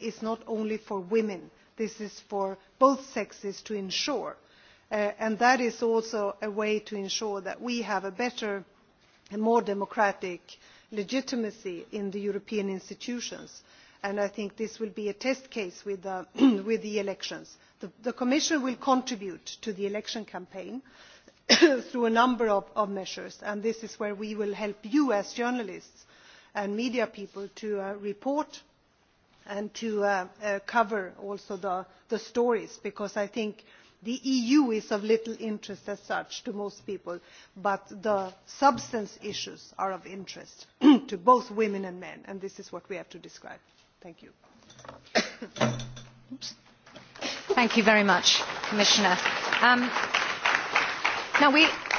is not only for women this is for both sexes to ensure uh, and that is also a way to ensure that we have a better and more democratic legitimacy in the european institutions and i think this will be a test case with the elections. the commission will contribute to the election campaign through a number of measures and this is where we will help you as journalists and media people to uh, report and to uh, uh, cover also the, the stories because I think the EU is of little interest as such to most people, but the substance issues are of interest to both women and men, and this is what we have to describe. Thank you. Thank you very much, Commissioner. Um, now we.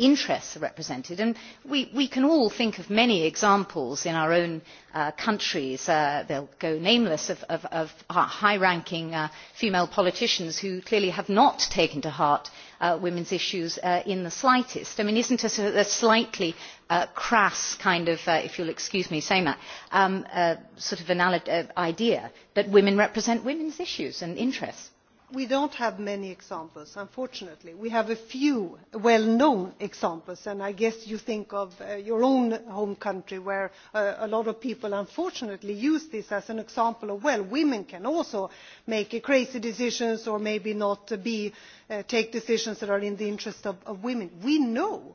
interests are represented and we can all think of many examples in our own uh, countries uh, they will go nameless of high ranking uh, female politicians who clearly have not taken to heart women's issues in the slightest. i mean is it not a slightly crass kind of if you will excuse me saying that um, sort of idea that women represent women's issues and interests? we do not have many examples unfortunately. we have a few well known examples and i guess you think of uh, your own home country where uh, a lot of people unfortunately use this as an example of well women can also make crazy decisions or maybe not uh, take decisions that are in the interest of women. we know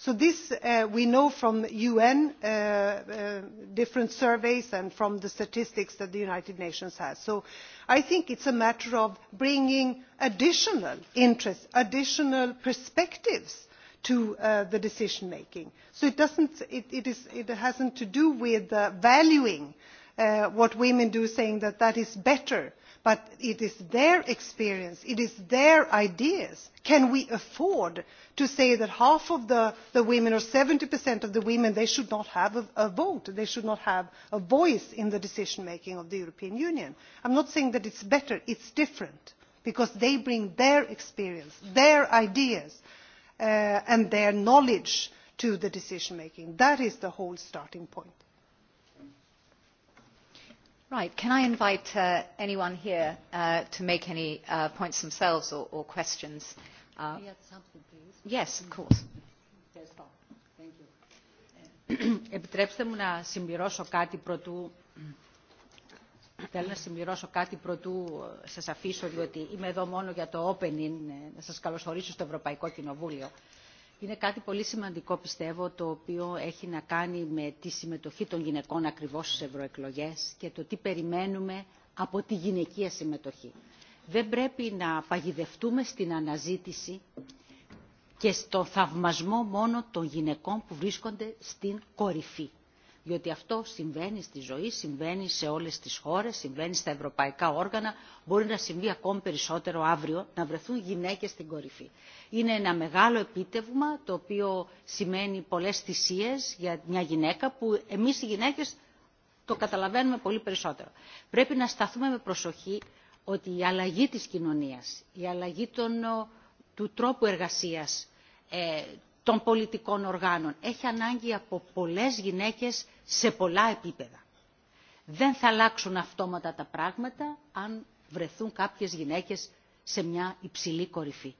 so this uh, we know from un uh, uh, different surveys and from the statistics that the united nations has so i think it is a matter of bringing additional interests additional perspectives to the decision making so it does not it has nothing to do with valuing what women do saying that that is better but it is their experience it is their ideas. can we afford to say that half of the women or seventy of the women should not have a vote they should not have a voice in the decision making of the european union? i am not saying that it is better it is different because they bring their experience their ideas uh, and their knowledge to the decision making. that is the whole starting point. Right. Can I invite uh, anyone here uh, to make any uh, points themselves or, or questions? Uh, Can we add something, please? Yes, of mm-hmm. course. Yes, Thank you. Eh, Επιτρέψτε μου να συμπληρώσω κάτι πρωτού. Θέλω να συμπληρώσω κάτι πρωτού σας αφήσω, διότι είμαι εδώ μόνο για το opening, να σας καλωσορίσω στο Ευρωπαϊκό Κοινοβούλιο. Είναι κάτι πολύ σημαντικό, πιστεύω, το οποίο έχει να κάνει με τη συμμετοχή των γυναικών ακριβώς στις ευρωεκλογές και το τι περιμένουμε από τη γυναικεία συμμετοχή. Δεν πρέπει να παγιδευτούμε στην αναζήτηση και στο θαυμασμό μόνο των γυναικών που βρίσκονται στην κορυφή διότι αυτό συμβαίνει στη ζωή, συμβαίνει σε όλες τις χώρες, συμβαίνει στα ευρωπαϊκά όργανα, μπορεί να συμβεί ακόμη περισσότερο αύριο, να βρεθούν γυναίκες στην κορυφή. Είναι ένα μεγάλο επίτευγμα, το οποίο σημαίνει πολλές θυσίε για μια γυναίκα, που εμείς οι γυναίκες το καταλαβαίνουμε πολύ περισσότερο. Πρέπει να σταθούμε με προσοχή ότι η αλλαγή της κοινωνίας, η αλλαγή των, του τρόπου εργασίας, ε, των πολιτικών οργάνων έχει ανάγκη από πολλές γυναίκες σε πολλά επίπεδα. Δεν θα αλλάξουν αυτόματα τα πράγματα αν βρεθούν κάποιες γυναίκες σε μια υψηλή κορυφή.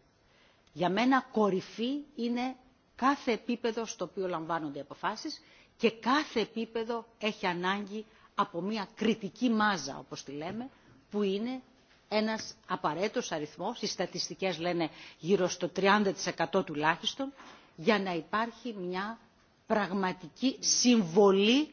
Για μένα κορυφή είναι κάθε επίπεδο στο οποίο λαμβάνονται αποφάσεις και κάθε επίπεδο έχει ανάγκη από μια κριτική μάζα, όπως τη λέμε, που είναι ένας απαραίτητος αριθμός, οι στατιστικές λένε γύρω στο 30% τουλάχιστον, για να υπάρχει μια πραγματική συμβολή,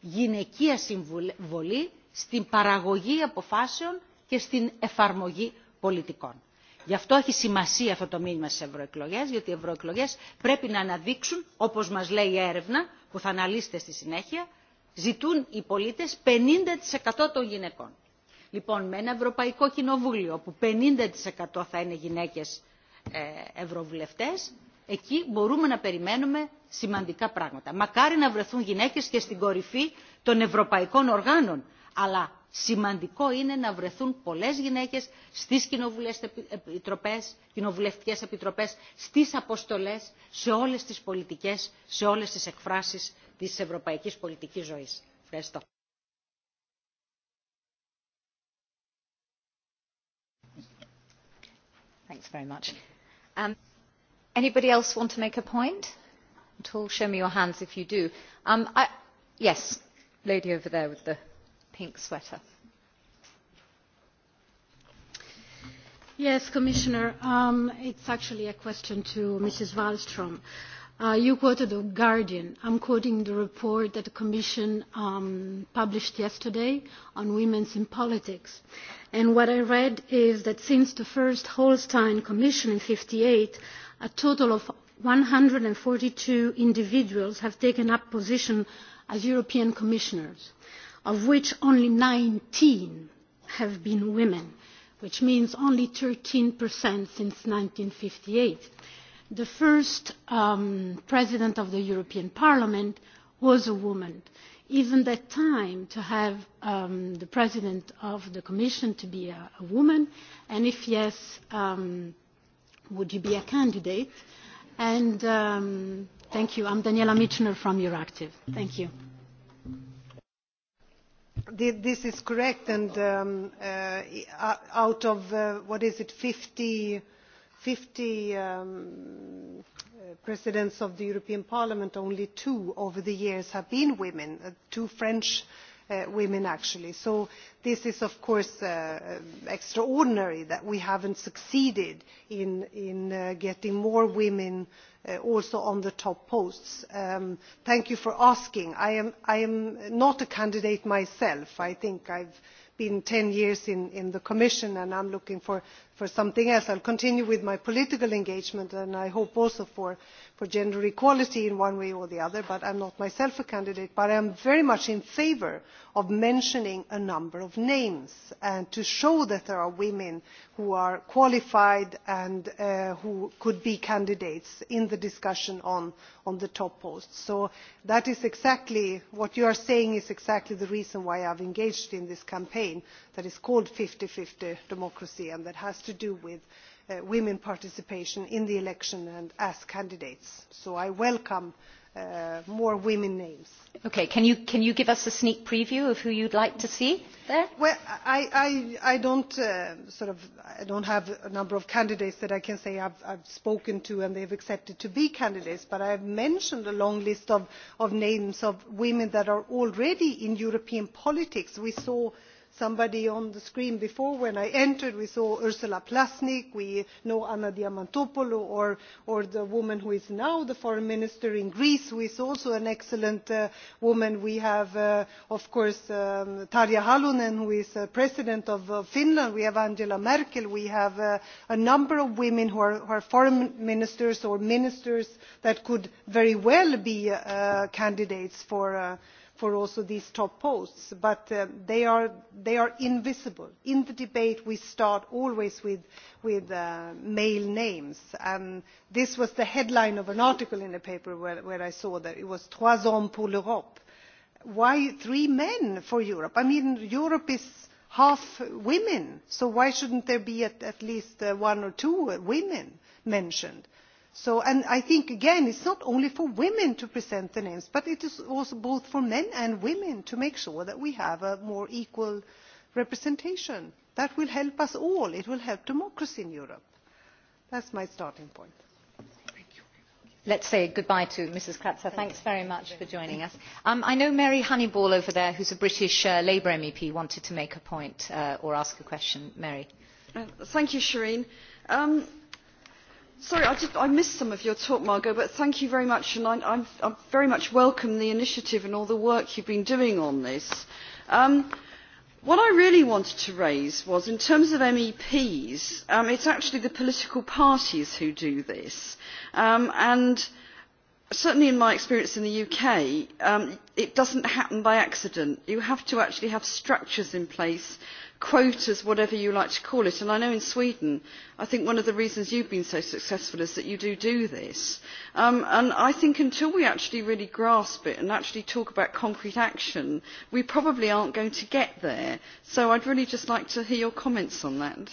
γυναικεία συμβολή, στην παραγωγή αποφάσεων και στην εφαρμογή πολιτικών. Γι' αυτό έχει σημασία αυτό το μήνυμα στις ευρωεκλογές, γιατί οι ευρωεκλογές πρέπει να αναδείξουν, όπως μας λέει η έρευνα, που θα αναλύσετε στη συνέχεια, ζητούν οι πολίτες 50% των γυναικών. Λοιπόν, με ένα Ευρωπαϊκό Κοινοβούλιο, που 50% θα είναι γυναίκες ευρωβουλευτές, εκεί μπορούμε να περιμένουμε σημαντικά πράγματα. Μακάρι να βρεθούν γυναίκες και στην κορυφή των ευρωπαϊκών οργάνων, αλλά σημαντικό είναι να βρεθούν πολλές γυναίκες στις επιτροπές, κοινοβουλευτικές επιτροπές, στις αποστολές, σε όλες τις πολιτικές, σε όλες τις εκφράσεις της ευρωπαϊκής πολιτικής ζωής. Ευχαριστώ. Thanks very much. Um, anybody else want to make a point at all? show me your hands if you do. Um, yes the lady over there with the pink sweater. yes commissioner um, it is actually a question to mrs wallstrom. Uh, you quoted the guardian. i am quoting the report that the commission um, published yesterday on women in politics. and what i read is that since the first holstein commission in 1958, a total of 142 individuals have taken up position as European commissioners, of which only 19 have been women, which means only 13% since 1958. The first um, president of the European Parliament was a woman. Even that time to have um, the president of the Commission to be a, a woman, and if yes, um, would you be a candidate? And um, thank you. I'm Daniela Michener from Euractiv. Thank you. This is correct. And um, uh, out of, uh, what is it, 50, 50 um, presidents of the European Parliament, only two over the years have been women, uh, two French Uh, women so this is of course uh, um, extraordinary that we have not succeeded in uh, getting more women also on the top posts. Um, thank you for asking. i am not a candidate myself i think i have been ten years in the commission and i am looking for for something else. i will continue with my political engagement and i hope also for gender equality in one way or the other but i am not myself a candidate. but i am very much in favour of mentioning a number of names and to show that there are women who are qualified and uh, who could be candidates in the discussion on the top posts. so that is exactly what you are saying is exactly the reason why i have engaged in this campaign that is called fifty fifty democracy and to do with uh, women participation in the election and as candidates so i welcome uh, more women names. can you give us a sneak preview of who you would like to see there? Well, I, I, I, don't, uh, sort of, I don't have a number of candidates that i can say i've, I've spoken to and they've accepted to be candidates but i've mentioned a long list of, of names of women that are already in european politics. we saw uh, somebody on the screen before when i entered we saw ursula plasnik we know anna diamantopoulou or the woman who is now the foreign minister in greece who is also an excellent uh, woman we have uh, of course um, tarja halonen who is uh, president of finland we have angela merkel we have a number of women who are foreign ministers or ministers that could very well be candidates for these top posts but uh, they are invisible. in the debate we start always with uh, male names and this was the headline of an article in the paper where i saw that it was trois hommes pour l'europe'. why three men for europe? i mean europe is half women so why shouldn't there be at least uh, one or two women mentioned? and i think again it is not only for women to present the names but it is also both for men and women to make sure that we have a more equal representation. that will help us all it will help democracy in europe. that is my starting point. let us say goodbye to mrs kratsa. thanks very much for joining us. Um, i know mary honeyball over there who is a british uh, labour mep wanted to make a point uh, or ask a question. mary. Uh, thank you, shireen. Um, Sorry, I, did, I missed some of your talk, Margot, but thank you very much. And I, I very much welcome the initiative and all the work you've been doing on this. Um, what I really wanted to raise was, in terms of MEPs, um, it's actually the political parties who do this. Um, and certainly in my experience in the UK, um, it doesn't happen by accident. You have to actually have structures in place quotas whatever you like to call it and i know in sweden i think one of the reasons you've been so successful is that you do do this um, and i think until we actually really grasp it and actually talk about concrete action we probably aren't going to get there so i'd really just like to hear your comments on that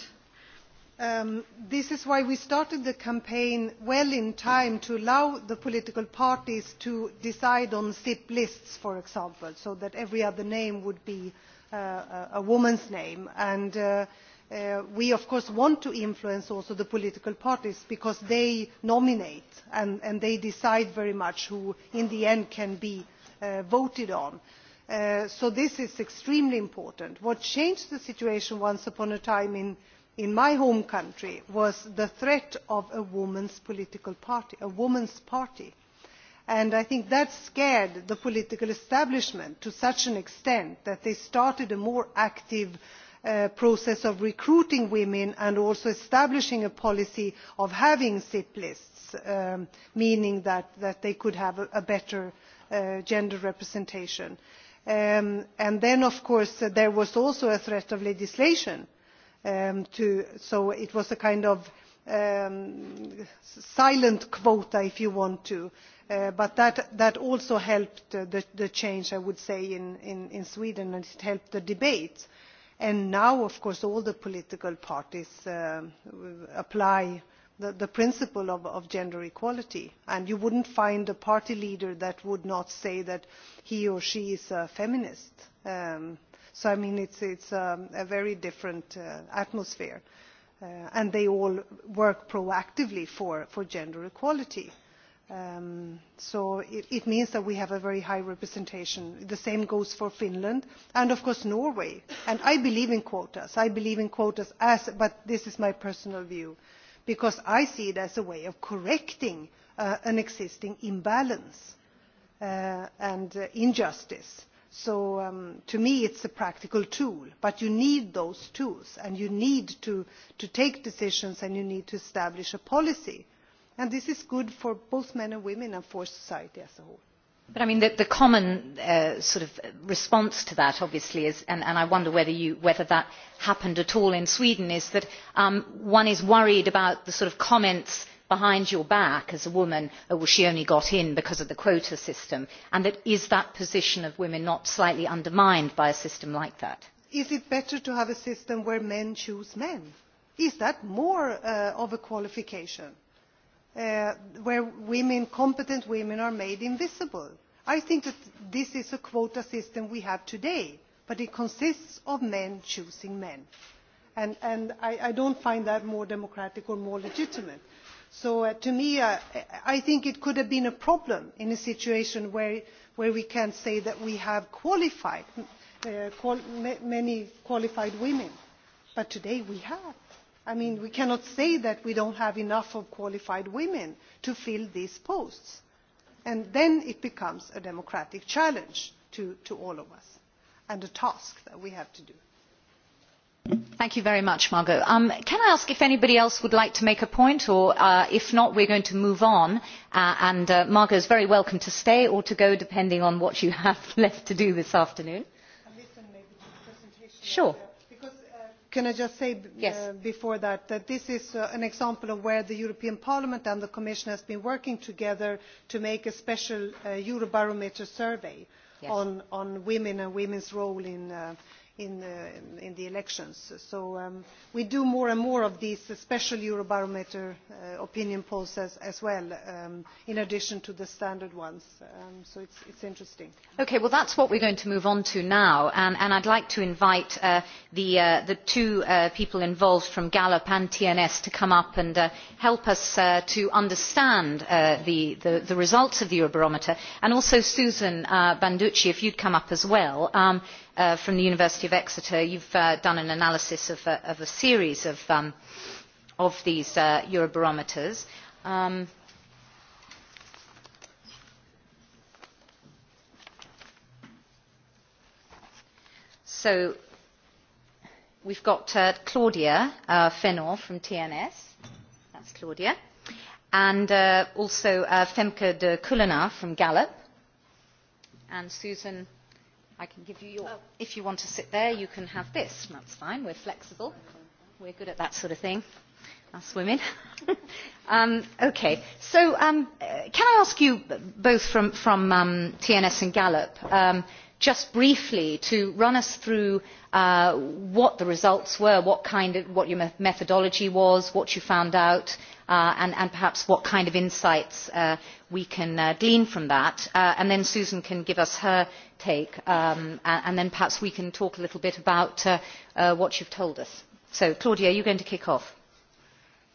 um, this is why we started the campaign well in time to allow the political parties to decide on SIP lists, for example, so that every other name would be Uh, uh, a woman's name and uh, we of course want to influence also the political parties because they nominate and they decide very much who in the end can be voted on. so this is extremely important. what changed the situation once upon a time in my home country was the threat of a woman's political party a woman's party and i think that scared the political establishment to such an extent that they started a more active uh, process of recruiting women and also establishing a policy of having sip lists um, meaning that they could have a better uh, gender representation. Um, then of course there was also a threat of legislation um, so it was a kind Um, silent quota if you want to uh, but that also helped the change i would say in sweden and it helped the debate and now of course all the political parties uh, apply the principle of gender equality and you would not find a party leader that would not say that he or she is a feminist um, so i mean it is um, a very different uh, atmosphere. Uh, and they all work proactively for, for gender equality. Um, so it, it means that we have a very high representation. The same goes for Finland and, of course, Norway. And I believe in quotas. I believe in quotas as, but this is my personal view, because I see it as a way of correcting uh, an existing imbalance uh, and uh, injustice so um, to me it is a practical tool but you need those tools and you need to take decisions and you need to establish a policy and this is good for both men and women and for society as a whole. But I mean, the, the common uh, sort of response to that, obviously, is, and, and I wonder whether, you, whether that happened at all in Sweden, is that um, one is worried about the sort of comments behind your back as a woman that uh, she only got in because of the quota system and is that position of women not slightly undermined by a system like that? is it better to have a system where men choose men? is that more uh, of a qualification uh, where women, competent women are made invisible? i think that this is a quota system we have today, but it consists of men choosing men. and, and I, I don't find that more democratic or more legitimate so uh, to me uh, i think it could have been a problem in a situation where we can say that we have uh, many qualified women but today we have i mean we cannot say that we do not have enough qualified women to fill these posts and then it becomes a democratic challenge to all of us and a task that we have to margot um, can i ask if anybody else would like to make a point or uh, if not we are going to move on uh, and uh, margot is very welcome to stay or to go depending on what you have left to do this afternoon. can i just say before that that this is an example of where the european parliament and the commission have been working together to make a special eurobarometer survey on women and women's role in the eu in, uh, in the elections. So um, we do more and more of these special Eurobarometer uh, opinion polls as, as well, um, in addition to the standard ones. Um, so it's, it's interesting. Okay, well that's what we're going to move on to now, and, and I'd like to invite uh, the, uh, the two uh, people involved from Gallup and TNS to come up and uh, help us uh, to understand uh, the, the, the results of the Eurobarometer, and also Susan uh, Banducci, if you'd come up as well. Um, Uh, from the University of Exeter, you've uh, done an analysis of a, of a series of, um, of these uh, Eurobarometers. Um, so we've got uh, Claudia uh, Fenor from TNS. That's Claudia. And uh, also uh, Femke de Kulena from Gallup. And Susan I can give you your. Oh. If you want to sit there, you can have this. That's fine. We're flexible. We're good at that sort of thing, us women. um, okay. So, um, uh, can I ask you both from, from um, TNS and Gallup? Um, uh, just briefly to run us through uh, what the results were what your methodology was what you found out uh, and perhaps what kind of insights uh, we can glean from that and then susan can give us her take um, and then perhaps we can talk a little bit about what you have told us. claudia you are going to kick off.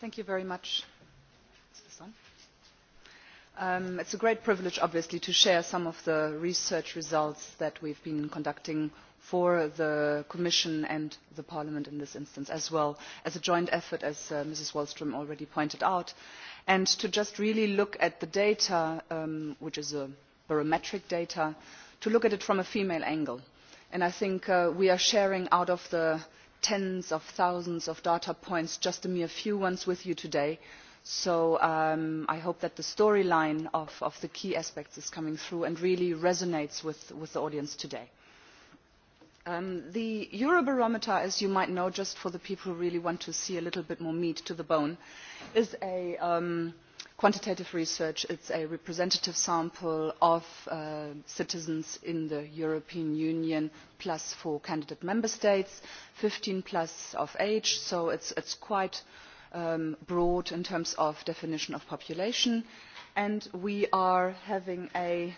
thank you very much. Um, it is a great privilege obviously to share some of the research results that we have been conducting for the commission and parliament in this instance as well as a joint effort as uh, mrs wallstrm already pointed out and to just really look at the data um, which is barometric data to look at it from a female angle. i think uh, we are sharing out of the tens of thousands of data points just a mere few ones with you today so um, i hope that the storyline of the key aspects is coming through and really resonates with the audience today. Um, the eurobarometer as you might know just for the people who really want to see a little bit more meat to the bone is a um, quantitative research it is a representative sample of uh, citizens in the european union plus four candidate member states fifteen plus of age so it is quite Um, broad in terms of definition of population and we are having a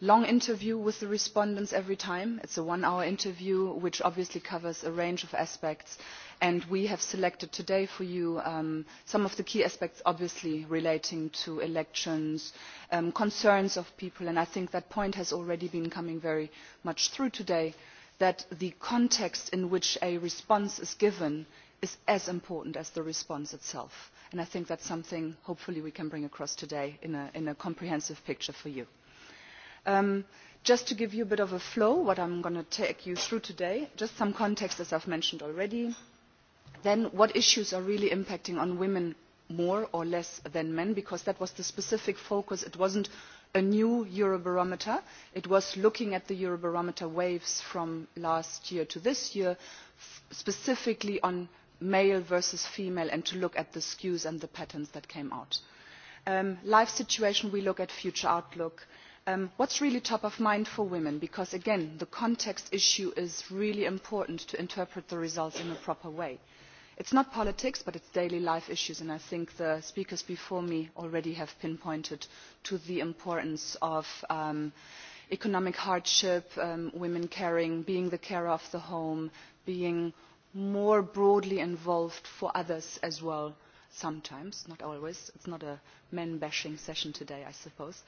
long interview with the respondents every time it's a one hour interview which obviously covers a range of aspects and we have selected today for you um, some of the key aspects obviously relating to elections um, concerns of people and i think that point has already been coming very much through today that the context in which a response is given is as important as the response itself. And I think that's something hopefully we can bring across today in a, in a comprehensive picture for you. Um, just to give you a bit of a flow, what I'm going to take you through today, just some context as I've mentioned already. Then what issues are really impacting on women more or less than men, because that was the specific focus. It wasn't a new Eurobarometer. It was looking at the Eurobarometer waves from last year to this year, specifically on male versus female and to look at the skews and the patterns that came out. Um, life situation, we look at future outlook. Um, what's really top of mind for women? Because again, the context issue is really important to interpret the results in a proper way. It's not politics, but it's daily life issues, and I think the speakers before me already have pinpointed to the importance of um, economic hardship, um, women caring, being the carer of the home, being more broadly involved for others as well sometimes, not always. It's not a men-bashing session today, I suppose.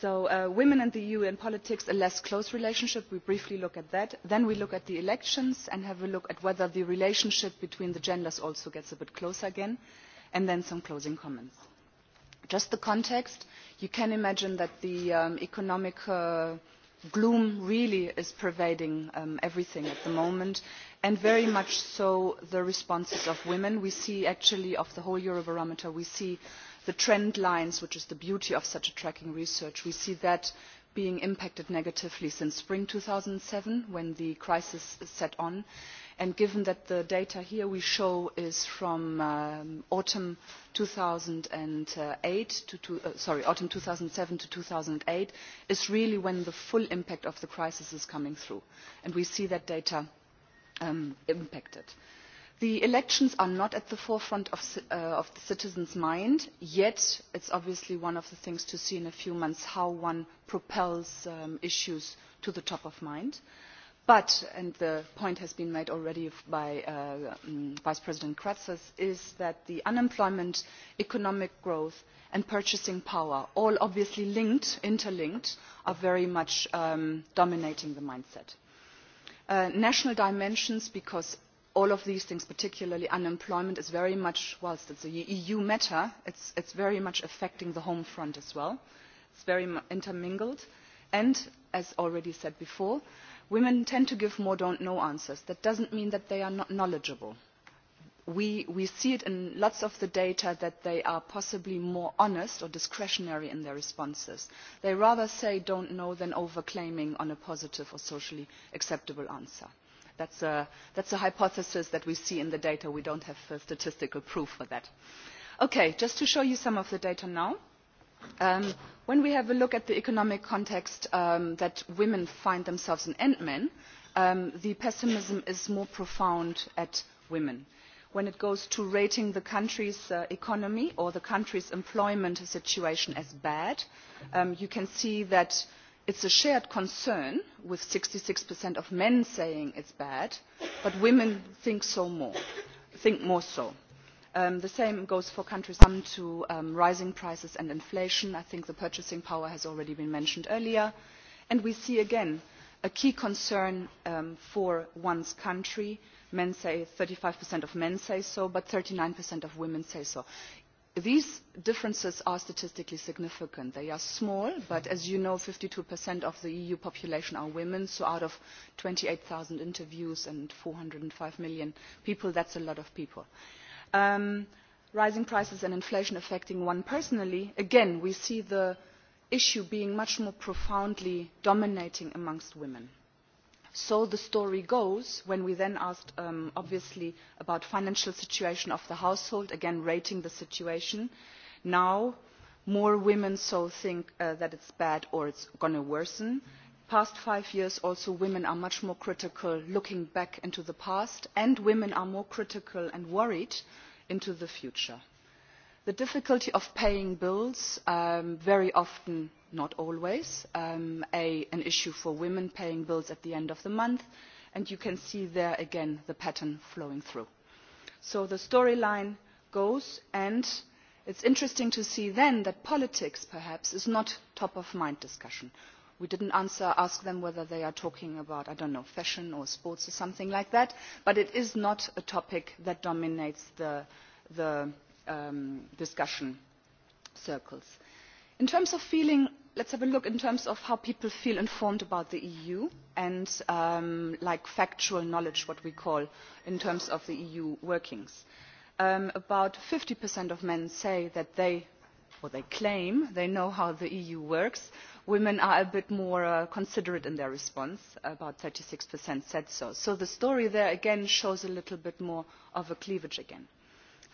So uh, women and the EU in politics, a less close relationship. We briefly look at that. Then we look at the elections and have a look at whether the relationship between the genders also gets a bit closer again. And then some closing comments. Just the context. You can imagine that the um, economic... Uh, gloom really is pervading um, everything at the moment and very much so the responses of women we see actually of the whole eurobarometer we see the trend lines which is the beauty of such a tracking research we see that being impacted negatively since spring 2007 when the crisis set on and given that the data here we show is from um, autumn 2008 to two, uh, sorry autumn 2007 to 2008 is really when the full impact of the crisis is coming through and we see that data um, impacted the elections are not at the forefront of uh, the citizens' mind yet it is obviously one of the things to see in a few months how one propels um, issues to the top of mind but and the point has been made already by uh, mm, vice president kratsas is that the unemployment economic growth and purchasing power all obviously linked interlinked are very much um, dominating the mindset. Uh, national dimensions because all of these things, particularly unemployment, is very much, whilst it's an EU matter, it's, it's very much affecting the home front as well. It's very intermingled. And as already said before, women tend to give more don't know answers. That doesn't mean that they are not knowledgeable. We, we see it in lots of the data that they are possibly more honest or discretionary in their responses. They rather say don't know than overclaiming on a positive or socially acceptable answer that is a hypothesis that we see in the data we do not have statistical proof for that. just to show you some of the data now um, when we have a look at the economic context um, that women find themselves in and men um, the pessimism is more profound at women. when it comes to rating the country's uh, economy or the country's employment situation as bad you can see that it is a shared concern with sixty six of men saying it is bad but women think more so. Um, the same goes for countries when it comes to um, rising prices and inflation i think the purchasing power has already been mentioned earlier and we see again a key concern um, for one's country thirty five of men say so but thirty nine of women say so these differences are statistically significant. they are small but as you know fifty two of the eu population are women so out of twenty eight zero interviews and four hundred and five million people that is a lot of people. Um, rising prices and inflation affecting one personally again we see the issue being much more profoundly dominating amongst women so the story goes when we then asked um, obviously about financial situation of the household again rating the situation now more women so think uh, that it's bad or it's going to worsen past 5 years also women are much more critical looking back into the past and women are more critical and worried into the future the difficulty of paying bills um, very often not always um, a, an issue for women paying bills at the end of the month and you can see there again the pattern flowing through. So the storyline goes and it's interesting to see then that politics perhaps is not top of mind discussion. We didn't answer, ask them whether they are talking about, I don't know, fashion or sports or something like that, but it is not a topic that dominates the, the um, discussion circles. In terms of feeling let's have a look in terms of how people feel informed about the EU and um, like factual knowledge, what we call in terms of the EU workings. Um, about 50% of men say that they, or they claim, they know how the EU works. Women are a bit more uh, considerate in their response. About 36% said so. So the story there again shows a little bit more of a cleavage again.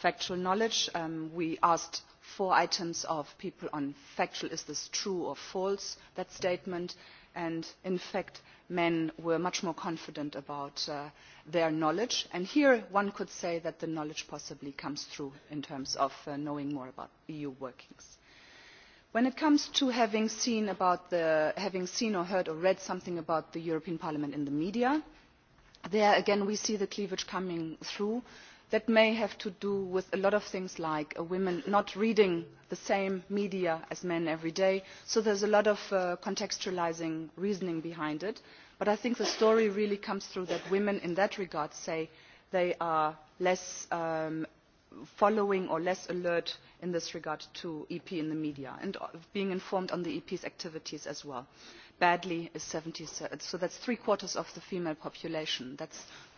Factual knowledge, um, we asked four items of people on factual is this true or false that statement and in fact men were much more confident about uh, their knowledge and here one could say that the knowledge possibly comes through in terms of uh, knowing more about eu workings when it comes to having seen about the having seen or heard or read something about the european parliament in the media there again we see the cleavage coming through that may have to do with a lot of things like uh, women not reading the same media as men every day so there is a lot of uh, contextualising reasoning behind it but i think the story really comes through that women in that regard say they are less um, following or less alert in this regard to ep in the media and uh, being informed on the ep's activities as well badly so that is three quarters of the female population that is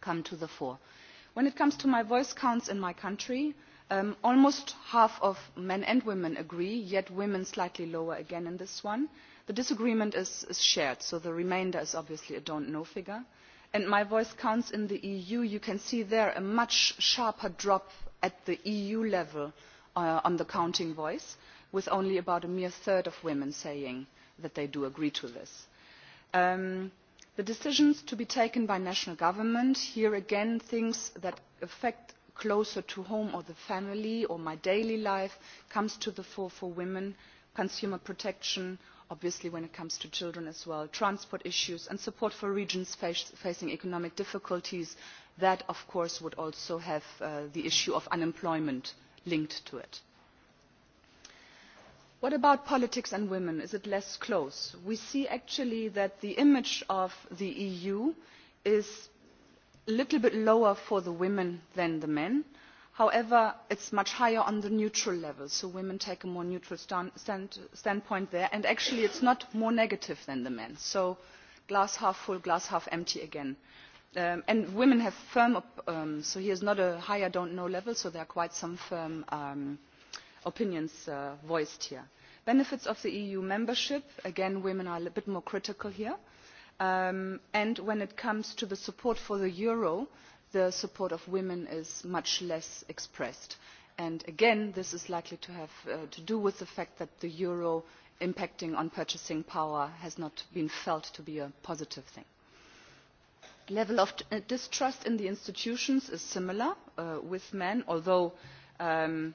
come to the fore. When it comes to my voice counts in my country, um, almost half of men and women agree, yet women slightly lower again in this one. The disagreement is, is shared, so the remainder is obviously a don't know figure. And my voice counts in the EU, you can see there a much sharper drop at the EU level uh, on the counting voice, with only about a mere third of women saying that they do agree to this. Um, the decisions to be taken by national governments here again things that affect closer to home or the family or my daily life come to the fore for women consumer protection obviously when it comes to children as well transport issues and support for regions facing economic difficulties that of course would also have uh, the issue of unemployment linked to it what about politics and women? is it less close? we see actually that the image of the eu is a little bit lower for the women than the men. however it is much higher on the neutral level so women take a more neutral standpoint there and actually it is not more negative than the men so glass half full glass half empty again. Um, and women have firm um, so here is not a hi i don't know level so there are quite some firm um, opinions uh, voiced here benefits of eu e membership again women are a bit more critical here um, and when it comes to the support for the euro the support of women is much less expressed and again this is likely to have uh, to do with the fact that the euro impacting on purchasing power has not been felt to be a positive thing. the level of uh, distrust in the institutions is similar uh, with men although um,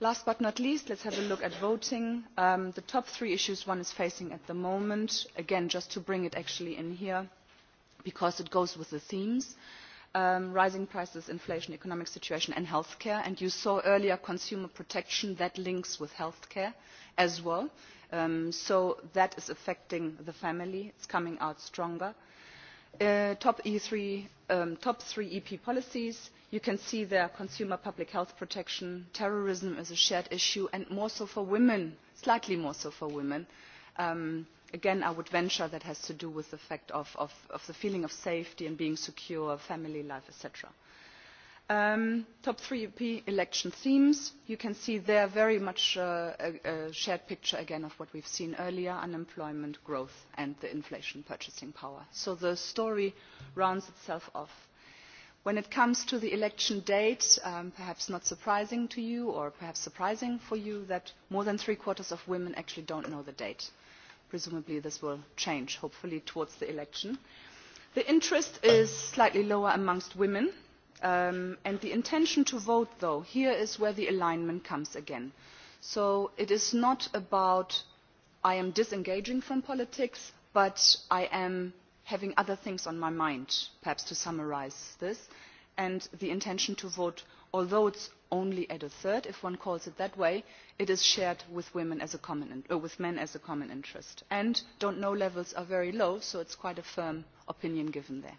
last but not least let us have a look at voting. Um, the top three issues one is facing at the moment again just to bring it in here because it goes with the themes um, rising prices inflation economic situation and healthcare and you saw earlier consumer protection that links with healthcare as well um, so that is affecting the family it is coming out stronger. Uh, e top three ep policies you can see there are consumer public health protection terrorism is a shared issue and more so for women slightly more so for women um, again i would venture that has to do with the fact of the feeling of safety and being secure family life etc. Um, top three european election themes you can see there very much uh, a shared picture again of what we have seen earlier unemployment growth and the inflation purchasing power so the story rounds itself off. When it comes to the election date, um, perhaps not surprising to you or perhaps surprising for you that more than three quarters of women actually don't know the date. Presumably this will change, hopefully, towards the election. The interest is slightly lower amongst women um, and the intention to vote, though, here is where the alignment comes again. So it is not about I am disengaging from politics, but I am having other things on my mind perhaps to summarise this and the intention to vote although it is only at a third if one calls it that way it is shared with uh, men as a common interest and don't know' levels are very low so it is quite a firm opinion given there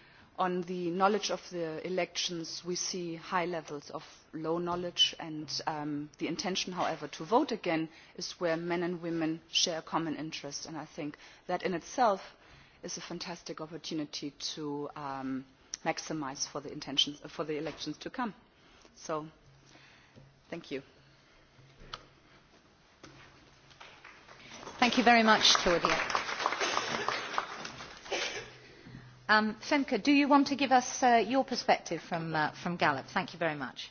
on the knowledge of the elections, we see high levels of low knowledge. And um, the intention, however, to vote again is where men and women share a common interest. And I think that in itself is a fantastic opportunity to um, maximize for the, intentions, uh, for the elections to come. So thank you. Thank you very much, Claudia. Um, femke do you want to give us uh, your perspective uh, from gallup? thank you very much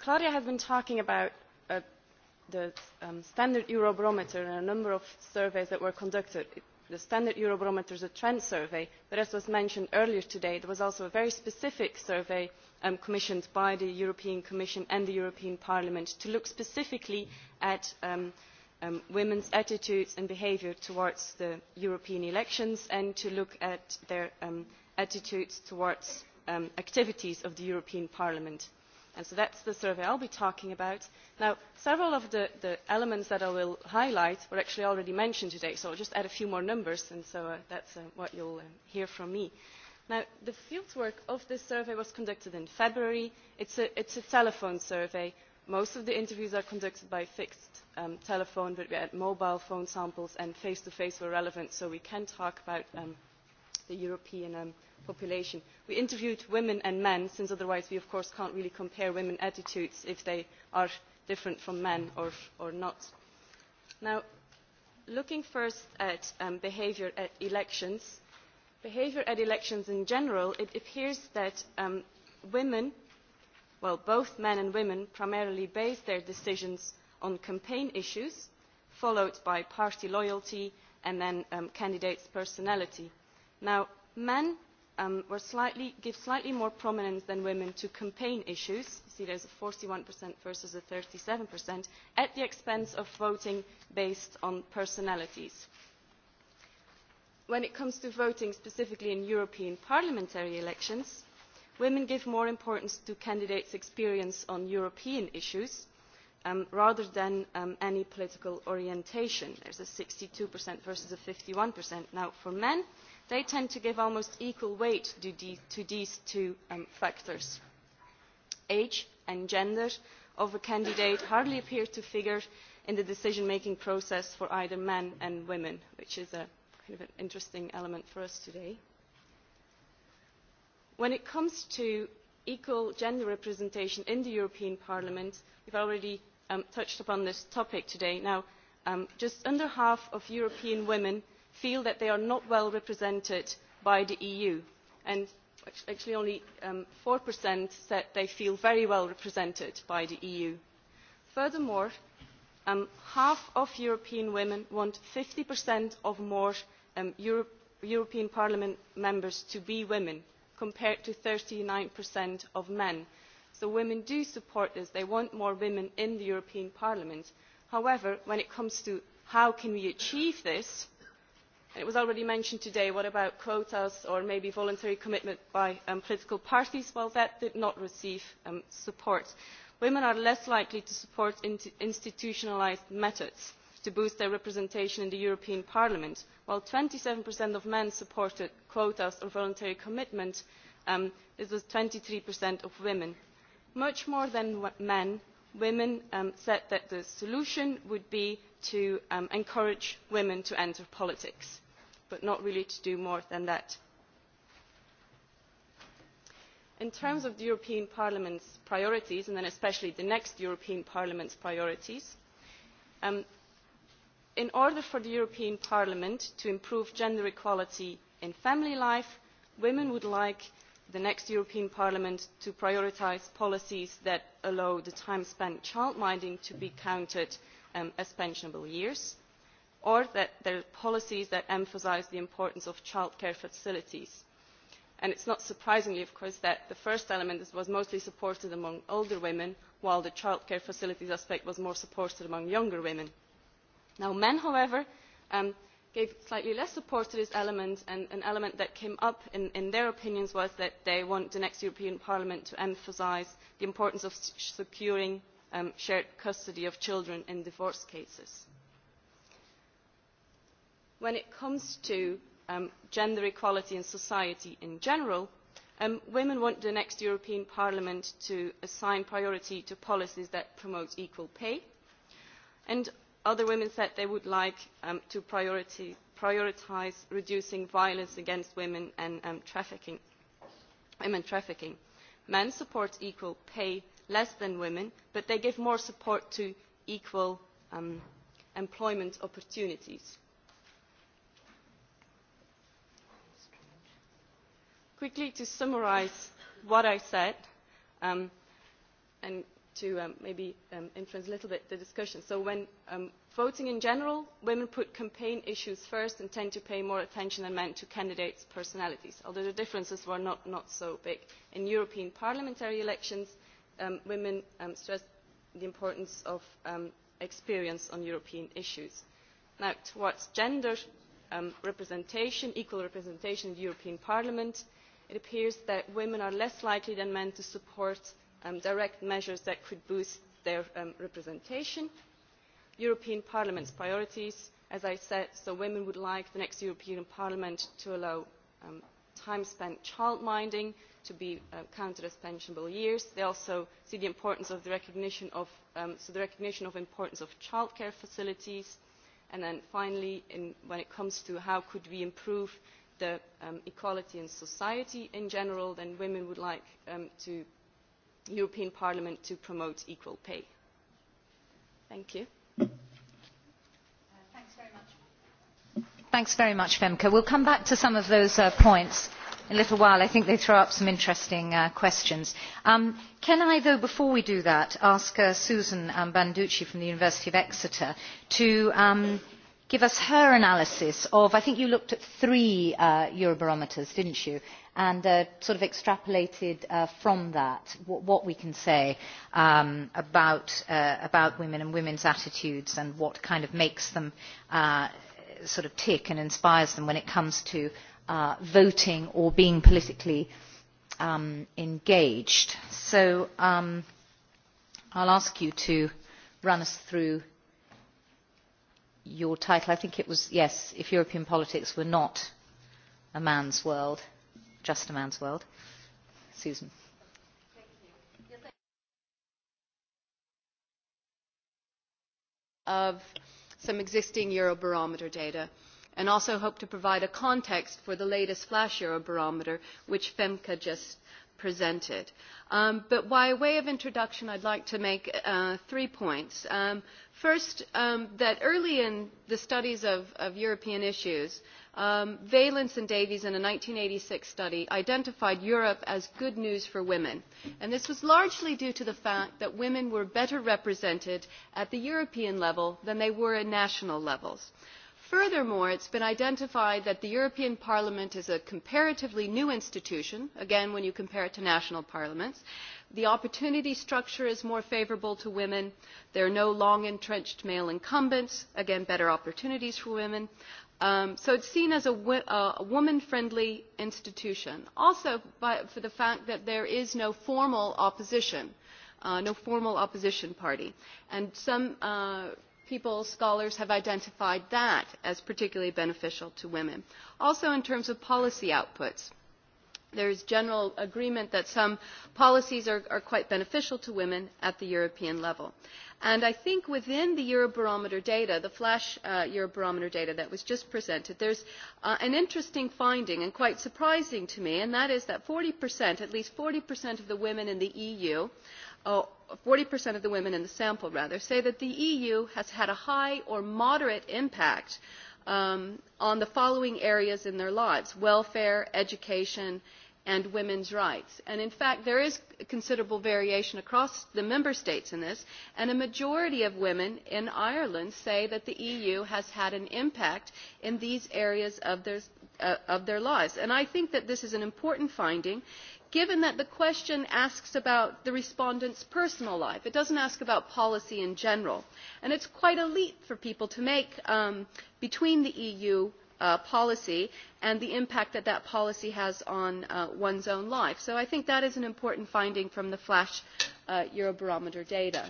claudia has been talking about uh, the um, standard eurobarometer and a number of surveys that were conducted. the standard eurobarometer is a trend survey but as was mentioned earlier today there was also a very specific survey um, commissioned by the european commission and the european parliament to look specifically at um, women's attitudes and behaviour towards the european elections and to look at their attitudes towards activities of the european parliament so that is the survey i will be talking about. several of the elements that i will highlight were actually already mentioned today so i will just add a few more numbers and so uh, that is uh, what you will uh, hear from me. the fieldwork of this survey was conducted in february. it is a telephone survey. most of the interviews are conducted by fixed um, telephone but we had mobile phone samples and face to face where relevant so we can talk about um, the european um, population. we interviewed women and men since otherwise we cannot really compare women's attitudes if they are different from men's or not. looking first at um, behaviour at elections behaviour at elections in general it appears that um, women well both men and women primarily base their decisions on campaign issues followed by party loyalty and then candidates' personality men um, give slightly more prominence than women to campaign issues you see there is a forty one versus a thirty seven at the expense of voting based on personalities. when it comes to voting specifically in european parliamentary elections women give more importance to candidates' experience on european issues um, rather than um, any political orientation there is a sixty two versus a fifty one. now for men they tend to give almost equal weight to these two um, factors. age and gender of a candidate hardly appear to figure in the decision making process for either men or women which is a kind of an interesting element for us today. when it comes to equal gender representation in the european parliament we have already um, touched upon this topic today. now um, just under half of european women feel that they are not well represented by the eu and actually only um, four said they feel very well represented by the eu. furthermore um, half of european women want fifty or more um, european parliament members to be women compared to thirty nine of men so women do support this they want more women in the european parliament. however when it comes to how we can achieve this it was already mentioned today what about quotas or maybe voluntary commitment by um, political parties? well that did not receive um, support. women are less likely to support institutionalised methods to boost their representation in the european parliament. while twenty seven of men supported quotas or voluntary commitment um, this was twenty three of women. much more than men women said that the solution would be to encourage women to enter politics but not really to do more than that. In terms of the European Parliament's priorities, and then especially the next European Parliament's priorities, um, in order for the European Parliament to improve gender equality in family life, women would like the next European Parliament to prioritise policies that allow the time spent childminding to be counted um, as pensionable years or that there are policies that emphasise the importance of childcare facilities. it is not surprising of course that the first element was mostly supported among older women while the childcare facilities aspect was more supported among younger women. men however um, gave slightly less support to this element and an element that came up in their opinions was that they want the next european parliament to emphasise the importance of securing um, shared custody of children in divorce cases when it comes to um, gender equality in society in general um, women want the next european parliament to assign priority to policies that promote equal pay and other women said they would like um, to prioritise reducing violence against women and women trafficking. men support equal pay less than women but they give more support to equal employment opportunities. quickly to summarise what I said um, and to um, maybe um, influence a little bit the discussion. So when um, voting in general, women put campaign issues first and tend to pay more attention than men to candidates' personalities, although the differences were not, not so big. In European parliamentary elections, um, women um, stressed the importance of um, experience on European issues. Now, towards gender um, representation, equal representation in the European Parliament, it appears that women are less likely than men to support um, direct measures that could boost their um, representation. the european parliament's priorities as i said so women would like the next european parliament to allow um, time spent childminding to be uh, counted as pensionable years. they also see the importance of the recognition of the importance of childcare facilities and then finally when it comes to how could we improve the um, equality in society in general, then women would like um, to European Parliament to promote equal pay. Thank you. Thanks very much, Femke. We'll come back to some of those uh, points in a little while. I think they throw up some interesting uh, questions. Um, can I, though, before we do that, ask uh, Susan um, Banducci from the University of Exeter to um, give us her analysis of i think you looked at three uh, eurobarometers didn't you and uh, sort of extrapolated uh, from that w- what we can say um, about uh, about women and women's attitudes and what kind of makes them uh, sort of tick and inspires them when it comes to uh, voting or being politically um, engaged. So um, I'll ask you to run us through your title. I think it was, yes, if European politics were not a man's world, just a man's world. Susan. of some existing Eurobarometer data and also hope to provide a context for the latest flash Eurobarometer which FEMCA just presented. Um, but by way of introduction, I'd like to make uh, three points. Um, first, um, that early in the studies of, of European issues, um, Valence and Davies in a 1986 study identified Europe as good news for women. And this was largely due to the fact that women were better represented at the European level than they were in national levels furthermore it has been identified that the european parliament is a comparatively new institution again when you compare it to national parliaments the opportunity structure is more favourable to women there are no long entrenched male incumbents again better opportunities for women um, so it is seen as a woman friendly institution also for the fact that there is no formal opposition uh, no formal opposition party and some uh, people, scholars have identified that as particularly beneficial to women. Also in terms of policy outputs, there is general agreement that some policies are, are quite beneficial to women at the European level. And I think within the Eurobarometer data, the flash uh, Eurobarometer data that was just presented, there's uh, an interesting finding and quite surprising to me, and that is that 40%, at least 40% of the women in the EU uh, 40% of the women in the sample, rather, say that the EU has had a high or moderate impact um, on the following areas in their lives welfare, education, and women's rights. And in fact, there is considerable variation across the member states in this, and a majority of women in Ireland say that the EU has had an impact in these areas of their, uh, of their lives. And I think that this is an important finding given that the question asks about the respondent's personal life it doesn't ask about policy in general and it's quite a leap for people to make um, between the EU uh, policy and the impact that that policy has on uh, one's own life. So I think that is an important finding from the Flash uh, Eurobarometer data.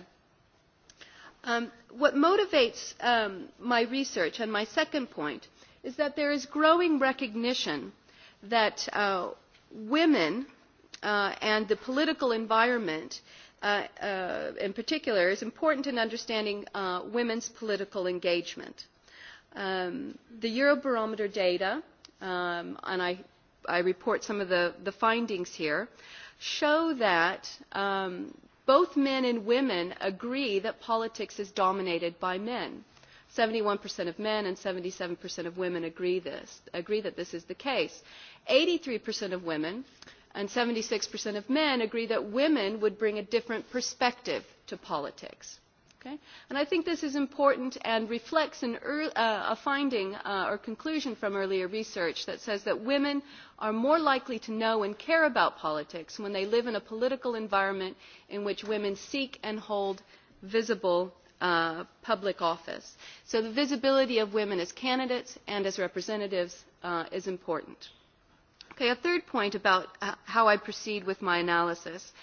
Um, what motivates um, my research and my second point is that there is growing recognition that uh, women uh, and the political environment uh, uh, in particular is important in understanding uh, women's political engagement. Um, the Eurobarometer data, um, and I, I report some of the, the findings here, show that um, both men and women agree that politics is dominated by men. 71% of men and 77% of women agree, this, agree that this is the case. 83% of women and 76% of men agree that women would bring a different perspective to politics. Okay? And I think this is important and reflects an ear- uh, a finding uh, or conclusion from earlier research that says that women are more likely to know and care about politics when they live in a political environment in which women seek and hold visible uh, public office. So the visibility of women as candidates and as representatives uh, is important. Okay, a third point about uh, how I proceed with my analysis,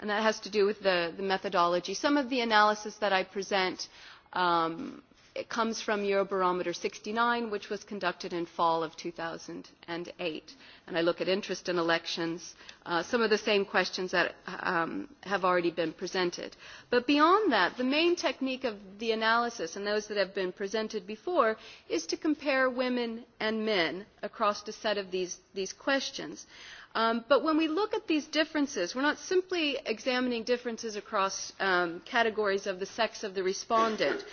and that has to do with the, the methodology. Some of the analysis that I present um, comes from eurobarometer sixty nine which was conducted in fall of two thousand and eight and i look at interest in elections uh, some of the same questions that um, have already been presented but beyond that the main technique of the analysis and those that have been presented before is to compare women and men across a set of these, these questions um, but when we look at these differences, we're not simply examining differences across um, categories of the sex of the respondent,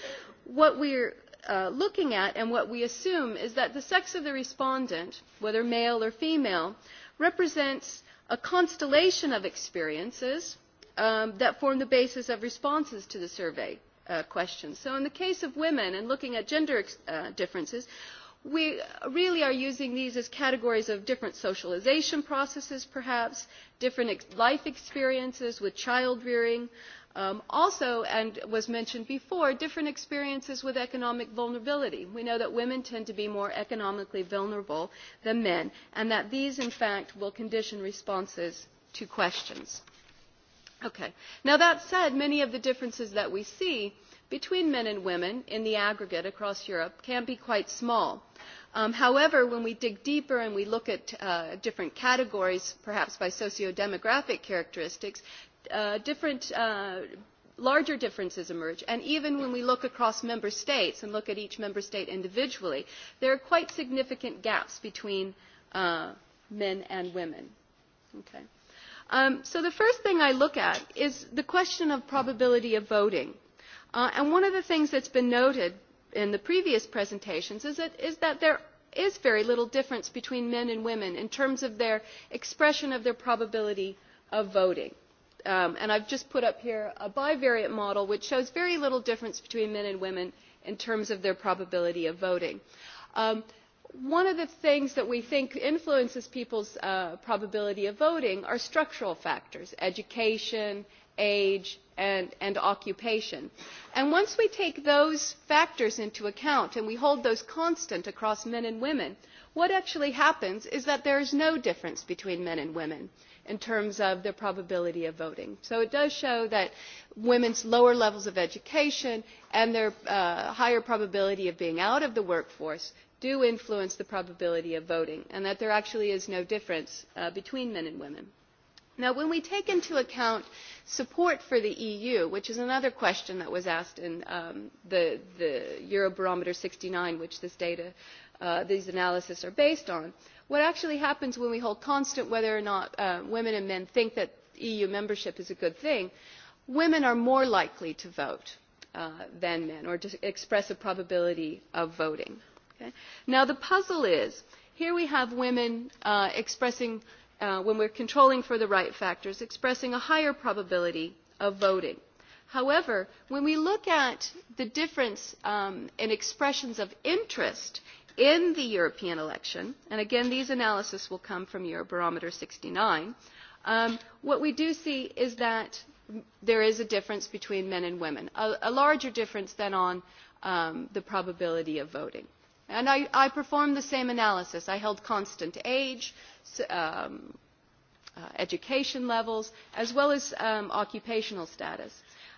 what we are uh, looking at and what we assume is that the sex of the respondent, whether male or female, represents a constellation of experiences um, that form the basis of responses to the survey uh, questions. So, in the case of women and looking at gender ex- uh, differences, we really are using these as categories of different socialization processes, perhaps, different ex- life experiences with child rearing. Um, also, and was mentioned before, different experiences with economic vulnerability. We know that women tend to be more economically vulnerable than men, and that these, in fact, will condition responses to questions. Okay. Now, that said, many of the differences that we see between men and women in the aggregate across Europe can be quite small. Um, however, when we dig deeper and we look at uh, different categories, perhaps by socio-demographic characteristics, Uh, different uh, larger differences emerge. And even when we look across member states and look at each member state individually, there are quite significant gaps between uh, men and women. Okay. Um, so the first thing I look at is the question of probability of voting. Uh, and one of the things that's been noted in the previous presentations is that, is that there is very little difference between men and women in terms of their expression of their probability of voting um, and I've just put up here a bivariate model which shows very little difference between men and women in terms of their probability of voting. Um, one of the things that we think influences people's uh, probability of voting are structural factors, education, age, and, and occupation. And once we take those factors into account and we hold those constant across men and women, what actually happens is that there is no difference between men and women in terms of their probability of voting. So it does show that women's lower levels of education and their uh, higher probability of being out of the workforce do influence the probability of voting, and that there actually is no difference uh, between men and women. Now, when we take into account support for the EU, which is another question that was asked in um, the, the Eurobarometer 69, which this data, uh, these analyses are based on, uh, what actually happens when we hold constant whether or not uh, women and men think that EU membership is a good thing, women are more likely to vote uh, than men or to express a probability of voting. Okay? Now, the puzzle is here we have women uh, expressing, uh, when we're controlling for the right factors, expressing a higher probability of voting. However, when we look at the difference um, in expressions of interest in the European election, and again, these analyses will come from Eurobarometer 69, um, what we do see is that there is a difference between men and women, a, a larger difference than on um, the probability of voting. And I, I performed the same analysis. I held constant age, um, uh, education levels, as well as um, occupational status.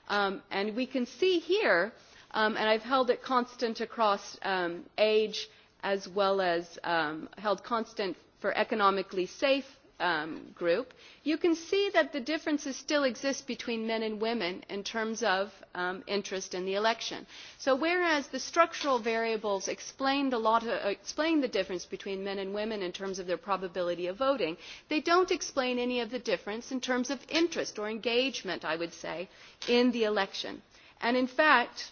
Um, and we can see here, um, and I've held it constant across um, age, uh, as well as um, held constant for economically safe um, group, you can see that the differences still exist between men and women in terms of um, interest in the election. So whereas the structural variables explained a lot of, uh, explain the difference between men and women in terms of their probability of voting, they don't explain any of the difference in terms of interest or engagement, I would say, in the election. And in fact,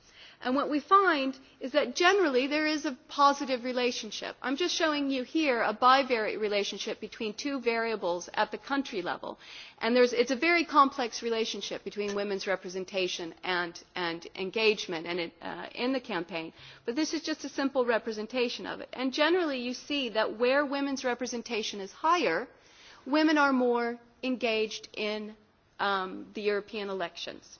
And what we find is that generally there is a positive relationship. I'm just showing you here a bivariate relationship between two variables at the country level. And there's, it's a very complex relationship between women's representation and, and engagement and it, uh, in the campaign. But this is just a simple representation of it. And generally you see that where women's representation is higher, women are more engaged in um, the European elections.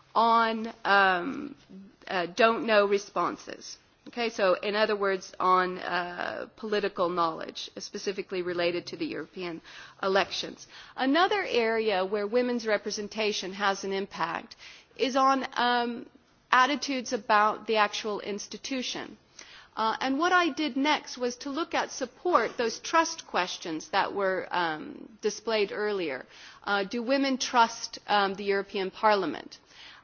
on um, uh, don't know responses. Okay, so in other words, on uh, political knowledge, specifically related to the European elections. Another area where women's representation has an impact is on um, attitudes about the actual institution. Uh, and what I did next was to look at support, those trust questions that were um, displayed earlier. Uh, do women trust um, the European Parliament?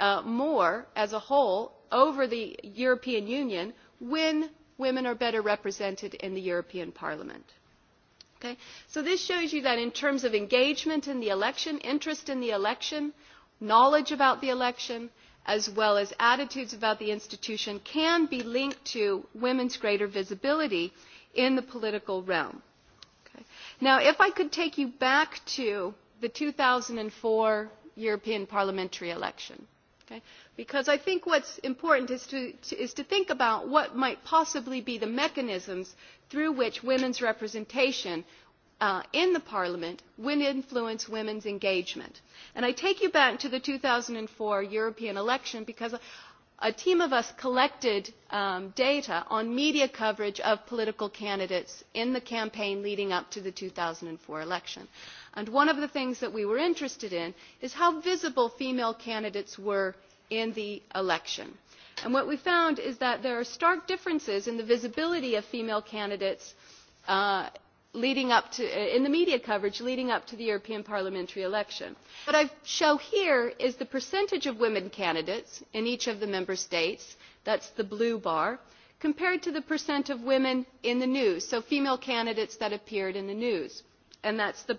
Uh, more as a whole over the european union when women are better represented in the european parliament. so this shows you that in terms of engagement in the election interest in the election knowledge about the election as well as attitudes about the institution can be linked to women's greater visibility in the political realm. now if i could take you back to the two thousand and four european parliamentary election. Okay? Because I think what's important is to, to, is to think about what might possibly be the mechanisms through which women's representation uh, in the parliament would influence women's engagement. And I take you back to the 2004 European election because. I, a team of us collected um, data on media coverage of political candidates in the campaign leading up to the 2004 election. And one of the things that we were interested in is how visible female candidates were in the election. And what we found is that there are stark differences in the visibility of female candidates uh, leading up to, uh, in the media coverage leading up to the European parliamentary election. What I show here is the percentage of women candidates in each of the member states, that's the blue bar, compared to the percent of women in the news, so female candidates that appeared in the news, and that's the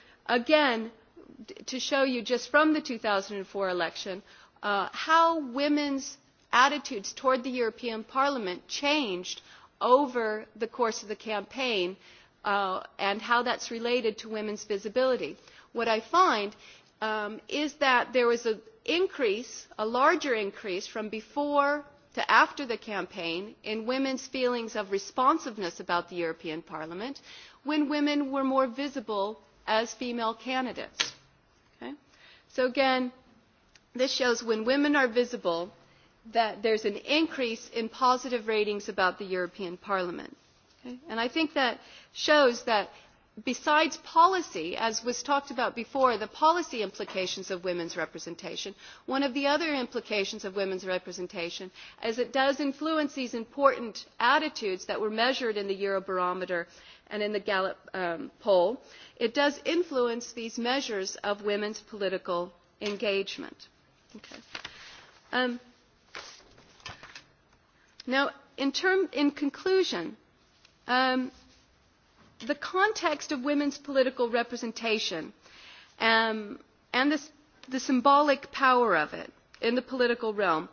again to show you just from the two thousand and four election uh, how women's attitudes towards the european parliament changed over the course of the campaign uh, and how that is related to women's visibility. what i find um, is that there was an increase a larger increase from before to after the campaign in women's feelings of responsiveness about the european parliament when women were more visible as female candidates. Okay? So again, this shows when women are visible that there's an increase in positive ratings about the European Parliament. Okay? And I think that shows that besides policy, as was talked about before, the policy implications of women's representation, one of the other implications of women's representation is it does influence these important attitudes that were measured in the Eurobarometer and in the Gallup um, poll, it does influence these measures of women's political engagement. Okay. Um, now, in, term, in conclusion, um, the context of women's political representation um, and this, the symbolic power of it in the political realm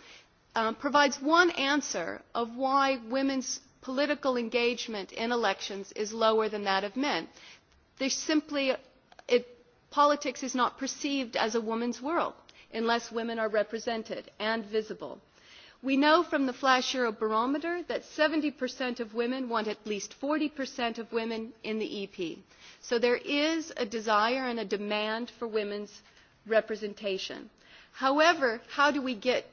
um, provides one answer of why women's political engagement in elections is lower than that of men. There's simply, it, politics is not perceived as a woman's world unless women are represented and visible. We know from the Flash Euro Barometer that 70% of women want at least 40% of women in the EP. So there is a desire and a demand for women's representation. However, how do we get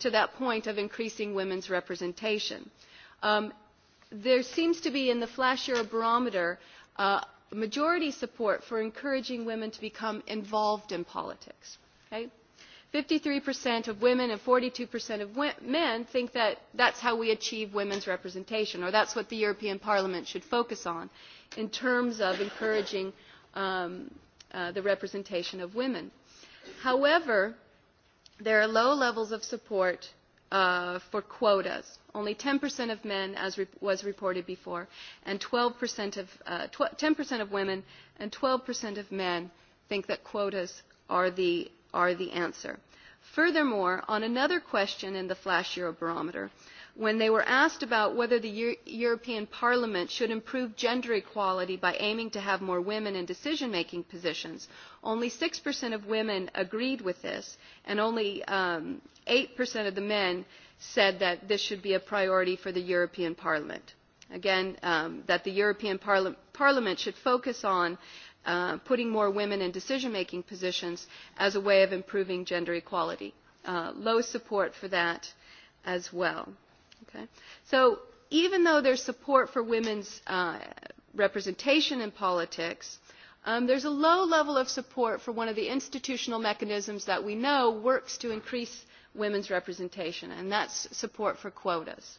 to that point of increasing women's representation? Um, there seems to be in the flasher barometer uh, majority support for encouraging women to become involved in politics. Okay? 53% of women and 42% of men think that that's how we achieve women's representation, or that's what the European Parliament should focus on in terms of encouraging um, uh, the representation of women. However, there are low levels of support uh, for quotas. Only 10% of men, as re- was reported before, and 12% of uh, tw- 10% of women and 12% of men think that quotas are the are the answer. Furthermore, on another question in the Flash Eurobarometer, barometer when they were asked about whether the european parliament should improve gender equality by aiming to have more women in decision making positions only six percent of women agreed with this and only um, eight percent of the men said that this should be a priority for the european parliament again um, that the european parliament should focus on uh, putting more women in decision making positions as a way of improving gender equality uh, low support for that as well. Okay? So even though there's support for women's uh, representation in politics, um, there's a low level of support for one of the institutional mechanisms that we know works to increase women's representation, and that's support for quotas.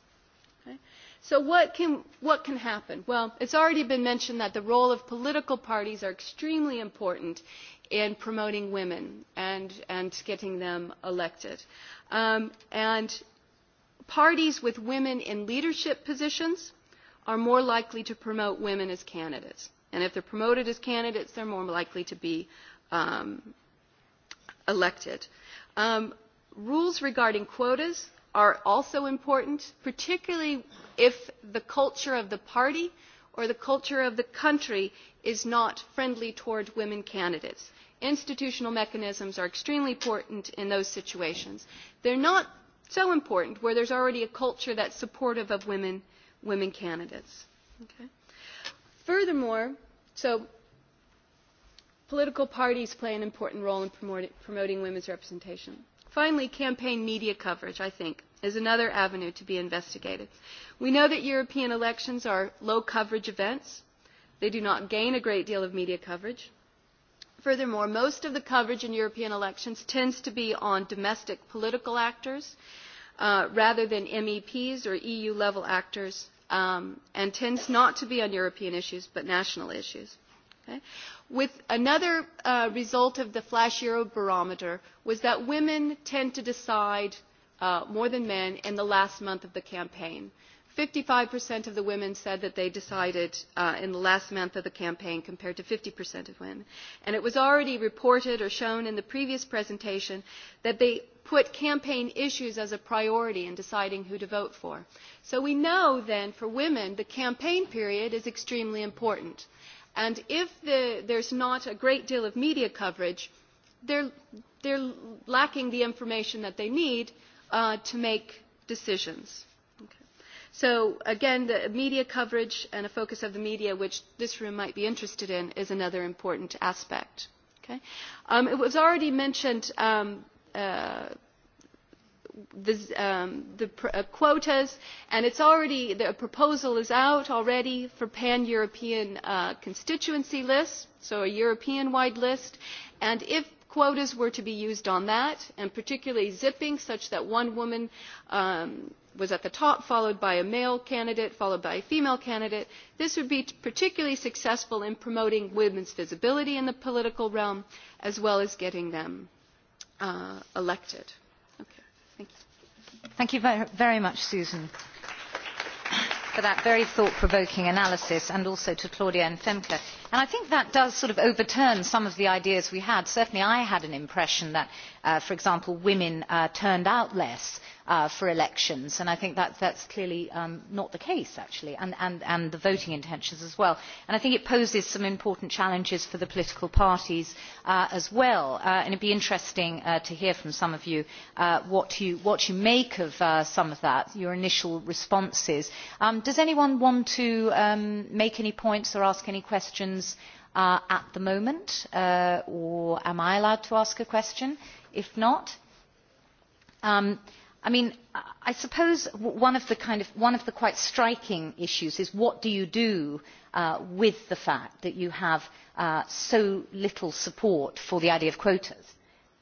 Okay? So what can, what can happen? Well, it's already been mentioned that the role of political parties are extremely important in promoting women and, and getting them elected. Um, and parties with women in leadership positions are more likely to promote women as candidates. And if they're promoted as candidates, they're more likely to be um, elected. Um, rules regarding quotas are also important, particularly if the culture of the party or the culture of the country is not friendly toward women candidates. Institutional mechanisms are extremely important in those situations. They're not so important where there's already a culture that's supportive of women, women candidates. Okay. Furthermore, so political parties play an important role in promoting women's representation. Finally, campaign media coverage, I think, is another avenue to be investigated. We know that European elections are low coverage events. They do not gain a great deal of media coverage. Furthermore, most of the coverage in European elections tends to be on domestic political actors uh, rather than MEPs or EU level actors um, and tends not to be on European issues but national issues. Okay? With another uh, result of the Flash Eurobarometer was that women tend to decide uh, more than men in the last month of the campaign. 55% of the women said that they decided uh, in the last month of the campaign compared to 50% of women. And it was already reported or shown in the previous presentation that they put campaign issues as a priority in deciding who to vote for. So we know then for women the campaign period is extremely important. And if the, there's not a great deal of media coverage, they're, they're lacking the information that they need uh, to make decisions. So again, the media coverage and a focus of the media, which this room might be interested in, is another important aspect. Okay? Um, it was already mentioned um, uh, this, um, the pr uh, quotas, and it's already the proposal is out already for pan-European uh, constituency lists, so a European-wide list, and if quotas were to be used on that, and particularly zipping such that one woman um, was at the top, followed by a male candidate, followed by a female candidate. This would be particularly successful in promoting women's visibility in the political realm, as well as getting them uh, elected. Okay, thank you. Thank you very, very much, Susan, for that very thought-provoking analysis, and also to Claudia and Femke. And I think that does sort of overturn some of the ideas we had. Certainly I had an impression that, uh, for example, women uh, turned out less Uh, for elections and i think that is clearly um, not the case actually and the voting intentions as well. i think it poses some important challenges for the political parties uh, as well uh, and it would be interesting to hear from some of you what you make of some of that your initial responses. Um, does anyone want to um, make any points or ask any questions at the moment or am i allowed to ask a question? if not i suppose one of the quite striking issues is what do you do uh, with the fact that you have uh, so little support for the idea of quotas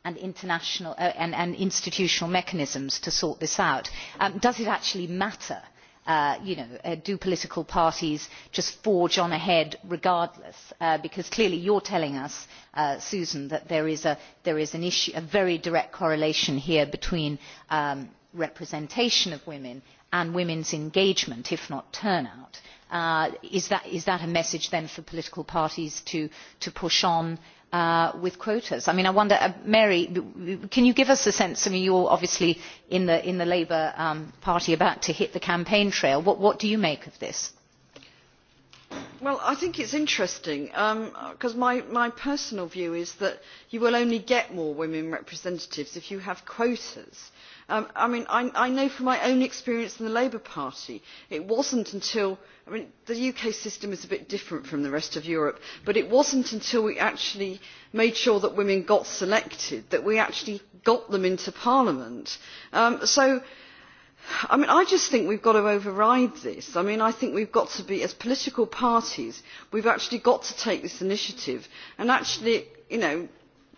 and uh, institutional mechanisms to sort this out? Um, does it actually matter? Uh, you know, uh, do political parties just forge on ahead regardless? Uh, because clearly you're telling us, uh, Susan, that there is, a, there is an issue, a very direct correlation here between um, representation of women and women's engagement, if not turnout. Uh, is, that, is that a message then for political parties to, to push on Uh, with quotas. i wonder uh, mary can you give us a sense i mean you are obviously in the labour um, party about to hit the campaign trail what do you make of this? well i think it is interesting because um, my personal view is that you will only get more women representatives if you have quotas. Um, i know from my own experience in the labour party it was not until the uk system is a bit different from the rest of europe but it was not until we actually made sure that women got selected that we actually got them into parliament. Um, so i just think we have got to override this. i think we have got to be as political parties we have actually got to take this initiative and actually you know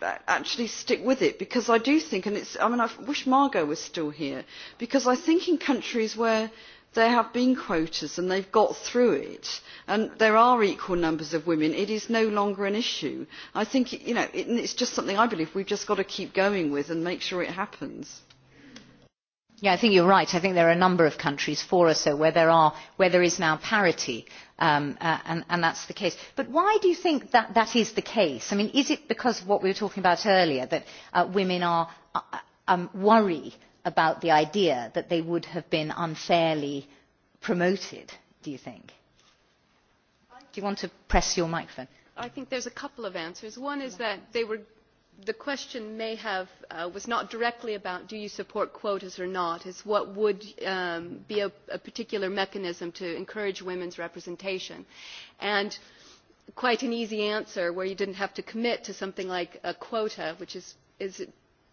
Uh, actually stick with it because I do think, and it's, I mean, I wish Margot was still here, because I think in countries where there have been quotas and they've got through it and there are equal numbers of women, it is no longer an issue. I think, you know, it, it's just something I believe we've just got to keep going with and make sure it happens i think you are right i think there are a number of countries four or so where there is now parity um, uh, and that is the case. but why do you think that is the case? i mean is it because of what we were talking about earlier that uh, women uh, um, worry about the idea that they would have been unfairly promoted do you think? do you want to press your microphone? i think there's a couple of answers. one is that they were the question uh, was not directly about whether you support quotas or not but what would um, be a particular mechanism to encourage women's representation. quite an easy answer where you did not have to commit to something like a quota which is a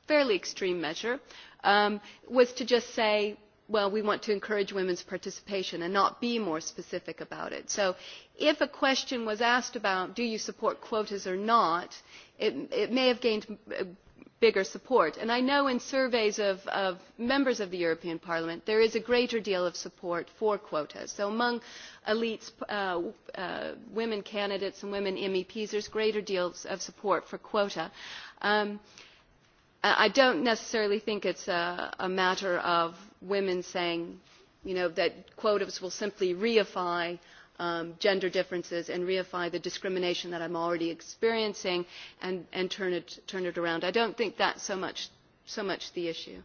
fairly extreme measure um, was to just say well we want to encourage women's participation and not be more specific about it. so if a question was asked about do you support quotas or not it may have gained uh, bigger support and i know in surveys of members of the european parliament there is a greater deal of support for quotas so among elites uh, uh, women candidates and women meps there is a greater deal of support for quotas. Um, I don't necessarily think it's a, a matter of women saying, you know, that quotas will simply reify um, gender differences and reify the discrimination that I'm already experiencing and, and turn, it, turn it around. I don't think that's so much, so much the issue.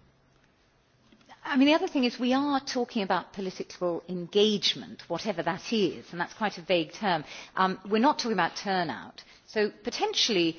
I mean, the other thing is we are talking about political engagement, whatever that is, and that's quite a vague term. Um, we're not talking about turnout. So potentially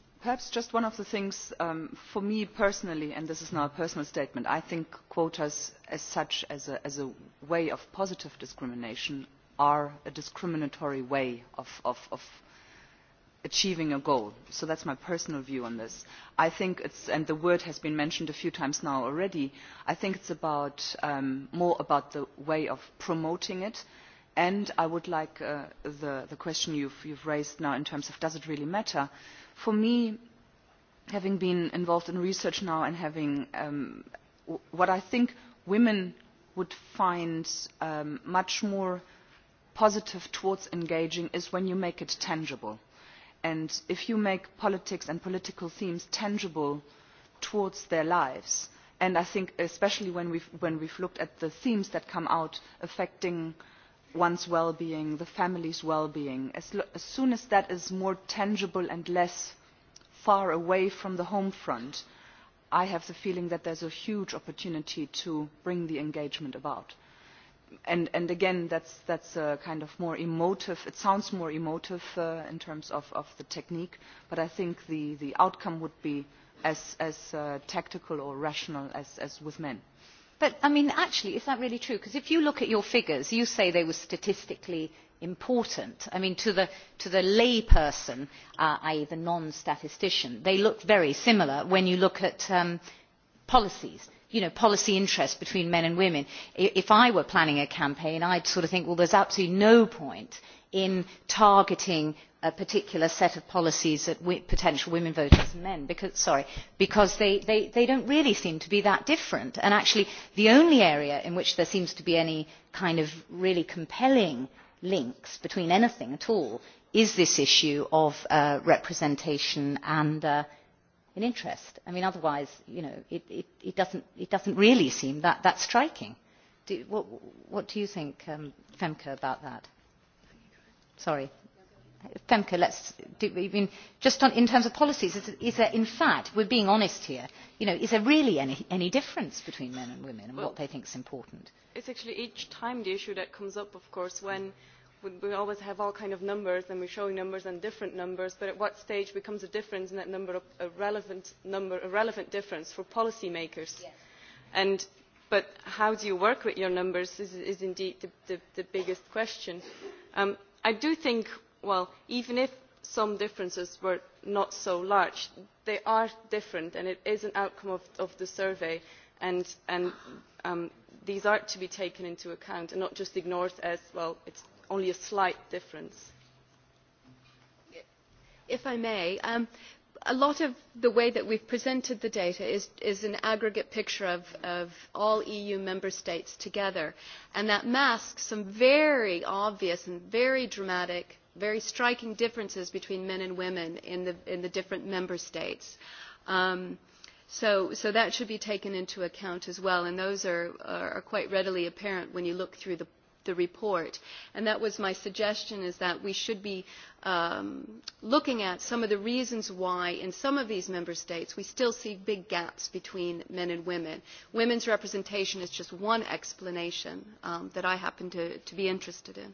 perhaps just one of the things um, for me personally and this is now a personal statement i think quotas as such as a way of positive discrimination are a discriminatory way of achieving a goal so that is my personal view on this i think it's and the word has been mentioned a few times now already i think it's about um, more about the way of promoting it and i would like uh, the question you have raised now in terms of does it really matter for me having been involved in research now and having um, what i think women would find um, much more positive towards engaging is when you make it tangible and if you make politics and political themes tangible towards their lives and i think especially when we have looked at the themes that come out affecting one's well being, the family's well being, as, as soon as that is more tangible and less far away from the home front, I have the feeling that there's a huge opportunity to bring the engagement about. And, and again, that's, that's a kind of more emotive, it sounds more emotive uh, in terms of, of the technique, but I think the, the outcome would be as, as uh, tactical or rational as, as with men but actually is that really true? because if you look at your figures you say they were statistically important. to the layperson uh, i. e. the non statistician they look very similar when you look at um, policies you know policy interests between men and women. if i were planning a campaign i would sort of think well there is absolutely no point in targeting a particular set of policies at potential women voters and men because, sorry, because they, they, they don't really seem to be that different. And actually, the only area in which there seems to be any kind of really compelling links between anything at all is this issue of uh, representation and uh, an interest. I mean, otherwise, you know, it, it, it, doesn't, it doesn't really seem that, that striking. Do, what, what do you think, um, Femke, about that? femke just in terms of policies is there in fact we are being honest here is there really any difference between men and women and what they think is important? it is actually each time the issue that comes up of course when we always have all kinds of numbers and we are showing numbers and different numbers but at what stage becomes a difference in that number a relevant number a relevant difference for policy makers and but how do you work with your numbers is indeed the biggest question. Um, i do think that even if some differences were not so large they are different and it is an outcome of the survey and um, these are to be taken into account and not just ignored as well it is only a slight difference'. if i may um, a lot of the way that we have presented the data is an aggregate picture of all eu member states together and that masks some very obvious and very dramatic very striking differences between men and women in the different member states um, so that should be taken into account as well and those are quite readily apparent when you look through the report. And that was my suggestion is that we should be um, looking at some of the reasons why in some of these member states we still see big gaps between men and women. Women's representation is just one explanation um, that I happen to, to be interested in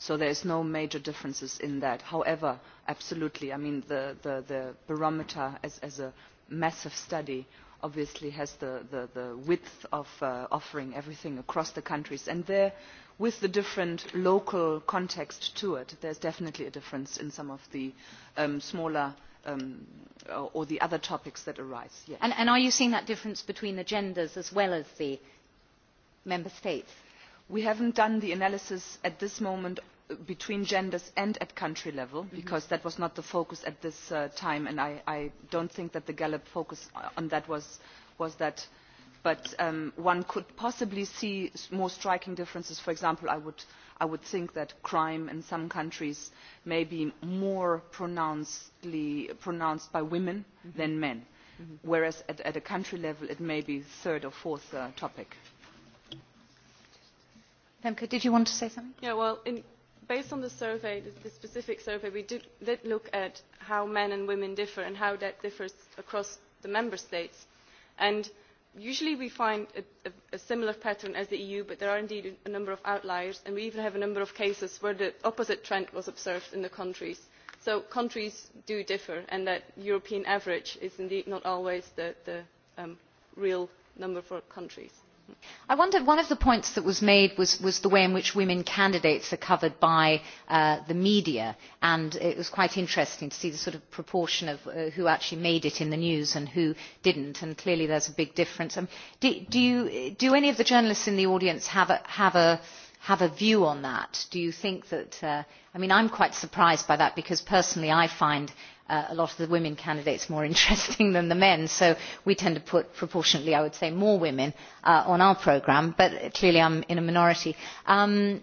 so there are no major differences in that. however absolutely the barometer as a massive study obviously has the width of uh, offering everything across the countries and there with the different local context to it there is definitely a difference in some of the um, smaller um, or the other topics that arise. are you seeing that difference between the genders as well as the member states? we have not done the analysis at this moment uh, between genders and at country level mm-hmm. because that was not the focus at this uh, time and i do not think that the gallup focus uh, on that was that but um, one could possibly see more striking differences for example i would think that crime in some countries may be more pronounced by women mm-hmm. than men mm-hmm. whereas at a country level it may be the third or fourth topic based on the specific survey we did look at how men and women differ and how that differs across the member states and usually we find a similar pattern as the eu but there are indeed a number of outliers and we even have a number of cases where the opposite trend was observed in the countries. so countries do differ and that european average is indeed not always the um, real number for countries. I wonder, one of the points that was made was, was the way in which women candidates are covered by uh, the media, and it was quite interesting to see the sort of proportion of uh, who actually made it in the news and who didn't, and clearly there's a big difference. Um, do, do, you, do any of the journalists in the audience have a, have a have a view on that? Do you think that, uh, I mean, I'm quite surprised by that because personally I find uh, a lot of the women candidates more interesting than the men, so we tend to put proportionately, I would say, more women uh, on our programme, but clearly I'm in a minority. Um,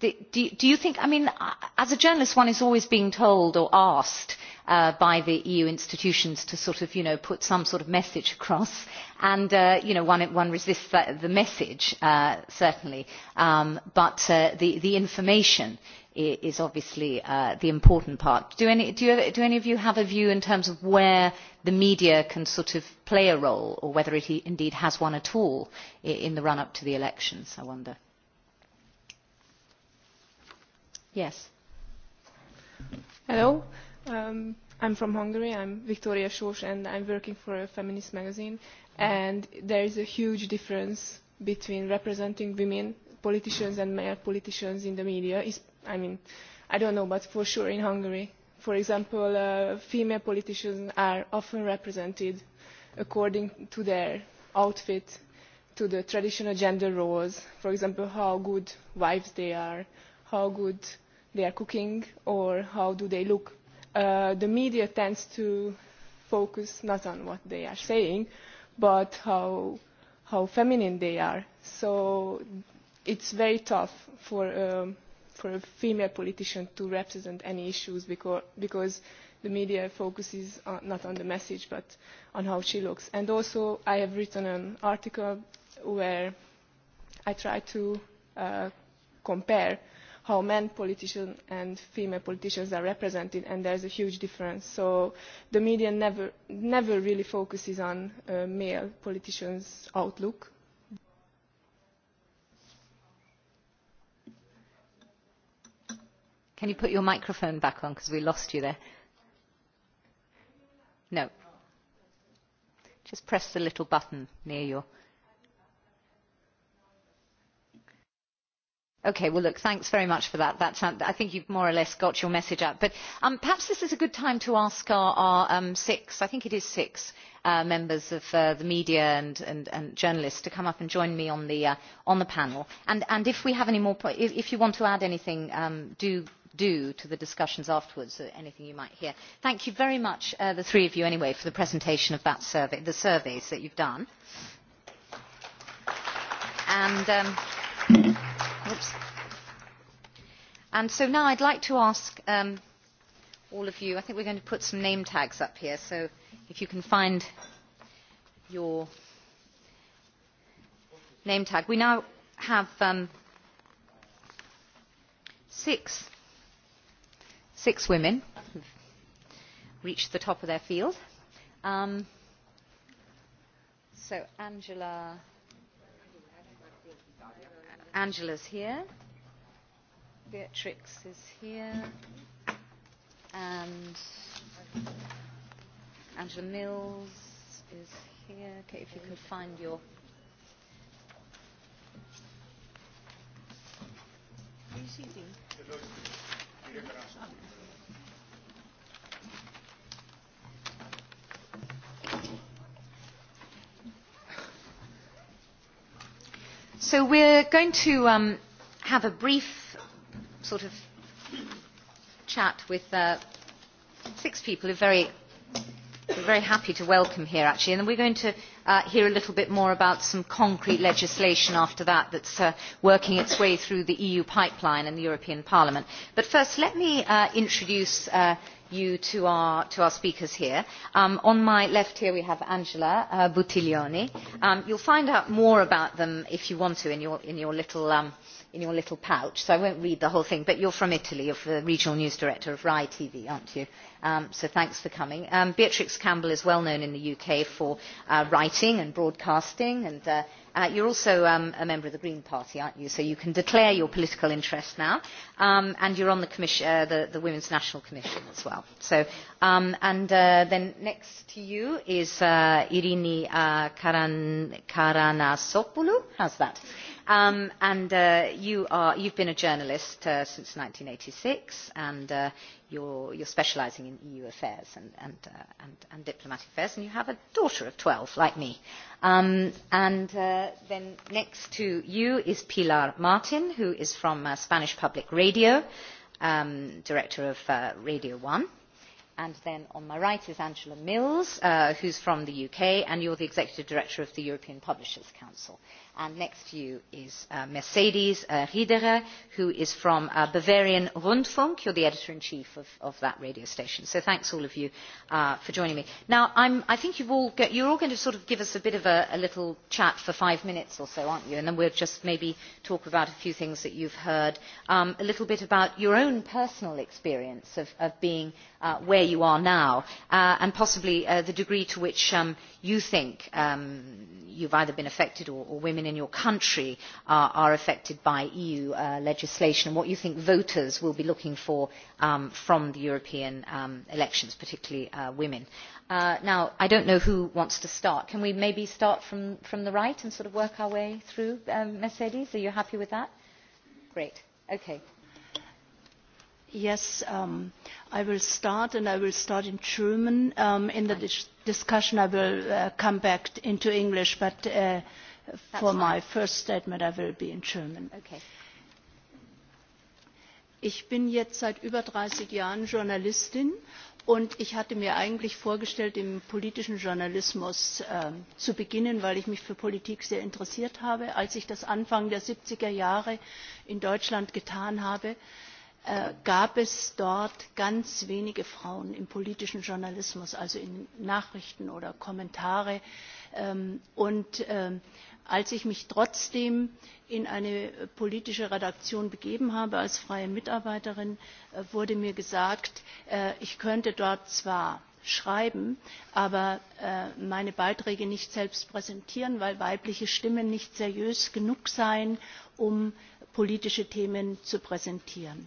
do, do you think, I mean, uh, as a journalist, one is always being told or asked uh, by the EU institutions to sort of, you know, put some sort of message across. And, uh, you know, one, one resists that, the message, uh, certainly. Um, but uh, the, the information is obviously uh, the important part. Do any, do, you, do any of you have a view in terms of where the media can sort of play a role or whether it indeed has one at all in the run-up to the elections, I wonder? Yes. Hello. Um, I'm from Hungary. I'm Victoria Sors, and I'm working for a feminist magazine. And there is a huge difference between representing women politicians and male politicians in the media. It's, I mean, I don't know, but for sure in Hungary, for example, uh, female politicians are often represented according to their outfit, to the traditional gender roles. For example, how good wives they are, how good they are cooking, or how do they look Uh, the media tends to focus not on what they are saying but on how feminine they are so it is very tough um, for a female politician to represent any issues because the media focuses not on the message but on how she looks. also i have written an article where i try to uh, compare how men politicians and female politicians are represented and there is a huge difference. so the media never really focuses on uh, male politicians' outlook. can you put your microphone back on because we lost you there? no. just press the little button near your. okay well look thanks very much for that um, i think you have more or less got your message out but um, perhaps this is a good time to ask our um, six i think it is six uh, members of uh, the media and journalists to come up and join me on the uh, panel and if we have any more if you want to add anything do do to the discussions afterwards anything you might hear thank you very much the three of you anyway for the presentation of that survey the surveys that you've done and parliament. And so now I'd like to ask um, all of you, I think we're going to put some name tags up here, so if you can find your name tag. We now have um, six, six women who've reached the top of their field. Um, so Angela, Angela's here. Beatrix is here. And Angela Mills is here. Okay, if you can find your... Are you seeing? we are going to um, have a brief sort of chat with uh, six people who are very very happy to welcome here actually and we're going to uh, hear a little bit more about some concrete legislation after that that's uh, working its way through the EU pipeline and the European Parliament. But first let me uh, introduce uh, you to our, to our speakers here. Um, on my left here we have Angela uh, Buttiglioni. Um, you'll find out more about them if you want to in your, in your little um, in your little pouch so i won't read the whole thing but you're from italy you're the regional news director of rai tv aren't you um, so thanks for coming um, beatrix campbell is well known in the uk for uh, writing and broadcasting and uh, uh, you're also um, a member of the Green Party, aren't you? So you can declare your political interest now. Um, and you're on the, commis- uh, the, the Women's National Commission as well. So, um, and uh, then next to you is uh, Irini uh, Karan- Karanasopoulou. How's that? Um, and uh, you have been a journalist uh, since one thousand nine hundred and uh, eighty six e and you are specialising in eu affairs and diplomatic affairs and you have a daughter of twelve like me. Um, and then next to you is pilar martin who is from spanish public radio um, director of radio one and then on my right is angela mills who is from the uk and you are the executive director of the european publishers council and next to you is uh, Mercedes uh, Riedere, who is from uh, Bavarian Rundfunk. You're the editor-in-chief of, of that radio station. So thanks, all of you, uh, for joining me. Now, I'm, I think you've all get, you're all going to sort of give us a bit of a, a little chat for five minutes or so, aren't you? And then we'll just maybe talk about a few things that you've heard, um, a little bit about your own personal experience of, of being uh, where you are now, uh, and possibly uh, the degree to which um, you think um, you've either been affected or, or women in your country uh, are affected by EU uh, legislation and what you think voters will be looking for um, from the European um, elections, particularly uh, women. Uh, now, I don't know who wants to start. Can we maybe start from, from the right and sort of work our way through, um, Mercedes? Are you happy with that? Great. Okay. Yes, um, I will start, and I will start in German. Um, in the dis- discussion, I will uh, come back t- into English, but uh, for my first statement i will be in german. ich bin jetzt seit über dreißig jahren journalistin und ich hatte mir eigentlich vorgestellt im politischen journalismus ähm, zu beginnen weil ich mich für politik sehr interessiert habe. als ich das anfang der siebzig er jahre in deutschland getan habe äh, gab es dort ganz wenige frauen im politischen journalismus also in nachrichten oder kommentaren. Ähm, als ich mich trotzdem in eine politische redaktion begeben habe als freie mitarbeiterin äh, wurde mir gesagt äh, ich könnte dort zwar schreiben aber äh, meine beiträge nicht selbst präsentieren weil weibliche stimmen nicht seriös genug seien um politische themen zu präsentieren.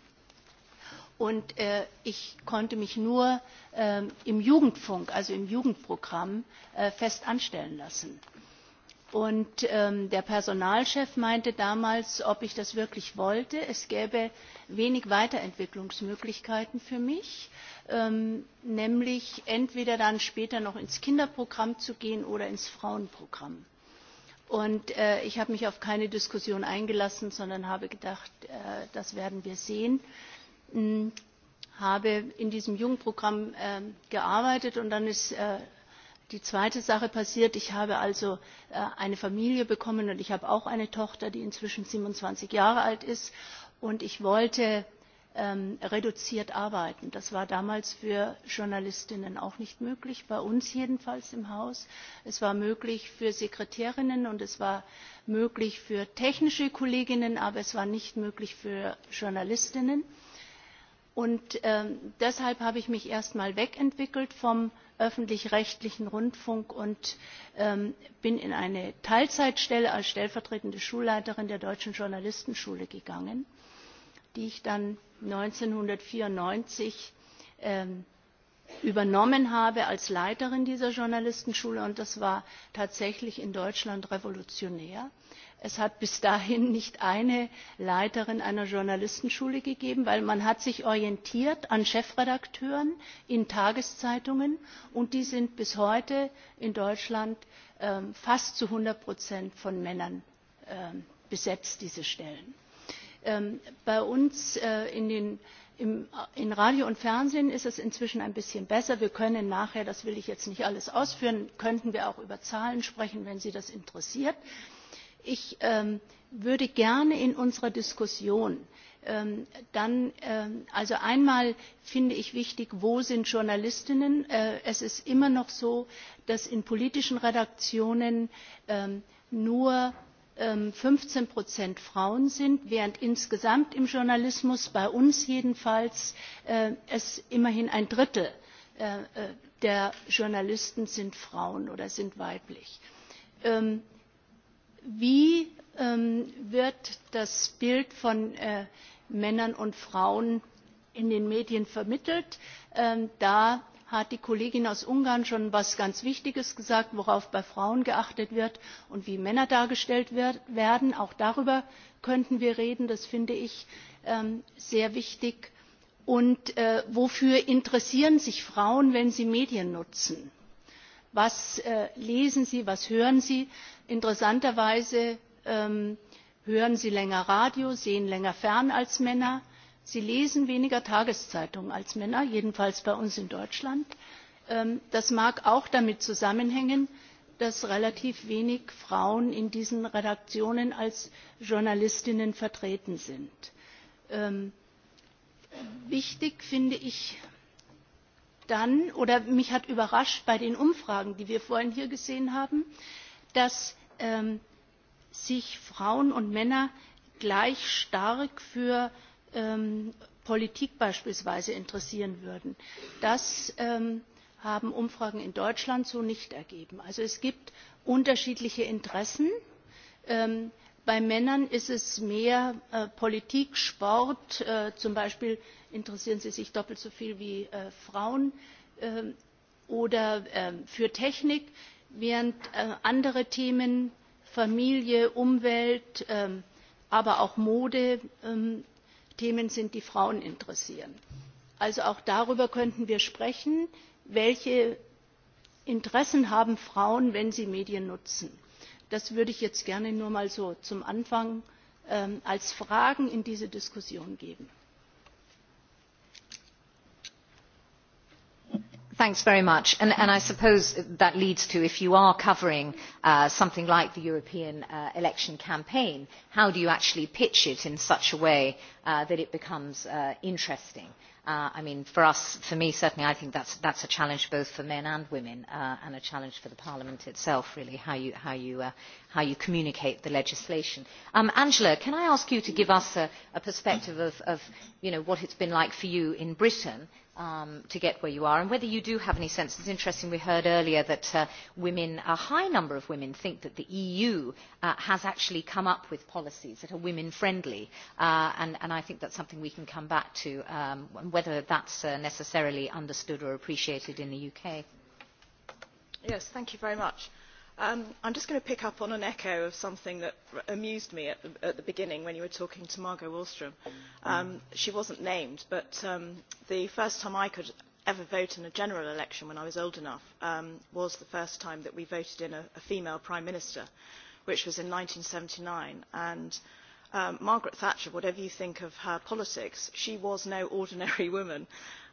und äh, ich konnte mich nur ähm, im jugendfunk also im jugendprogramm äh, fest anstellen lassen. Ähm, der personalchef meinte damals ob ich das wirklich wollte es gäbe wenig weiterentwicklungsmöglichkeiten für mich ähm, nämlich entweder dann später noch ins kinderprogramm zu gehen oder ins frauenprogramm. Äh, ich habe mich auf keine diskussion eingelassen sondern habe gedacht das werden wir sehen. Ähm, habe in diesem jugendprogramm ähm, gearbeitet und dann ist äh, die zweite sache passiert ich habe also äh, eine familie bekommen und ich habe auch eine tochter die inzwischen siebenundzwanzig jahre alt ist und ich wollte ähm, reduziert arbeiten. das war damals für journalistinnen auch nicht möglich bei uns jedenfalls im haus. es war möglich für sekretärinnen und es war möglich für technische kolleginnen aber es war nicht möglich für journalistinnen und ähm, deshalb habe ich mich erst einmal wegentwickelt vom öffentlich rechtlichen rundfunk und ähm, bin in eine teilzeitstelle als stellvertretende schulleiterin der deutschen journalistenschule gegangen die ich dann eintausendneunhundertvierundneunzig ähm, übernommen habe als leiterin dieser journalistenschule und das war tatsächlich in deutschland revolutionär es hat bis dahin nicht eine leiterin einer journalistenschule gegeben weil man sich orientiert an chefredakteuren in tageszeitungen und die sind bis heute in deutschland ähm, fast zu einhundert von männern ähm, besetzt diese stellen. Ähm, bei uns äh, in radio und fernsehen ist es inzwischen ein bisschen besser. wir können nachher das will ich jetzt nicht alles ausführen könnten wir auch über zahlen sprechen wenn sie das interessiert ich ähm, würde gerne in unserer diskussion ähm, ähm, also einmal finde ich wichtig wo sind journalistinnen? Äh, es ist immer noch so dass in politischen redaktionen nur fünfzehn frauen sind während es insgesamt im journalismus bei uns jedenfalls äh, immerhin ein drittel äh, der journalisten sind frauen oder sind weiblich wie ähm, wird das bild von äh, männern und frauen in den medien vermittelt? Ähm, da hat die kollegin aus ungarn schon etwas ganz wichtiges gesagt worauf bei frauen geachtet wird und wie männer dargestellt werden. auch darüber könnten wir reden das finde ich ähm, sehr wichtig. und äh, wofür interessieren sich frauen wenn sie medien nutzen? was äh, lesen sie was hören sie? interessanterweise ähm, hören sie länger radio sehen länger fern als männer sie lesen weniger tageszeitung als männer jedenfalls bei uns in deutschland. Ähm, das mag auch damit zusammenhängen dass relativ wenig frauen in diesen redaktionen als journalistinnen vertreten sind. Ähm, wichtig finde ich dann oder mich hat überrascht bei den umfragen die wir vorhin hier gesehen haben dass ähm, sich frauen und männer gleich stark für ähm, politik beispielsweise interessieren würden. das ähm, haben umfragen in deutschland so nicht ergeben. also es gibt unterschiedliche interessen bei männern ist es mehr äh, politik sport äh, zum beispiel interessieren sie sich doppelt so viel wie äh, frauen ähm, oder ähm, für technik während andere themen familie umwelt ähm, aber auch mode themen sind die frauen interessieren. also auch darüber könnten wir sprechen welche interessen haben frauen wenn sie medien nutzen? das würde ich jetzt gerne nur mal so zum anfang ähm, als fragen in diese diskussion geben. i suppose that leads to if you are covering uh, something like the european uh, election campaign how do you actually pitch it in such a way uh, that it becomes interesting? for us for me certainly i think that is a challenge both for men and women and a challenge for parliament itself really how you communicate the legislation. Um, angela can i ask you to give us a perspective of what it has been like for you in britain since the referendum? um, to get where you are and whether you do have any sense. It's interesting, we heard earlier that uh, women, a high number of women, think that the EU uh, has actually come up with policies that are women-friendly. Uh, and, and I think that's something we can come back to, um, whether that's uh, necessarily understood or appreciated in the UK. Yes, thank you very much. Um, I'm just going to pick up on an echo of something that amused me at the, at the beginning when you were talking to Margot Wallström. Um, she wasn't named, but um, the first time I could ever vote in a general election when I was old enough um, was the first time that we voted in a, a female prime minister, which was in 1979. And um, Margaret Thatcher, whatever you think of her politics, she was no ordinary woman.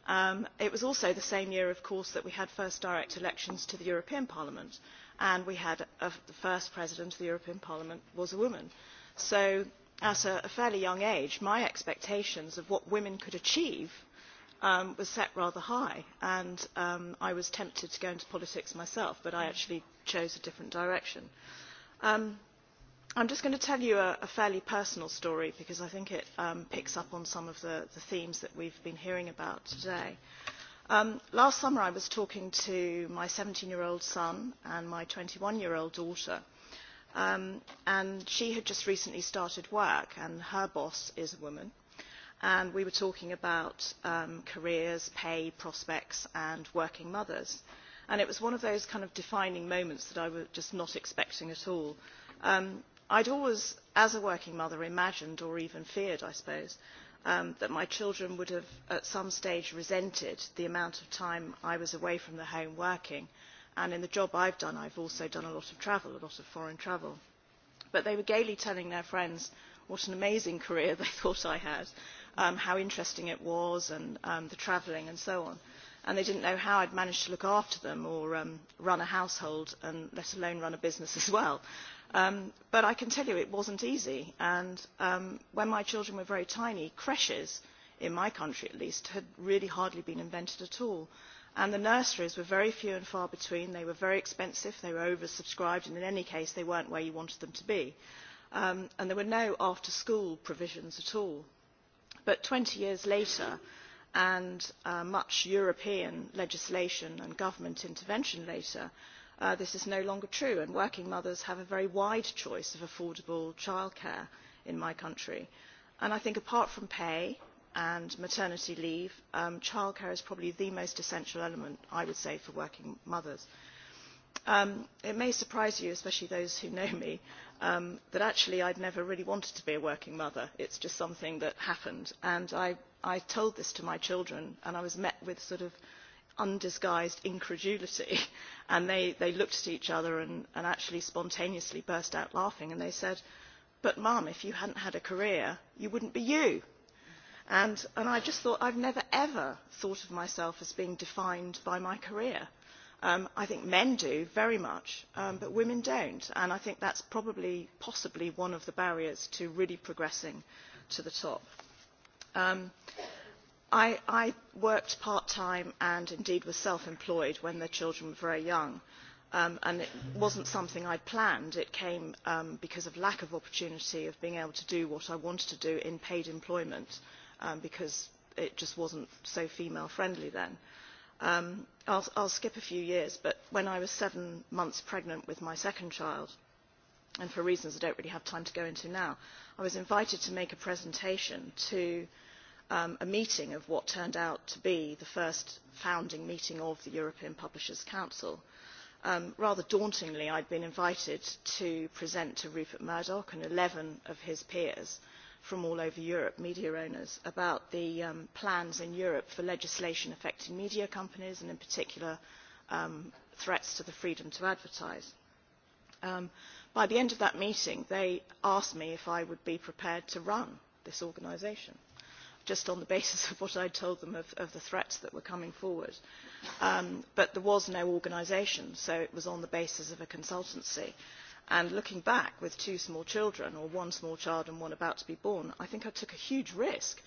Um, it was also the same year, of course, that we had first direct elections to the European Parliament and we had a, the first president of the European Parliament was a woman. So at a, a fairly young age, my expectations of what women could achieve um, was set rather high, and um, I was tempted to go into politics myself, but I actually chose a different direction. Um, I'm just going to tell you a, a fairly personal story because I think it um, picks up on some of the, the themes that we've been hearing about today. Um, last summer I was talking to my 17-year-old son and my 21-year-old daughter. Um, and she had just recently started work and her boss is a woman. And we were talking about um, careers, pay, prospects and working mothers. And it was one of those kind of defining moments that I was just not expecting at all. Um, I'd always, as a working mother, imagined or even feared, I suppose, Um, that my children would have at some stage resented the amount of time I was away from the home working. And in the job I've done, I've also done a lot of travel, a lot of foreign travel. But they were gaily telling their friends what an amazing career they thought I had, um, how interesting it was, and um, the travelling and so on and they did not know how i had managed to look after them or um, run a household let alone run a business as well um, but i can tell you it was not easy and um, when my children were very tiny creches in my country at least had really hardly been invented at all and the nurseries were very few and far between they were very expensive they were oversubscribed and in any case they were not where you wanted them to be and there were no after school provisions at all. but twenty years later and uh, much european legislation and government intervention later uh, this is no longer true and working mothers have a very wide choice of affordable childcare in my country. i think apart from pay and maternity leave um, childcare is probably the most essential element for working mothers. Um, it may surprise you especially those who know me um, that actually i have never really wanted to be a working mother it is just something that happened and i told this to my children and i was met with sort of undisguised incredulity and they, they looked at each other and, and actually spontaneously burst out laughing and they said but mum if you hadn't had a career you wouldn't be you and, and i just thought i've never ever thought of myself as being defined by my career um, I think men do very much, um, but women don't. And I think that's probably, possibly, one of the barriers to really progressing to the top. Um, I, I worked part-time and indeed was self-employed when the children were very young. Um, and it wasn't something I planned. It came um, because of lack of opportunity of being able to do what I wanted to do in paid employment um, because it just wasn't so female-friendly then. Um, I'll, I'll skip a few years, but when I was seven months pregnant with my second child, and for reasons I don't really have time to go into now, I was invited to make a presentation to um, a meeting of what turned out to be the first founding meeting of the European Publishers' Council. Um, rather dauntingly, I'd been invited to present to Rupert Murdoch and 11 of his peers from all over Europe, media owners, about the um, plans in Europe for legislation affecting media companies and in particular um, threats to the freedom to advertise. Um, by the end of that meeting they asked me if I would be prepared to run this organisation just on the basis of what I told them of, of the threats that were coming forward. Um, but there was no organisation, so it was on the basis of a consultancy. And looking back with two small children, or one small child and one about to be born, I think I took a huge risk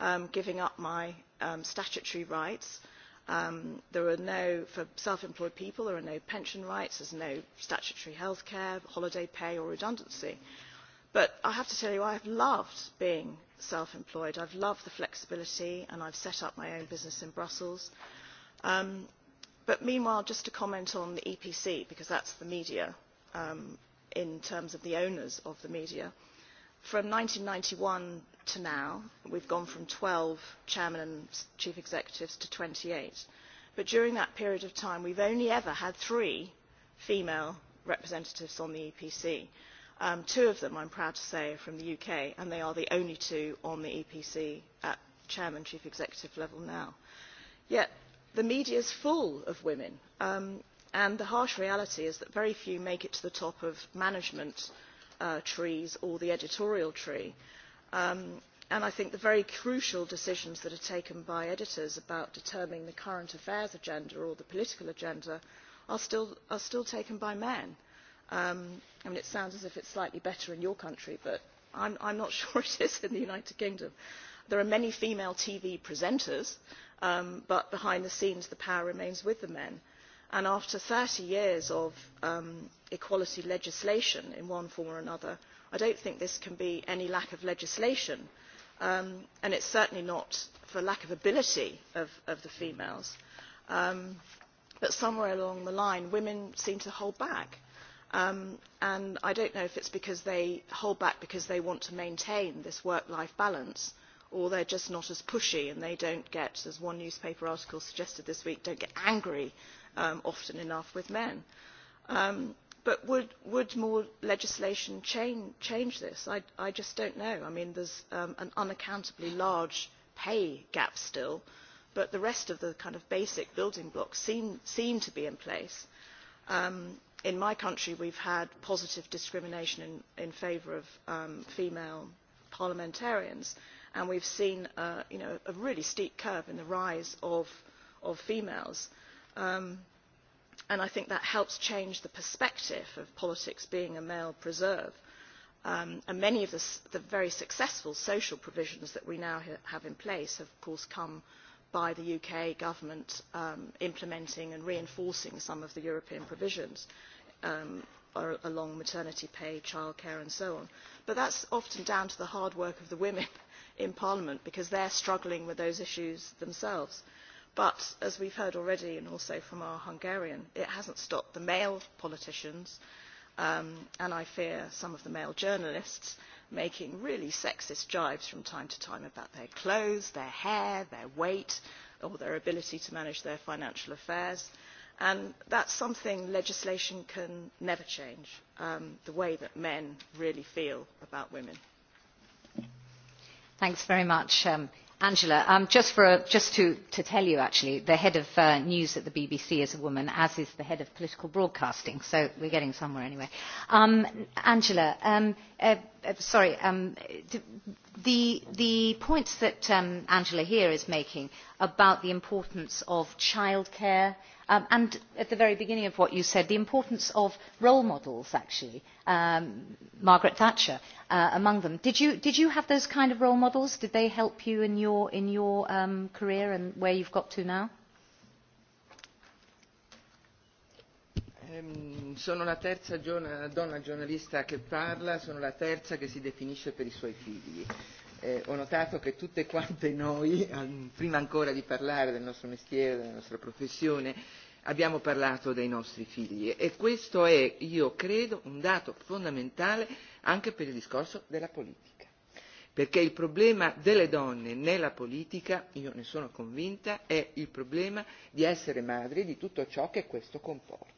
um, giving up my um, statutory rights, Um, there are no, for self-employed people, there are no pension rights, there's no statutory health care, holiday pay or redundancy. But I have to tell you, I've loved being self-employed. I've loved the flexibility and I've set up my own business in Brussels. Um, but meanwhile, just to comment on the EPC, because that's the media um, in terms of the owners of the media. From 1991 to now. We've gone from 12 chairmen and chief executives to 28. But during that period of time, we've only ever had three female representatives on the EPC. Um, two of them, I'm proud to say, are from the UK, and they are the only two on the EPC at chairman, chief executive level now. Yet the media is full of women, um, and the harsh reality is that very few make it to the top of management uh, trees or the editorial tree. Um, and i think the very crucial decisions that are taken by editors about determining the current affairs agenda or the political agenda are still taken by men. Um, it sounds as if it is slightly better in your country but i am not sure it is in the united kingdom. there are many female tv presenters um, but behind the scenes the power remains with the men and after thirty years of equality legislation in one form or another i do not think this can be any lack of legislation um, and it is certainly not for lack of ability of the females um, but somewhere along the line women seem to hold back um, and i do not know if it is because they hold back because they want to maintain this work life balance or they are just not as pushy and they do not get as one newspaper article suggested this week angry often enough with men but would more legislation change this? i just do not know. i mean there is um, an unaccountably large pay gap still but the rest of the kind of basic building blocks seem, seem to be in place. Um, in my country we have had positive discrimination in, in favour of um, female parliamentarians and we have seen uh, you know, a really steep curve in the rise of, of females. Um, and i think that helps change the perspective of politics being a male preserve um, and many of the, the very successful social provisions that we now ha have in place have of course come by the uk government um, implementing and reinforcing some of the european provisions um, along maternity pay, childcare and so on. But that's often down to the hard work of the women in Parliament because they're struggling with those issues themselves but as we have heard already and also from our hungarian colleague it has not stopped the male politicians um, and i fear some of the male journalists making really sexist gibes from time to time about their clothes their hair their weight or their ability to manage their financial affairs and that is something legislation can never change um, the way that men really feel about women angela um, just to tell you actually the head of uh, news at the bbc is a woman as is the head of political broadcasting so we are getting somewhere anyway. Um, angela um, uh, uh, sorry the points that angela here is making about the importance of childcare Um, and at the very beginning of what you said, the importance of role models, actually, um, Margaret Thatcher uh, among them. Did you, did you have those kind of role models? Did they help you in your, in your um, career and where you've got to now? Ehm, sono la terza donna giornalista che parla, sono la terza che si definisce per i suoi figli. Eh, Eh, ho notato che tutte quante noi, prima ancora di parlare del nostro mestiere, della nostra professione, abbiamo parlato dei nostri figli e questo è, io credo, un dato fondamentale anche per il discorso della politica. Perché il problema delle donne nella politica, io ne sono convinta, è il problema di essere madri di tutto ciò che questo comporta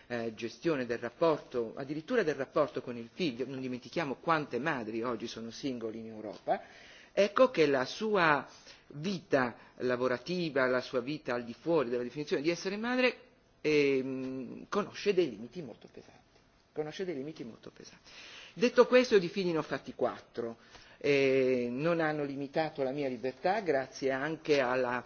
Eh, gestione del rapporto addirittura del rapporto con il figlio non dimentichiamo quante madri oggi sono singoli in Europa ecco che la sua vita lavorativa la sua vita al di fuori della definizione di essere madre eh, conosce dei limiti molto pesanti conosce dei limiti molto pesanti detto questo di figli ne ho fatti quattro eh, non hanno limitato la mia libertà grazie anche alla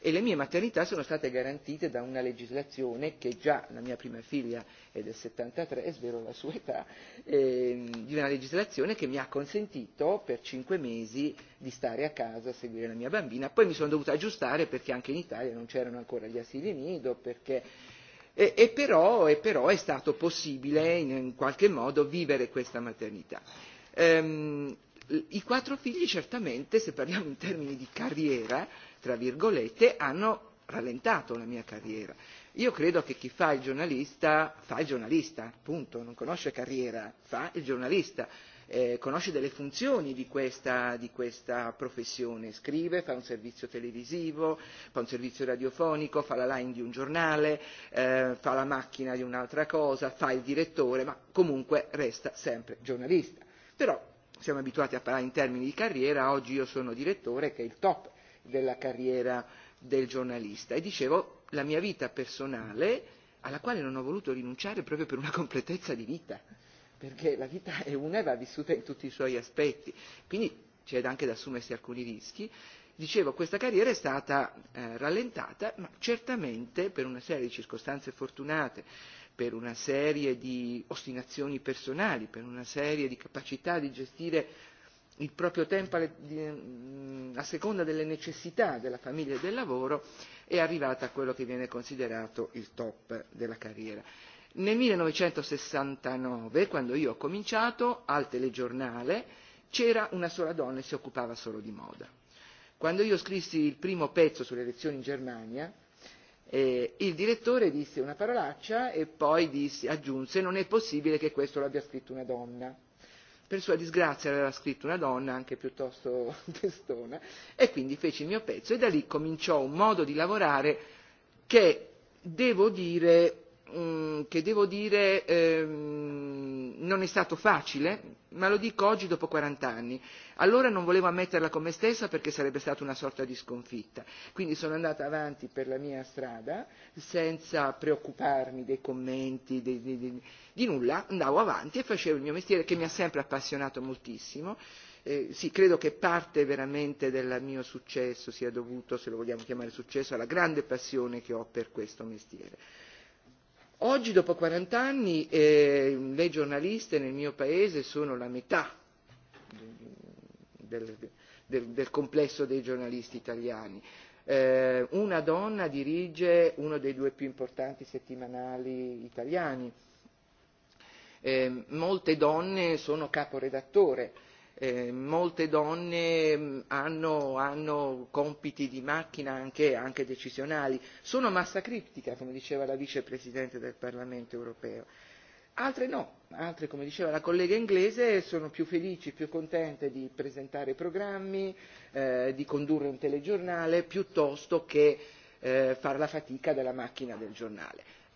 e le mie maternità sono state garantite da una legislazione che già la mia prima figlia è del 73, e spero la sua età, ehm, di una legislazione che mi ha consentito per cinque mesi di stare a casa a seguire la mia bambina. Poi mi sono dovuta aggiustare perché anche in Italia non c'erano ancora gli asili nido, perché... E, e, però, e però è stato possibile in, in qualche modo vivere questa maternità. Ehm, I quattro figli certamente, se parliamo in termini di carriera, eh, tra virgolette, hanno rallentato la mia carriera. Io credo che chi fa il giornalista fa il giornalista, punto, non conosce carriera, fa il giornalista, eh, conosce delle funzioni di questa, di questa professione, scrive, fa un servizio televisivo, fa un servizio radiofonico, fa la line di un giornale, eh, fa la macchina di un'altra cosa, fa il direttore, ma comunque resta sempre giornalista. Però siamo abituati a parlare in termini di carriera, oggi io sono direttore che è il top della carriera del giornalista. E dicevo, la mia vita personale, alla quale non ho voluto rinunciare proprio per una completezza di vita, perché la vita è una e va vissuta in tutti i suoi aspetti. Quindi c'è anche da assumersi alcuni rischi. Dicevo, questa carriera è stata eh, rallentata, ma certamente per una serie di circostanze fortunate, per una serie di ostinazioni personali, per una serie di capacità di gestire il proprio tempo mm, a seconda delle necessità della famiglia e del lavoro è arrivata a quello che viene considerato il top della carriera. Nel 1969, quando io ho cominciato al telegiornale, c'era una sola donna e si occupava solo di moda. Quando io scrissi il primo pezzo sulle elezioni in Germania, eh, il direttore disse una parolaccia e poi disse, aggiunse non è possibile che questo l'abbia scritto una donna per sua disgrazia l'aveva scritto una donna anche piuttosto testona e quindi feci il mio pezzo e da lì cominciò un modo di lavorare che devo dire Mm, che devo dire ehm, non è stato facile, ma lo dico oggi dopo 40 anni. Allora non volevo ammetterla con me stessa perché sarebbe stata una sorta di sconfitta. Quindi sono andata avanti per la mia strada senza preoccuparmi dei commenti, di, di, di, di nulla. Andavo avanti e facevo il mio mestiere che mi ha sempre appassionato moltissimo. Eh, sì, credo che parte veramente del mio successo sia dovuto, se lo vogliamo chiamare successo, alla grande passione che ho per questo mestiere. Eh, Oggi, dopo 40 anni, eh, le giornaliste nel mio paese sono la metà del, del, del complesso dei giornalisti italiani. Eh, una donna dirige uno dei due più importanti settimanali italiani. Eh, molte donne sono caporedattore. Eh, Eh, molte donne mm, hanno, hanno compiti di macchina anche, anche decisionali. Sono massa critica, come diceva la vicepresidente del Parlamento europeo. Altre no, altre come diceva la collega inglese sono più felici, più contente di presentare programmi, eh, di condurre un telegiornale piuttosto che eh, fare la fatica della macchina del giornale.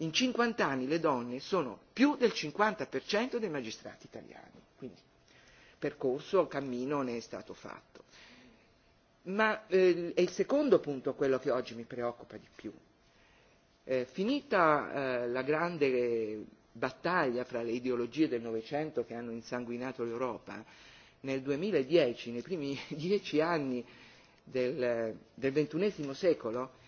in 50 anni le donne sono più del 50% dei magistrati italiani. Quindi percorso, cammino ne è stato fatto. Ma eh, è il secondo punto quello che oggi mi preoccupa di più. Eh, finita eh, la grande battaglia fra le ideologie del Novecento che hanno insanguinato l'Europa, nel 2010, nei primi dieci anni del, del XXI secolo,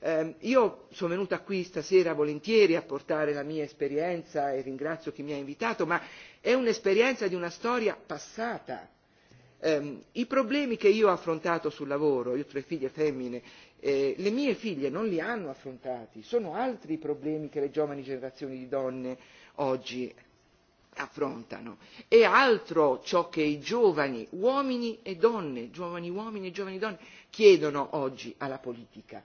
Ehm, io sono venuta qui stasera volentieri a portare la mia esperienza e ringrazio chi mi ha invitato, ma è un'esperienza di una storia passata. Um, I problemi che io ho affrontato sul lavoro, io ho tre figlie femmine, eh, le mie figlie non li hanno affrontati, sono altri i problemi che le giovani generazioni di donne oggi affrontano. È altro ciò che i giovani uomini e donne, giovani uomini e giovani donne, chiedono oggi alla politica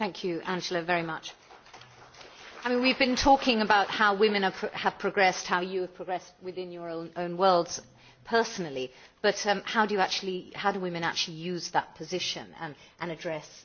angela very much. we have been talking about how women have progressed how you have progressed within your own worlds personally but um, how do women actually use that position and address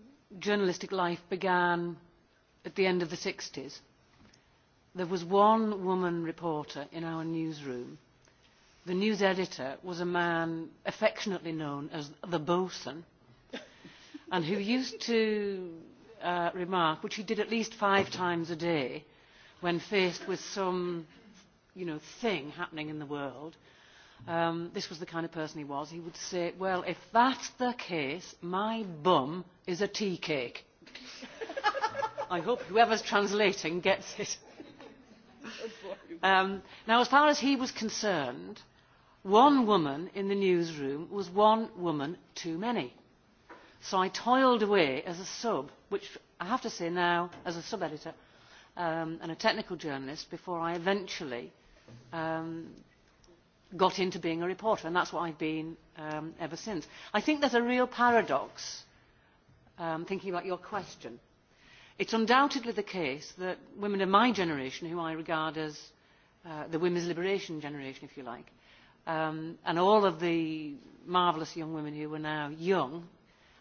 journalistic life began at the end of the 60s. There was one woman reporter in our newsroom. The news editor was a man affectionately known as the bosun, and who used to uh, remark, which he did at least five times a day when faced with some you know, thing happening in the world, um, this was the kind of person he was, he would say, well, if that's the case, my bum is a tea cake. I hope whoever's translating gets it. Um, now, as far as he was concerned, one woman in the newsroom was one woman too many. So I toiled away as a sub, which I have to say now, as a sub-editor um, and a technical journalist, before I eventually um, got into being a reporter and that is what i have been um, ever since. i think there is a real paradox um, thinking about your question. it is undoubtedly the case that women of my generation who i regard as uh, the women's liberation generation if you like um, and all of the marvellous young women who are now young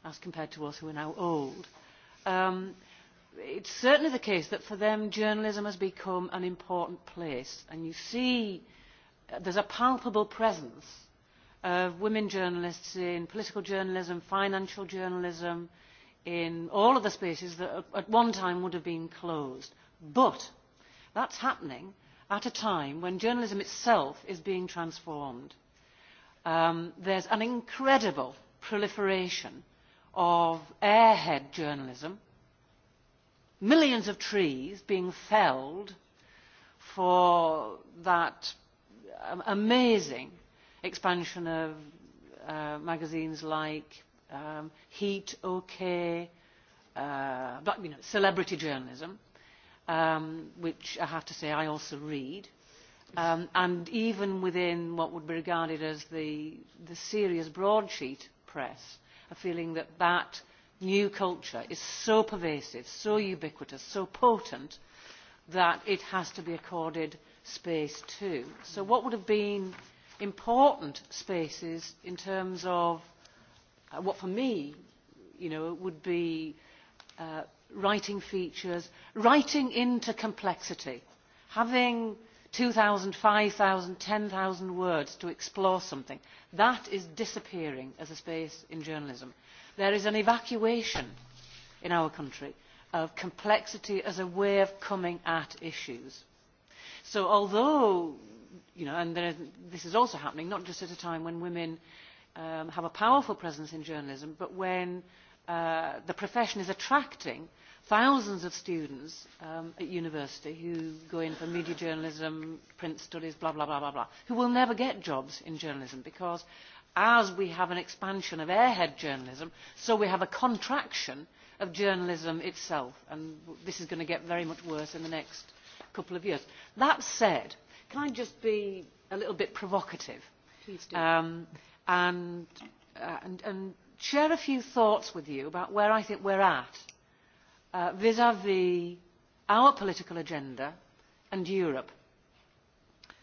as compared to us who are now old um, it is certainly the case that for them journalism has become an important place and you see there's a palpable presence of women journalists in political journalism, financial journalism, in all of the spaces that at one time would have been closed. But that's happening at a time when journalism itself is being transformed. Um, there's an incredible proliferation of airhead journalism, millions of trees being felled for that Um, amazing expansion of uh, magazines like um, Heat, OK, uh, you know, celebrity journalism, um, which I have to say I also read. Um, and even within what would be regarded as the, the serious broadsheet press, a feeling that that new culture is so pervasive, so ubiquitous, so potent, that it has to be accorded space too. So what would have been important spaces in terms of uh, what for me, you know, would be uh, writing features, writing into complexity, having 2,000, 5,000, 10,000 words to explore something. That is disappearing as a space in journalism. There is an evacuation in our country of complexity as a way of coming at issues so although you know and there is, this is also happening not just at a time when women um, have a powerful presence in journalism but when uh, the profession is attracting thousands of students um, at university who go in for media journalism, print studies, blah, blah, blah, blah, blah, who will never get jobs in journalism because as we have an expansion of airhead journalism, so we have a contraction of journalism itself. And this is going to get very much worse in the next couple of years. That said, can I just be a little bit provocative? Please do. Um, and, uh, and, and share a few thoughts with you about where I think we're at vis-à-vis uh, -vis our political agenda and Europe.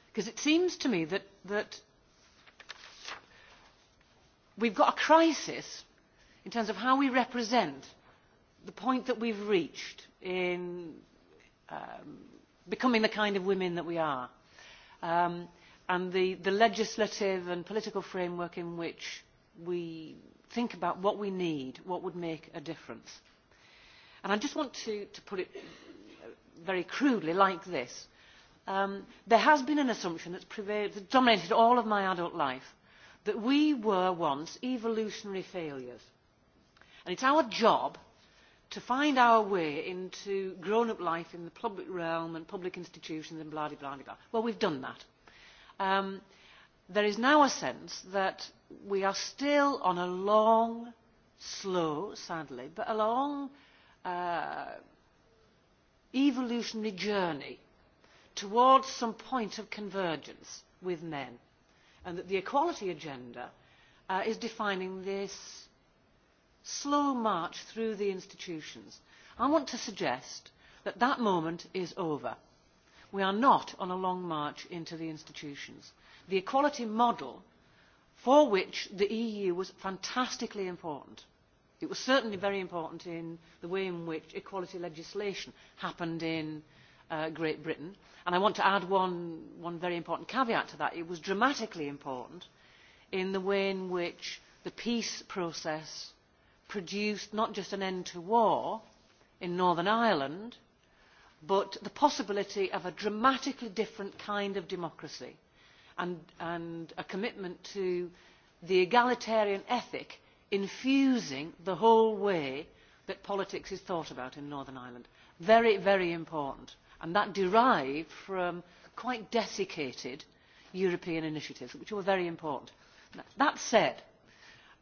Because it seems to me that, that we've got a crisis in terms of how we represent the point that we've reached in um, becoming the kind of women that we are. Um, and the, the legislative and political framework in which we think about what we need, what would make a difference. And I just want to, to put it very crudely like this. Um, there has been an assumption that's prevailed, that dominated all of my adult life that we were once evolutionary failures. And it's our job to find our way into grown-up life in the public realm and public institutions and blah, blah, blah, blah. Well, we've done that. Um, there is now a sense that we are still on a long, slow, sadly, but a long uh, evolutionary journey towards some point of convergence with men. And that the equality agenda uh, is defining this slow march through the institutions, I want to suggest that that moment is over. We are not on a long march into the institutions. The equality model for which the EU was fantastically important. It was certainly very important in the way in which equality legislation happened in uh, Great Britain. And I want to add one, one very important caveat to that. It was dramatically important in the way in which the peace process uh, produced not just an end to war in Northern Ireland, but the possibility of a dramatically different kind of democracy and, and a commitment to the egalitarian ethic infusing the whole way that politics is thought about in Northern Ireland. Very, very important. And that derived from quite desiccated European initiatives, which were very important. Now, that said,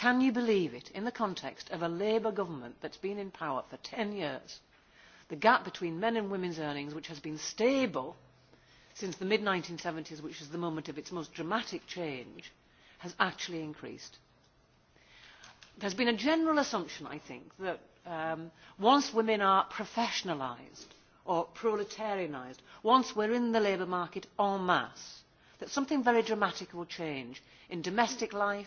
can you believe it in the context of a labour government that has been in power for ten years the gap between men and women's earnings which has been stable since the mid 1970s which is the moment of its most dramatic change has actually increased there's been a general assumption i think that um, once women are professionalised or proletarianised, once we're in the labour market en masse, that something very dramatic will change in domestic life,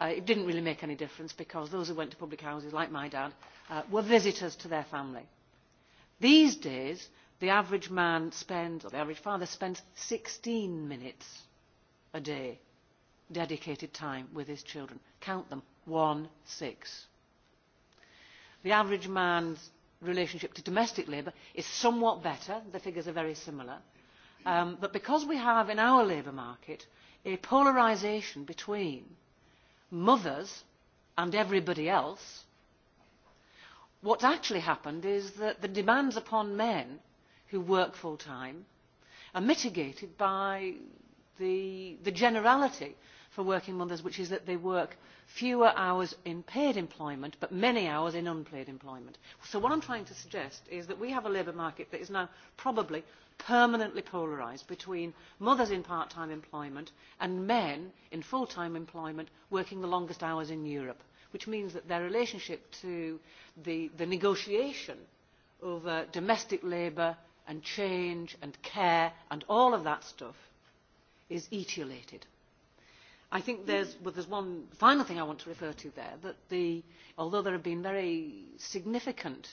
Uh, it did not really make any difference because those who went to public houses like my dad uh, were visitors to their family. these days the average man spends or the average father spends 16 minutes a day dedicated time with his children count them one six the average man's relationship to domestic labour is somewhat better the figures are very similar um, but because we have in our labour market a polarisation between mothers and everybody else, what's actually happened is that the demands upon men who work full-time are mitigated by the, the generality for working mothers, which is that they work fewer hours in paid employment but many hours in unpaid employment. So what I'm trying to suggest is that we have a labour market that is now probably permanently polarised between mothers in part-time employment and men in full-time employment working the longest hours in Europe, which means that their relationship to the, the negotiation over domestic labour and change and care and all of that stuff is etiolated. I think there's, well, there's one final thing I want to refer to there, that the, although there have been very significant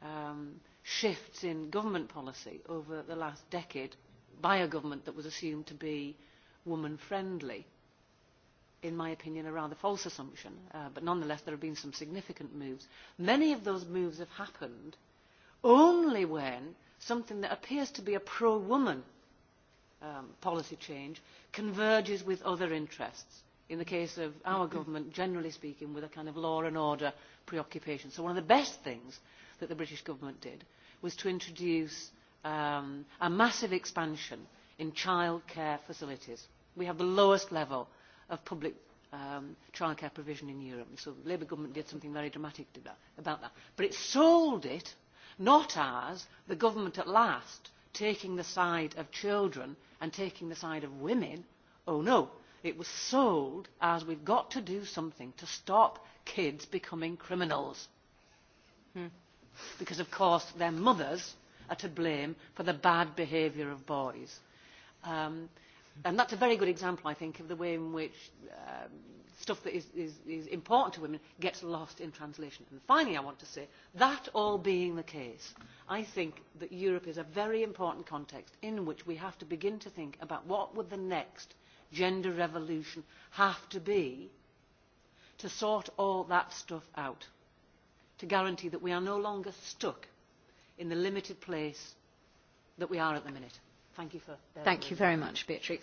um, shifts in government policy over the last decade by a government that was assumed to be woman-friendly, in my opinion, a rather false assumption, uh, but nonetheless there have been some significant moves. Many of those moves have happened only when something that appears to be a pro-woman um, policy change converges with other interests. In the case of our government, generally speaking, with a kind of law and order preoccupation. So one of the best things that the British government did was to introduce um, a massive expansion in childcare facilities. We have the lowest level of public um, childcare provision in Europe. So the Labour government did something very dramatic that, about that. But it sold it not as the government at last taking the side of children and taking the side of women. Oh no, it was sold as we've got to do something to stop kids becoming criminals. Hmm because of course their mothers are to blame for the bad behaviour of boys. Um, and that's a very good example, I think, of the way in which um, stuff that is, is, is important to women gets lost in translation. And finally, I want to say, that all being the case, I think that Europe is a very important context in which we have to begin to think about what would the next gender revolution have to be to sort all that stuff out to guarantee that we are no longer stuck in the limited place that we are at the minute. Thank you for Thank you very much, Beatrix.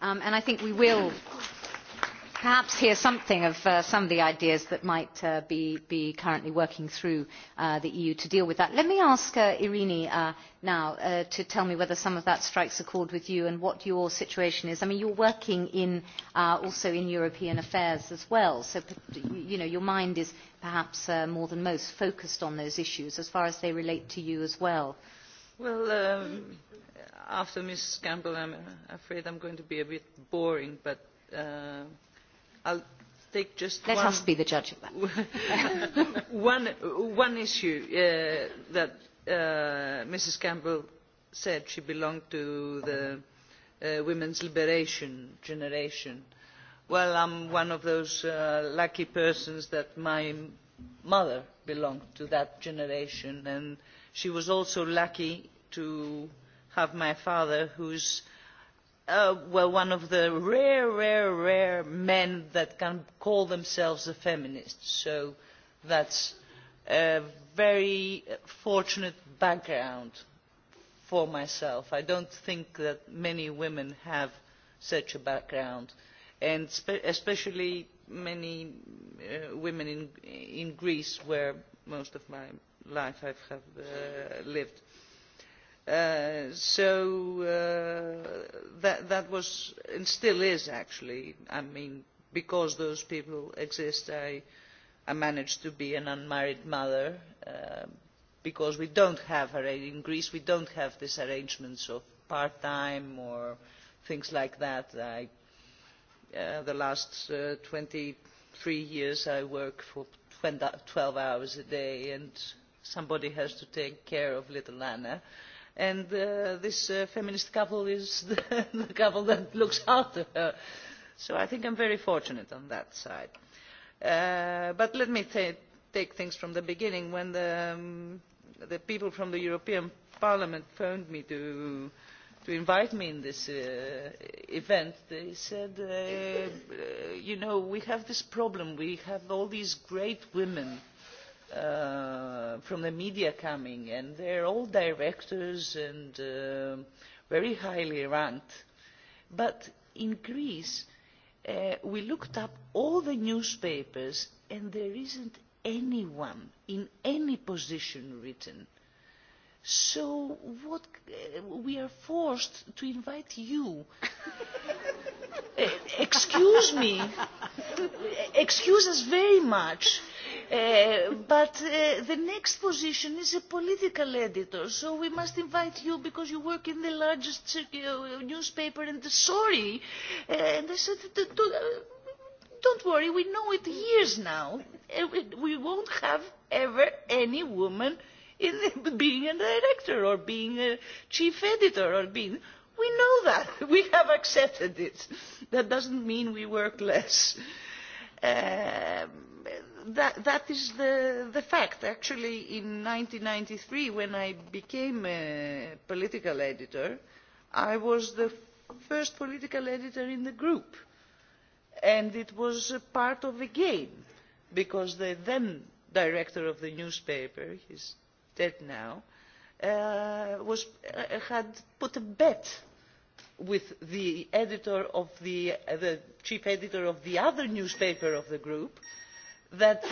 Um, and I think we will perhaps hear something of uh, some of the ideas that might uh, be, be currently working through uh, the EU to deal with that. Let me ask uh, Irini uh, now uh, to tell me whether some of that strikes a chord with you and what your situation is. I mean, you're working in, uh, also in European affairs as well, so you know, your mind is perhaps uh, more than most focused on those issues as far as they relate to you as well. Well, um, after Ms. Campbell, I'm afraid I'm going to be a bit boring, but... Uh, I'll take just Let one, us be the judge of that. one, one issue uh, that uh, Mrs. Campbell said she belonged to the uh, women's liberation generation. Well, I'm one of those uh, lucky persons that my mother belonged to that generation, and she was also lucky to have my father, who's Uh, were one of the rare rare rare men that can call themselves a feminist so that is a very fortunate background for myself. i do not think that many women have such a background and especially many uh, women in, in greece where most of my life i have uh, lived. Uh, so uh, that was and still is actually i mean because those people exist i managed to be an unmarried mother uh, because we do not have in greece we do not have these arrangements of part time or things like that the last twenty three years i work for twelve hours a day and somebody has to take care of little anna and uh, this uh, feminist couple is the couple that looks after her so i think i am very fortunate on that side. Uh, but let me take things from the beginning when um, the people from the european parliament phoned me to invite me to this event they said you know we have this problem we have all these great women Uh, from the media coming, and they're all directors and uh, very highly ranked. But in Greece, uh, we looked up all the newspapers, and there isn't anyone in any position written. So what, uh, we are forced to invite you. uh, excuse me. excuse us very much. Eh, but uh, the next position is a political editor, so we must invite you because you work in the largest eh, newspaper and sorry. And I said, don't worry, we know it years now. We won't have ever any woman in the, being a director or being a chief editor or being... We know that. We have accepted it. That doesn't mean we work less. Um, that is the, the fact. Actually, in 1993, when I became a political editor, I was the first political editor in the group. And it was a part of a game, because the then director of the newspaper, he's dead now, uh, was, uh, had put a bet with the editor of the, uh, the chief editor of the other newspaper of the group, that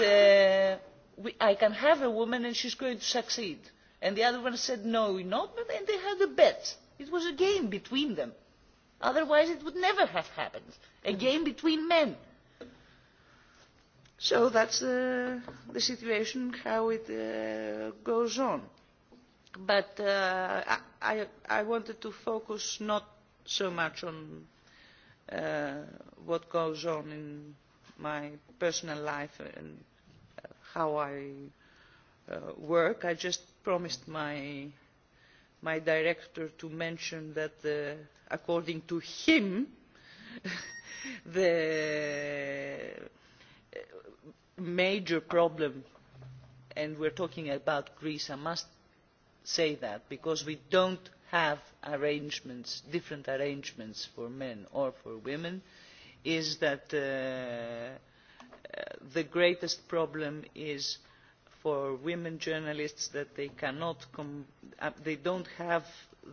uh, i can have a woman and she is going to succeed and the other one said no not and they had a bet it was a game between them otherwise it would never have happened a mm-hmm. game between men so that is uh, the situation how it uh, goes on but uh, I, I wanted to focus not so much on uh, what goes on in my personal life and uh, how I uh, work. I just promised my, my director to mention that, uh, according to him, the uh, major problem, and we're talking about Greece, I must say that, because we don't have arrangements, different arrangements for men or for women, is that uh, the greatest problem for women journalists is that they do not uh, have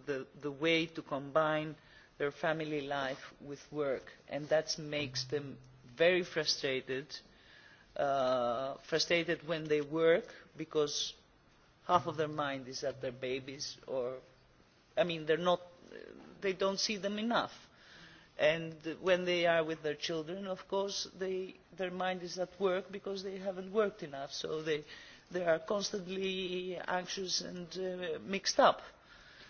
the way to combine their family life with work and that makes them very frustrated uh, frustrated when they work because half of their mind is at their babies or i mean they do not see them enough and when they are with their children of course they, their mind is at work because they haven't worked enough so they, they are constantly anxious and uh, mixed up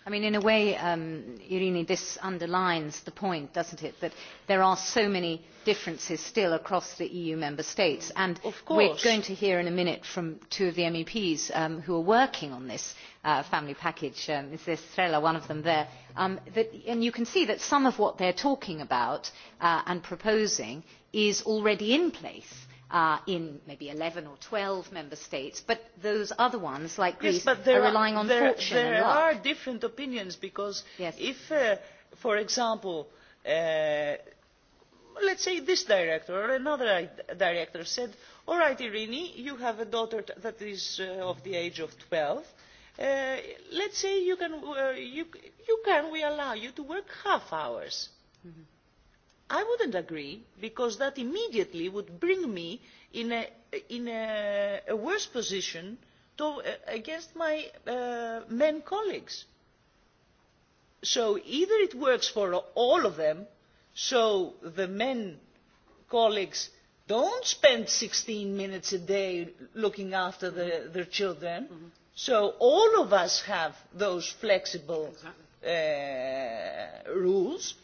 in a way um, irini this underlines the point does it not that there are so many differences still across the eu member states and we are going to hear in a minute from two of the meps um, who are working on this uh, family package uh, ms estrela one of them there um, and you can see that some of what they are talking about uh, and proposing is already in place uh, in maybe 11 or 12 member states, but those other ones, like yes, Greece, but are relying on there, fortune. There and luck. are different opinions because yes. if, uh, for example, uh, let's say this director or another director said, All right, Irini, you have a daughter that is uh, of the age of 12. Uh, let's say you can, uh, you, you can, we allow you to work half hours. Mm-hmm i would not agree because that immediately would bring me in a worse position uh, against my uh, men colleagues. so either it works for all of them so the men colleagues do not spend sixteen minutes a day looking after the, mm-hmm. their children mm -hmm. so all of us have those flexible exactly. uh, rules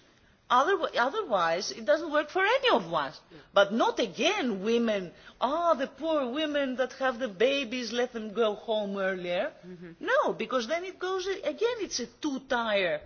Otherwise, it doesn't work for any of us. But not again, women. Ah, oh, the poor women that have the babies, let them go home earlier. Mm-hmm. No, because then it goes again, it's a two tire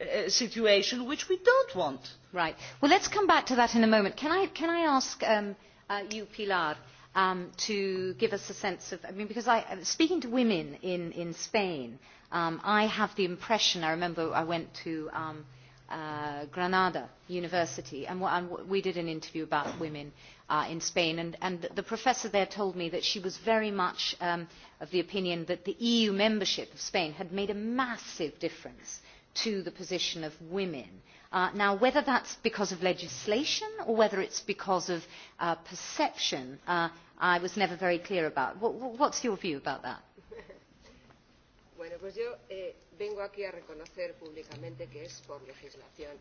uh, uh, situation which we don't want. Right. Well, let's come back to that in a moment. Can I, can I ask um, uh, you, Pilar, um, to give us a sense of, I mean, because I, speaking to women in, in Spain, um, I have the impression, I remember I went to. Um, uh, Granada University, and, w- and w- we did an interview about women uh, in Spain. And, and the professor there told me that she was very much um, of the opinion that the EU membership of Spain had made a massive difference to the position of women. Uh, now, whether that's because of legislation or whether it's because of uh, perception, uh, I was never very clear about. W- w- what's your view about that? bueno, pues yo, eh vengo aquí a reconocer públicamente que es por legislación.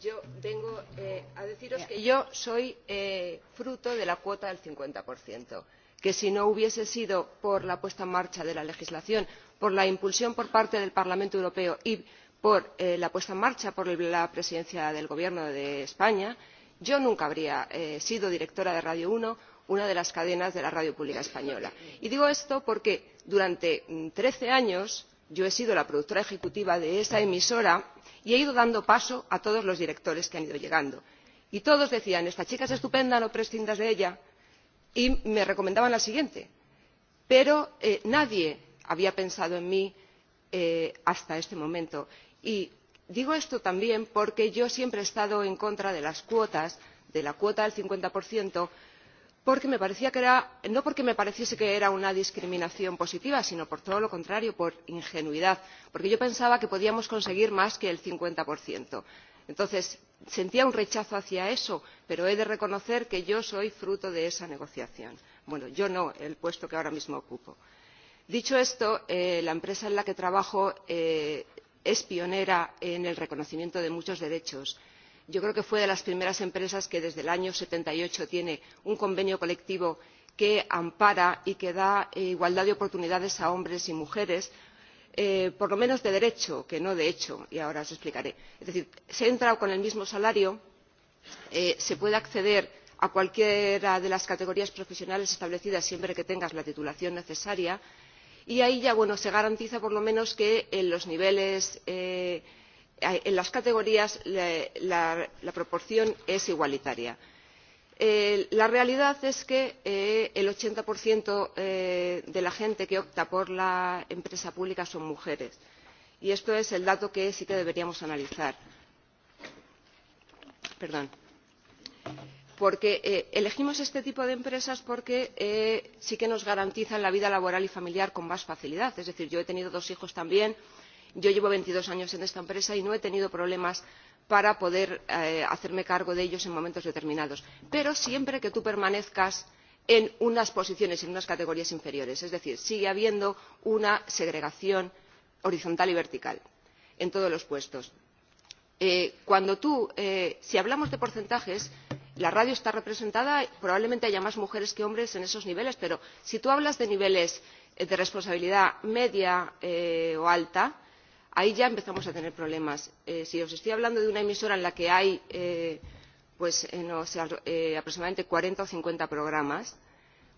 Yo vengo eh, a deciros que yo soy eh, fruto de la cuota del 50%, que si no hubiese sido por la puesta en marcha de la legislación, por la impulsión por parte del Parlamento Europeo y por eh, la puesta en marcha por la presidencia del Gobierno de España, yo nunca habría eh, sido directora de Radio 1, una de las cadenas de la radio pública española. Y digo esto porque durante 13 mm, años yo he sido la productora ejecutiva de esa emisora y he ido dando paso a todos los directores que han ido llegando y todos decían esta chica es estupenda no prescindas de ella y me recomendaban al siguiente pero eh, nadie había pensado en mí eh, hasta ese momento y digo esto también porque yo siempre he estado en contra de las cuotas de la cuota del cincuenta no porque me pareciese que era una discriminación positiva sino por todo lo contrario por ingenuidad porque yo pensaba que podíamos conseguir más que el cincuenta entonces sentía un rechazo hacia eso pero he de reconocer que yo soy fruto de esa negociación bueno yo no el puesto que ahora mismo ocupo. dicho esto eh, la empresa en la que trabajo eh, es pionera en el reconocimiento de muchos derechos yo creo que fue de las primeras empresas que desde el año mil novecientos setenta y ocho tiene un convenio colectivo que ampara y que da eh, igualdad de oportunidades a hombres y mujeres eh, por lo menos de derecho que no de hecho y ahora os explicaré. es decir se entra con el mismo salario eh, se puede acceder a cualquiera de las categorías profesionales establecidas siempre que tengas la titulación necesaria y ahí ya se garantiza por lo menos que los niveles en las categorías la proporción es igualitaria. Eh, la realidad es que eh, el ochenta eh, de la gente que opta por la empresa pública son mujeres y esto es el dato que sí que deberíamos analizar porque elegimos este tipo de empresas porque sí que nos garantizan la vida laboral y familiar con más facilidad. es decir yo he tenido dos hijos también y yo llevo veintidós años en esta empresa y no he tenido problemas para poder eh, hacerme cargo de ellos en momentos determinados pero siempre que tú permanezcas en unas posiciones en unas categorías inferiores es decir sigue habiendo una segregación horizontal y vertical en todos los puestos. Eh, eh, si hablamos de porcentajes la radio está representada probablemente haya más mujeres que hombres en esos niveles pero si tú hablas de niveles de responsabilidad media o alta ahí ya empezamos a tener problemas. Eh, si os estoy hablando de una emisora en la que hay eh, pues, eh, no sé, aproximadamente cuarenta o cincuenta programas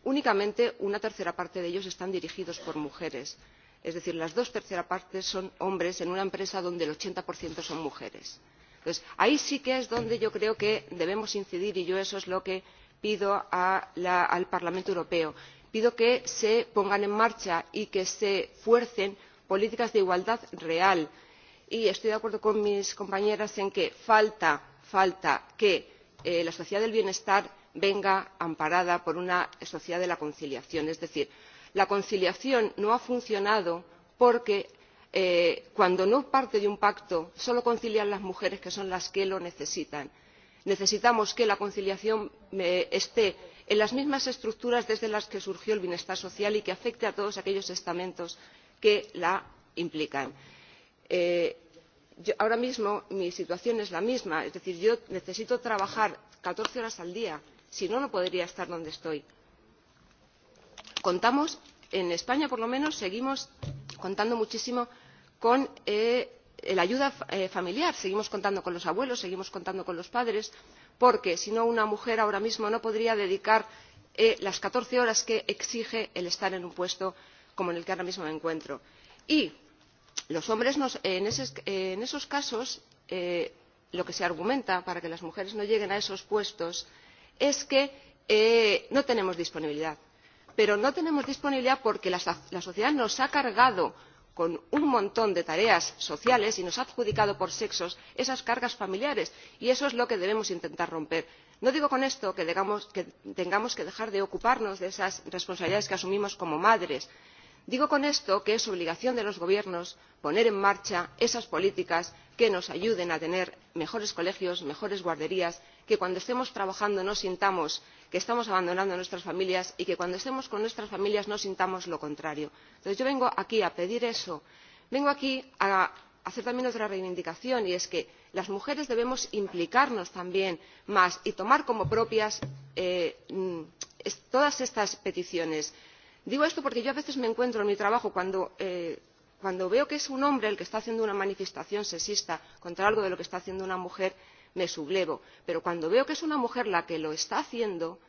únicamente una tercera parte de ellos están dirigidos por mujeres es decir las dos terceras partes son hombres en una empresa donde el 80% son mujeres. Entonces, ahí sí que es donde yo creo que debemos incidir y yo eso es lo que pido a la, al Parlamento Europeo. Pido que se pongan en marcha y que se fuercen políticas de igualdad real y estoy de acuerdo con mis compañeras en que falta que eh, la sociedad del bienestar venga amparada por una sociedad de la conciliación es decir la conciliación no ha funcionado porque eh, cuando no parte de un pacto solo concilian las mujeres que son las que lo necesitan. necesitamos que la conciliación eh, esté en las mismas estructuras desde las que surgió el bienestar social y que afecte a todos aquellos estamentos que la implican. Eh, ahora mismo mi situación es la misma es decir yo necesito trabajar catorce horas al día si no no podría estar donde estoy. contamos en españa por lo menos seguimos contando muchísimo con eh, la ayuda eh, familiar seguimos contando con los abuelos seguimos contando con los padres porque si no una mujer ahora mismo no podría dedicar las catorce horas que exige estar en un puesto como en el que ahora mismo me encuentro. Y los hombres, nos, en, ese, en esos casos, eh, lo que se argumenta para que las mujeres no lleguen a esos puestos es que eh, no tenemos disponibilidad. Pero no tenemos disponibilidad porque la, la sociedad nos ha cargado con un montón de tareas sociales y nos ha adjudicado por sexos esas cargas familiares. Y eso es lo que debemos intentar romper. No digo con esto que, digamos, que tengamos que dejar de ocuparnos de esas responsabilidades que asumimos como madres, digo con esto que es obligación de los gobiernos poner en marcha esas políticas que nos ayuden a tener mejores colegios mejores guarderías que cuando estemos trabajando no sintamos que estamos abandonando a nuestras familias y que cuando estemos con nuestras familias no sintamos lo contrario. entonces yo vengo aquí a pedir eso. vengo aquí a hacer también otra reivindicación y es que las mujeres debemos implicarnos también más y tomar como propias eh, mm, todas estas peticiones. por digo esto porque a veces me encuentro en mi trabajo eh, cuando veo que es un hombre el que está haciendo una manifestación sexista contra algo de lo que está haciendo una mujer me sublevo pero cuando veo que es una mujer la que lo está haciendo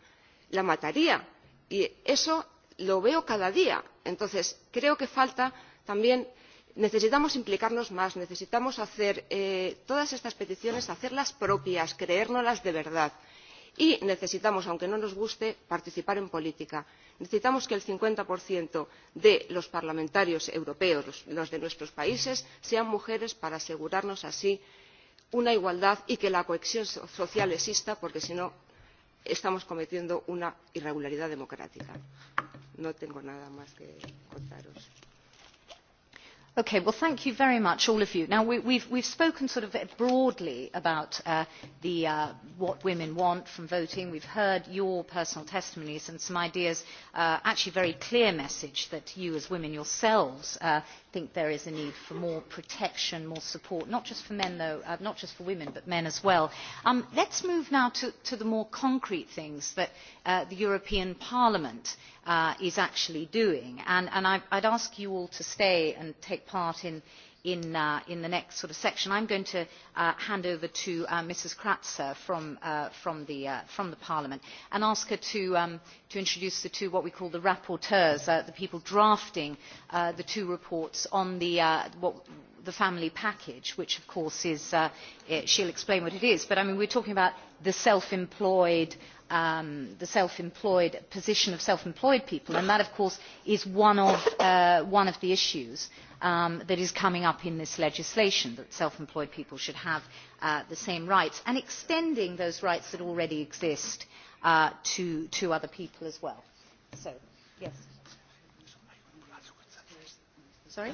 la mataría y eso lo veo cada día. entonces creo que falta también necesitamos implicarnos más necesitamos hacer eh, todas estas peticiones hacerlas propias creérnoslas de verdad y necesitamos aunque no nos guste participar en política necesitamos que el cincuenta de los parlamentarios europeos los de nuestros países sean mujeres para asegurarnos así una igualdad y que la cohesión social exista porque si no estamos cometiendo una irregularidad democrática. no tengo nada más que contaros. Okay, well, thank you very much, all of you. Now, we, we've, we've spoken sort of broadly about uh, the, uh, what women want from voting. We've heard your personal testimonies and some ideas, uh, actually very clear message that you as women yourselves uh, think there is a need for more protection, more support, not just for men, though, uh, not just for women, but men as well. Um, let's move now to, to the more concrete things that uh, the European Parliament uh, is actually doing. And, and I, I'd ask you all to stay and take part in, in, uh, in the next sort of section. I'm going to uh, hand over to uh, Mrs. Kratzer from, uh, from, the, uh, from the Parliament and ask her to, um, to introduce the two, what we call the rapporteurs, uh, the people drafting uh, the two reports on the, uh, what, the family package, which of course is, uh, it, she'll explain what it is, but I mean, we're talking about the self-employed, um, the self-employed position of self-employed people, and that of course is one of, uh, one of the issues um, that is coming up in this legislation, that self-employed people should have uh, the same rights, and extending those rights that already exist uh, to, to other people as well. So, yes. Sorry?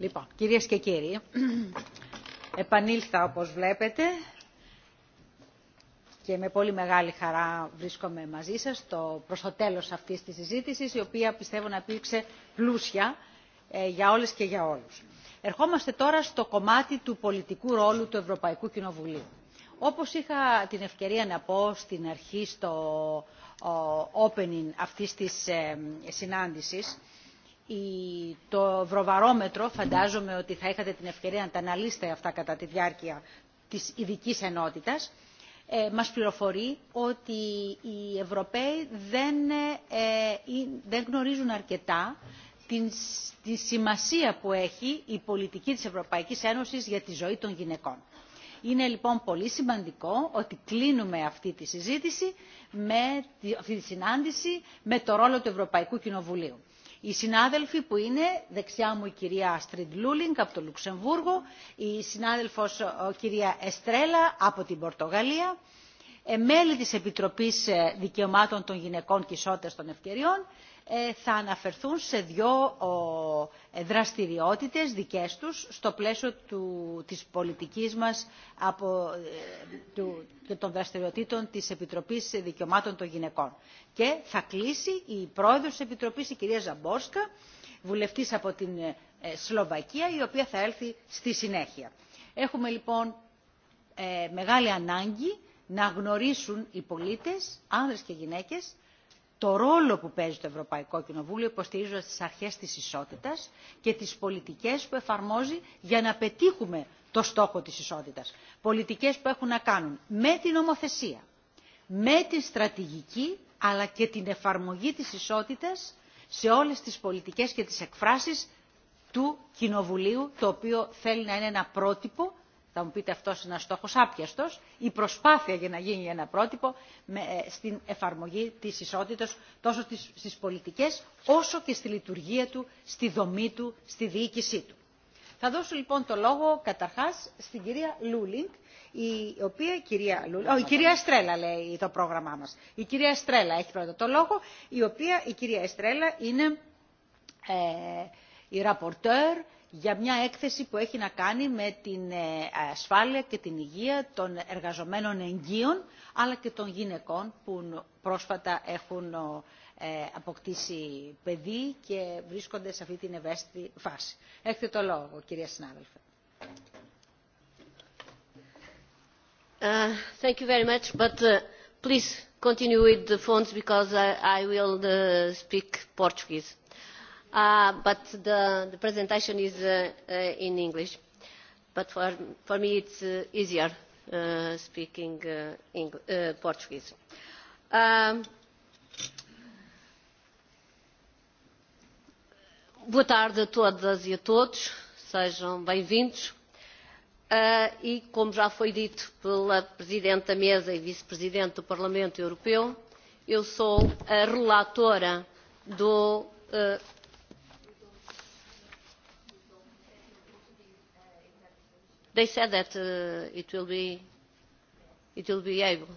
Λοιπόν, κυρίες και κύριοι, επανήλθα όπως βλέπετε και με πολύ μεγάλη χαρά βρίσκομαι μαζί σας στο, προς το τέλος αυτής της συζήτησης, η οποία πιστεύω να υπήρξε πλούσια ε, για όλες και για όλους. Ερχόμαστε τώρα στο κομμάτι του πολιτικού ρόλου του Ευρωπαϊκού Κοινοβουλίου. Όπως είχα την ευκαιρία να πω στην αρχή στο ο, opening αυτής της ε, συνάντησης, η, το ευρωβαρόμετρο, φαντάζομαι ότι θα είχατε την ευκαιρία να τα αναλύσετε αυτά κατά τη διάρκεια της ειδική ενότητας, ε, μας πληροφορεί ότι οι Ευρωπαίοι δεν, ε, ε, δεν γνωρίζουν αρκετά την, τη σημασία που έχει η πολιτική της Ευρωπαϊκής Ένωσης για τη ζωή των γυναικών. Είναι λοιπόν πολύ σημαντικό ότι κλείνουμε αυτή τη συζήτηση, με τη, αυτή τη συνάντηση, με το ρόλο του Ευρωπαϊκού Κοινοβουλίου οι συνάδελφοι που είναι δεξιά μου η κυρία Αστρίντ Λούλινγκ από το Λουξεμβούργο, η συνάδελφος ο, κυρία Εστρέλα από την Πορτογαλία, ε, μέλη της Επιτροπής Δικαιωμάτων των Γυναικών και Ισότητας των Ευκαιριών, θα αναφερθούν σε δύο δραστηριότητες δικές τους στο πλαίσιο του, της πολιτικής μας από, του, και των δραστηριοτήτων της Επιτροπής Δικαιωμάτων των Γυναικών. Και θα κλείσει η πρόεδρος της Επιτροπής, η κυρία Ζαμπόσκα, βουλευτής από την Σλοβακία, η οποία θα έλθει στη συνέχεια. Έχουμε λοιπόν μεγάλη ανάγκη να γνωρίσουν οι πολίτες, άνδρες και γυναίκες, το ρόλο που παίζει το Ευρωπαϊκό Κοινοβούλιο υποστηρίζοντας τις αρχές της ισότητας και τις πολιτικές που εφαρμόζει για να πετύχουμε το στόχο της ισότητας. Πολιτικές που έχουν να κάνουν με την ομοθεσία, με την στρατηγική, αλλά και την εφαρμογή της ισότητας σε όλες τις πολιτικές και τις εκφράσεις του Κοινοβουλίου, το οποίο θέλει να είναι ένα πρότυπο θα μου πείτε αυτός είναι ένας στόχος άπιαστος, η προσπάθεια για να γίνει ένα πρότυπο με, ε, στην εφαρμογή της ισότητας τόσο στις, στις πολιτικές όσο και στη λειτουργία του, στη δομή του, στη διοίκησή του. Θα δώσω λοιπόν το λόγο καταρχάς στην κυρία Λούλινγκ, η οποία κυρία, Λου, ο, η κυρία Εστρέλα λέει το πρόγραμμά μας. Η κυρία Εστρέλα έχει πρώτα το λόγο, η οποία η κυρία Εστρέλα είναι ε, η rapporteur για μια έκθεση που έχει να κάνει με την ασφάλεια και την υγεία των εργαζομένων εγγύων, αλλά και των γυναικών που πρόσφατα έχουν αποκτήσει παιδί και βρίσκονται σε αυτή την ευαίσθητη φάση. Έχετε το λόγο, κυρία συνάδελφε. Uh, thank you very much, but uh, please continue with the phones because I, I will uh, speak Portuguese. Uh, uh, but the, the presentation is uh, uh, in English. But for, for me it's uh, easier uh, speaking uh, Eng uh, Portuguese. Um, boa tarde a todas e a todos. Sejam bem-vindos. Uh, e como já foi dito pela Presidente da Mesa e Vice-Presidente do Parlamento Europeu, eu sou a relatora do... Uh, they said that uh, it will be it will be able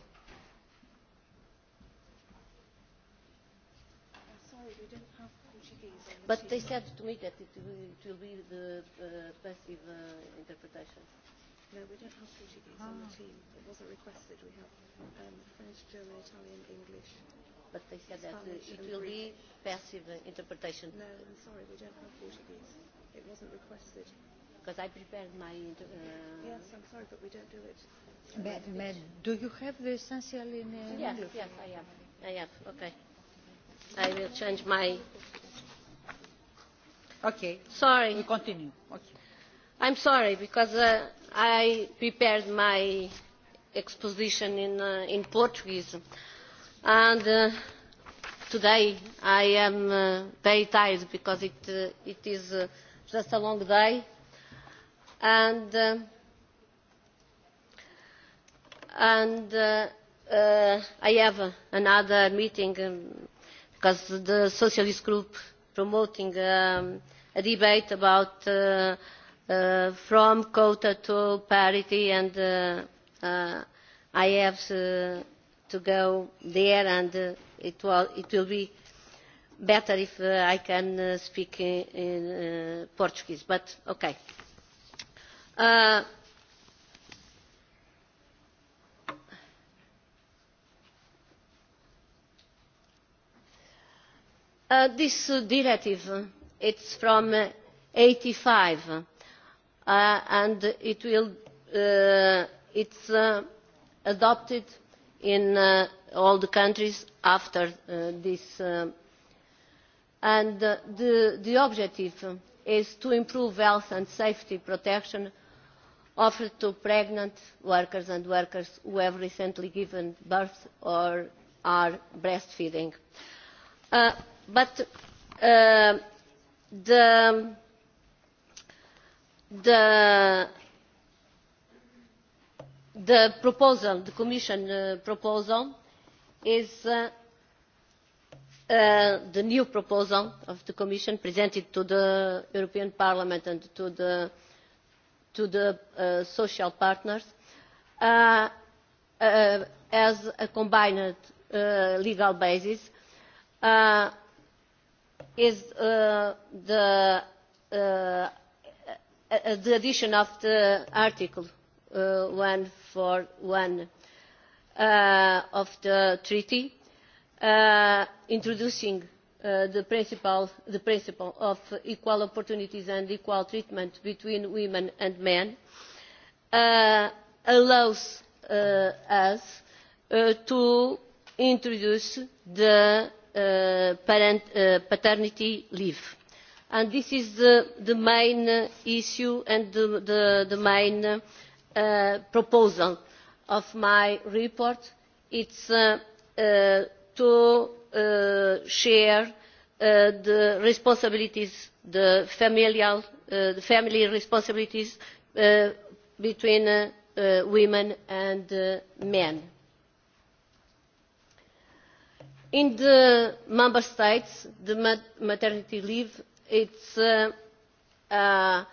But they said to me that it will, it will be the uh, passive uh, interpretation. No, we don't have Portuguese ah. on the team. It wasn't requested. We have um, French, German, Italian, English. But they said Spanish that it will Greek. be passive uh, interpretation. No, I'm sorry, we don't have Portuguese. It wasn't requested because I prepared my. Uh, yes, I'm sorry, but we don't do it. But, but do you have the essential in uh, yes, English? Yes, yes, I have. I have. Okay. I will change my. Okay. Sorry. We continue. Okay. I'm sorry because uh, I prepared my exposition in uh, in Portuguese, and. Uh, Today I am uh, very tired because it, uh, it is uh, just a long day and uh, uh, uh, i have another meeting um, because the socialist group is promoting um, a debate about from quota to parity and i have to go there and it will be better if i can speak in portuguese but ok. Uh, uh, this directive is from one thousand nine hundred and eighty five uh, and it will it is adopted in all the countries after this and the objective is to improve health and safety protection offered to pregnant workers and workers who have recently given birth or are breastfeeding. Uh, but uh, the proposal the commission uh, proposal is the new proposal of the commission presented to the european parliament and to the to the uh, social partners uh, uh, as a combined legal basis is the addition of the article one four one of the treaty introducing Uh, the principle of equal opportunities and equal treatment between women and men uh, allows uh, us to introduce the paternity leave and this is the main issue and the main proposal of my report it is to Uh, share uh, the responsibilities the familial uh, family responsibilities uh, between uh, uh, women and uh, men. In the member states, the maternity leave it's uh, uh,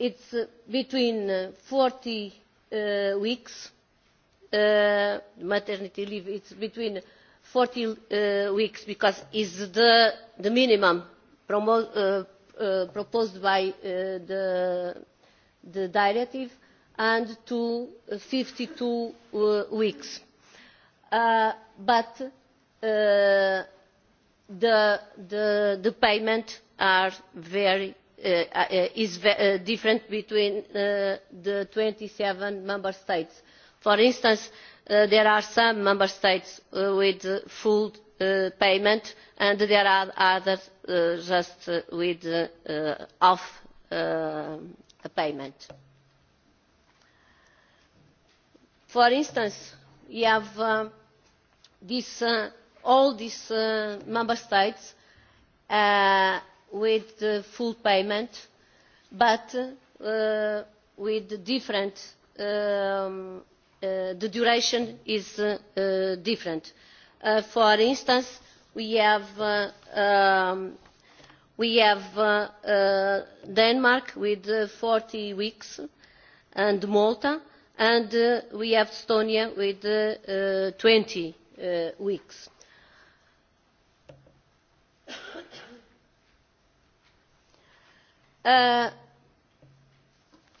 it's between 40 uh, uh, weeks. Uh, maternity leave it's between 40 uh, weeks because is the, the minimum promo, uh, uh, proposed by uh, the, the directive and to 52 uh, weeks. Uh, but uh, the, the, the payment are very, uh, uh, is ve uh, different between uh, the 27 member states. For instance, Uh, there are some member states uh, with full uh, payment and there are others just with half payment. for instance we have all these member states with full payment but with different um, Uh, the duration is uh, uh, different. For instance, we have um, Denmark with forty weeks and Malta and we have Estonia with twenty weeks. Uh,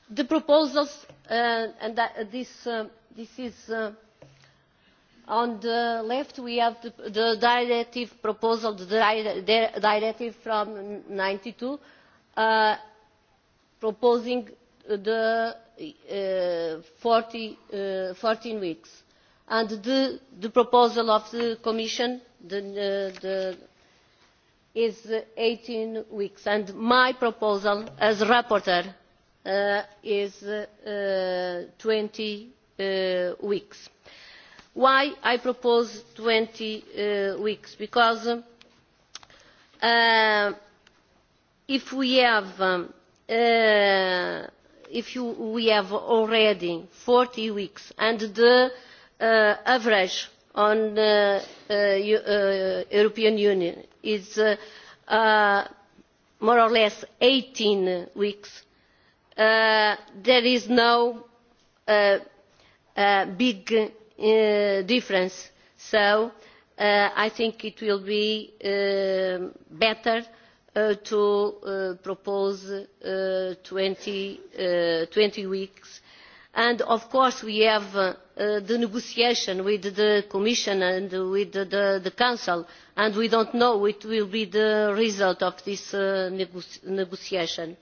the proposals uh, and that, uh, this uh, this is uh, on the left we have the, the directive proposal the directive from 92 uh, proposing the uh, 40, uh, 14 weeks and the, the proposal of the commission the, uh, the, is 18 weeks and my proposal as rapporteur uh, is uh, uh, 20 Uh, weeks. why do i propose twenty uh, weeks? because uh, if we have um, if we have already forty weeks and the average in the european union is more or less eighteen weeks there is no Uh, big uh, difference so uh, i think it will be better to propose twenty weeks and of course we have the negotiation with the commission and with the council and we do not know what will be the result of this negotiation.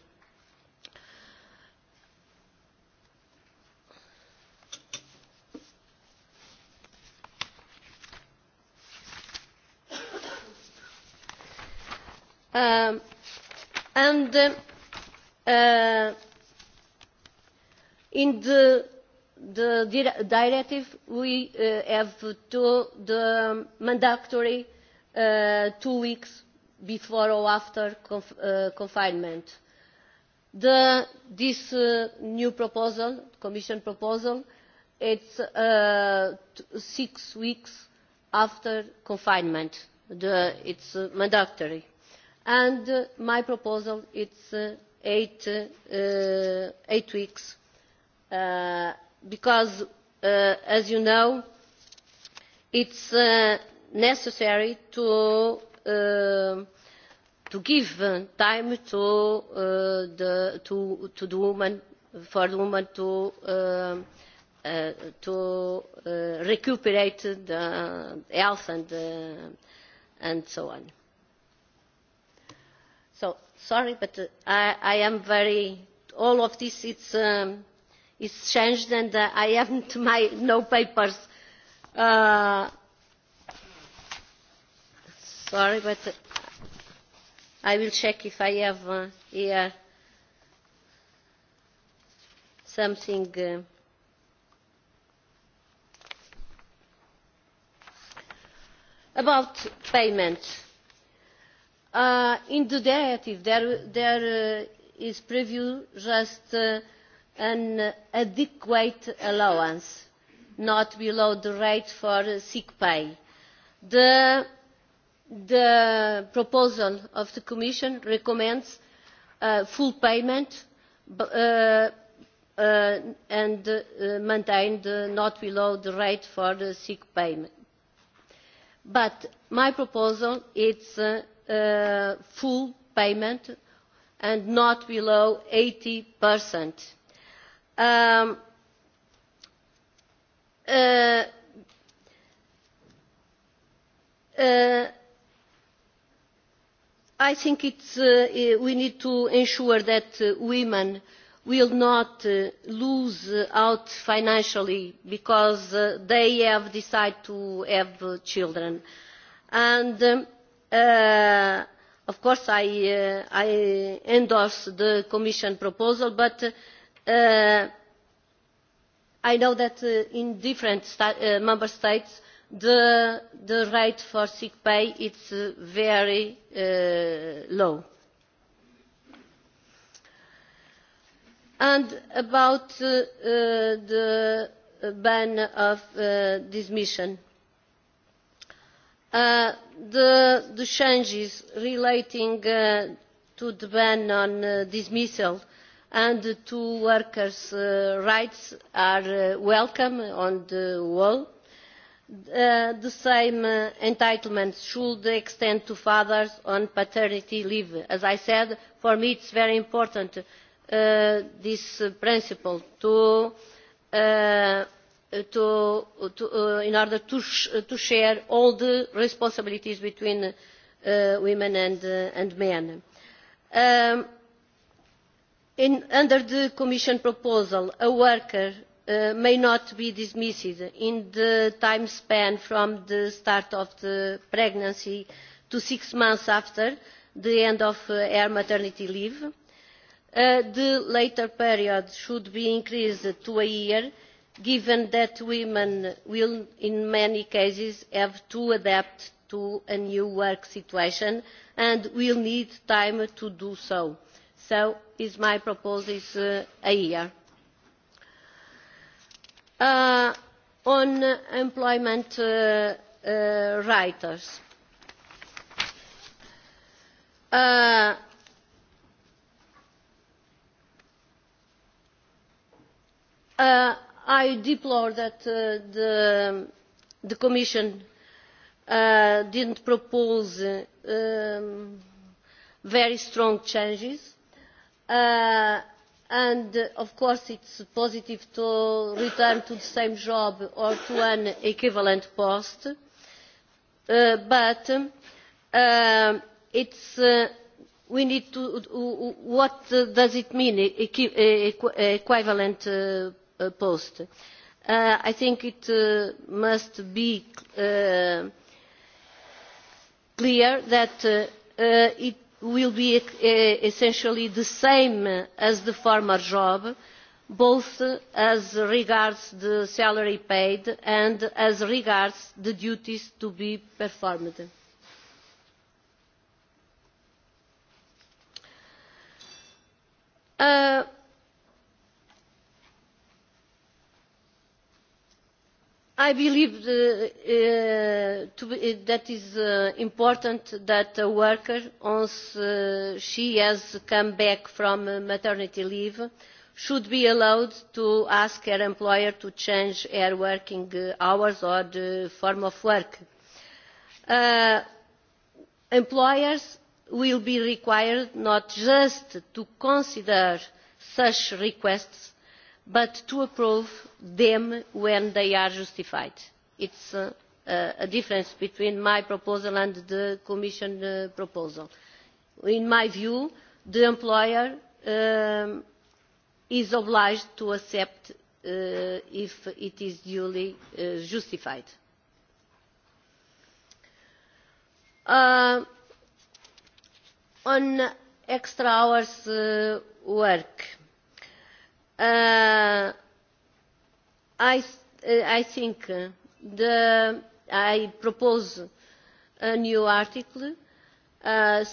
Um, and uh, uh, in the directive we uh, have the mandatory two weeks before or after confinement. This new proposal, Commission proposal, it's six weeks after confinement. It's mandatory and uh, my proposal is uh, uh, eight weeks because as you know it is necessary to give time to the woman for the woman to to recuperate the health and and so on sorry but uh, I, I am very all of this is um, changed and uh, i haven't my no papers uh, sorry but uh, i will check if i have uh, here something uh, about payment. Uh, in the directive there, there uh, is preview just uh, an adequate allowance not below the rate for uh, sick pay. The, the proposal of the Commission recommends uh, full payment uh, uh, and uh, maintained uh, not below the rate for the sick payment. But my proposal is uh, Uh, full payment and not below 80%. Um, uh, uh, I think it's, uh, we need to ensure that uh, women will not uh, lose out financially because uh, they have decided to have uh, children. And um, Uh, of course I, uh, I endorse the Commission proposal, but uh, I know that uh, in different sta uh, member states the, the rate for sick pay is uh, very uh, low. And about uh, uh, the ban of uh, dismission. Uh, the changes relating uh, to the ban on dismissal uh, and to workers' rights are welcome on the whole. the same entitlement should extend to fathers on paternity leave. as i said for me it is very important this principle to to, to, uh, in order to, sh to share all the responsibilities between uh, women and, uh, and men. Um, in, under the Commission proposal, a worker uh, may not be dismissed in the time span from the start of the pregnancy to six months after the end of uh, her maternity leave. Uh, the later period should be increased to a year given that women will in many cases have to adapt to a new work situation and will need time to do so. So is my proposal is uh, a year. Uh, on employment uh, uh, writers. Uh, uh, i deplore that uh, the commission uh, did not propose um, very strong changes uh, and of course it is positive to return to the same job or to an equivalent post but um, it is we need to what does it mean equivalent Uh, post. Uh, i think it uh, must be clear that it will be essentially the same as the former job both as regards the salary paid and as regards the duties to be performed. i believe the, uh, uh, to be, uh, that is uh, important that a worker once uh, she has come back from uh, maternity leave should be allowed to ask her employer to change her working hours or the form of work. Uh, employers will be required not just to consider such requests but to approve them when they are justified. this is the difference between my proposal and the commission uh, proposal. in my view the employer um, is obliged to accept uh, if it is duly uh, justified. on extra hours worked Uh, uh, i think uh, i propose a new article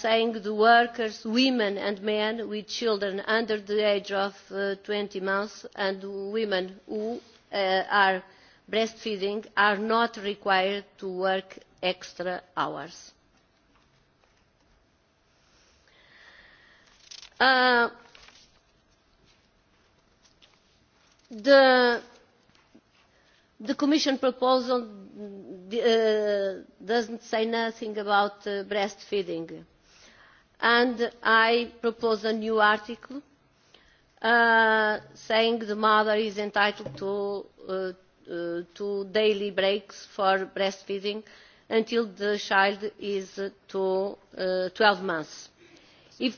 saying the workers women and men with children under the age of twenty months and women who are breastfeeding are not required to work extra hours. the commission proposal uh, does not say anything about uh, breastfeeding and i propose a new article uh, saying the mother is entitled to daily breaks for breastfeeding until the child is twelve months. if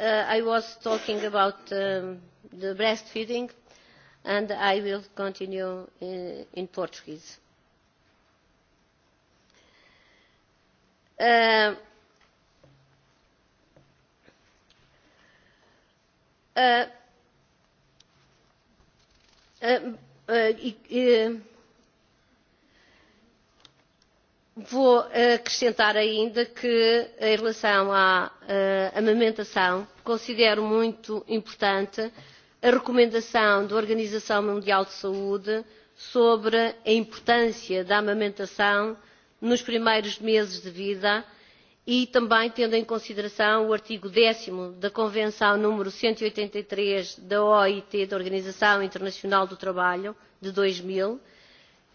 Uh, i was talking about um, breastfeeding and i will continue uh, in portuguese. Uh, Vou eh, acrescentar ainda que, em relação à uh, amamentação, considero muito importante a recomendação da Organização Mundial de Saúde sobre a importância da amamentação nos primeiros meses de vida e também tendo em consideração o artigo 10 da Convenção número 183 e e da OIT, da Organização Internacional do Trabalho, de 2000,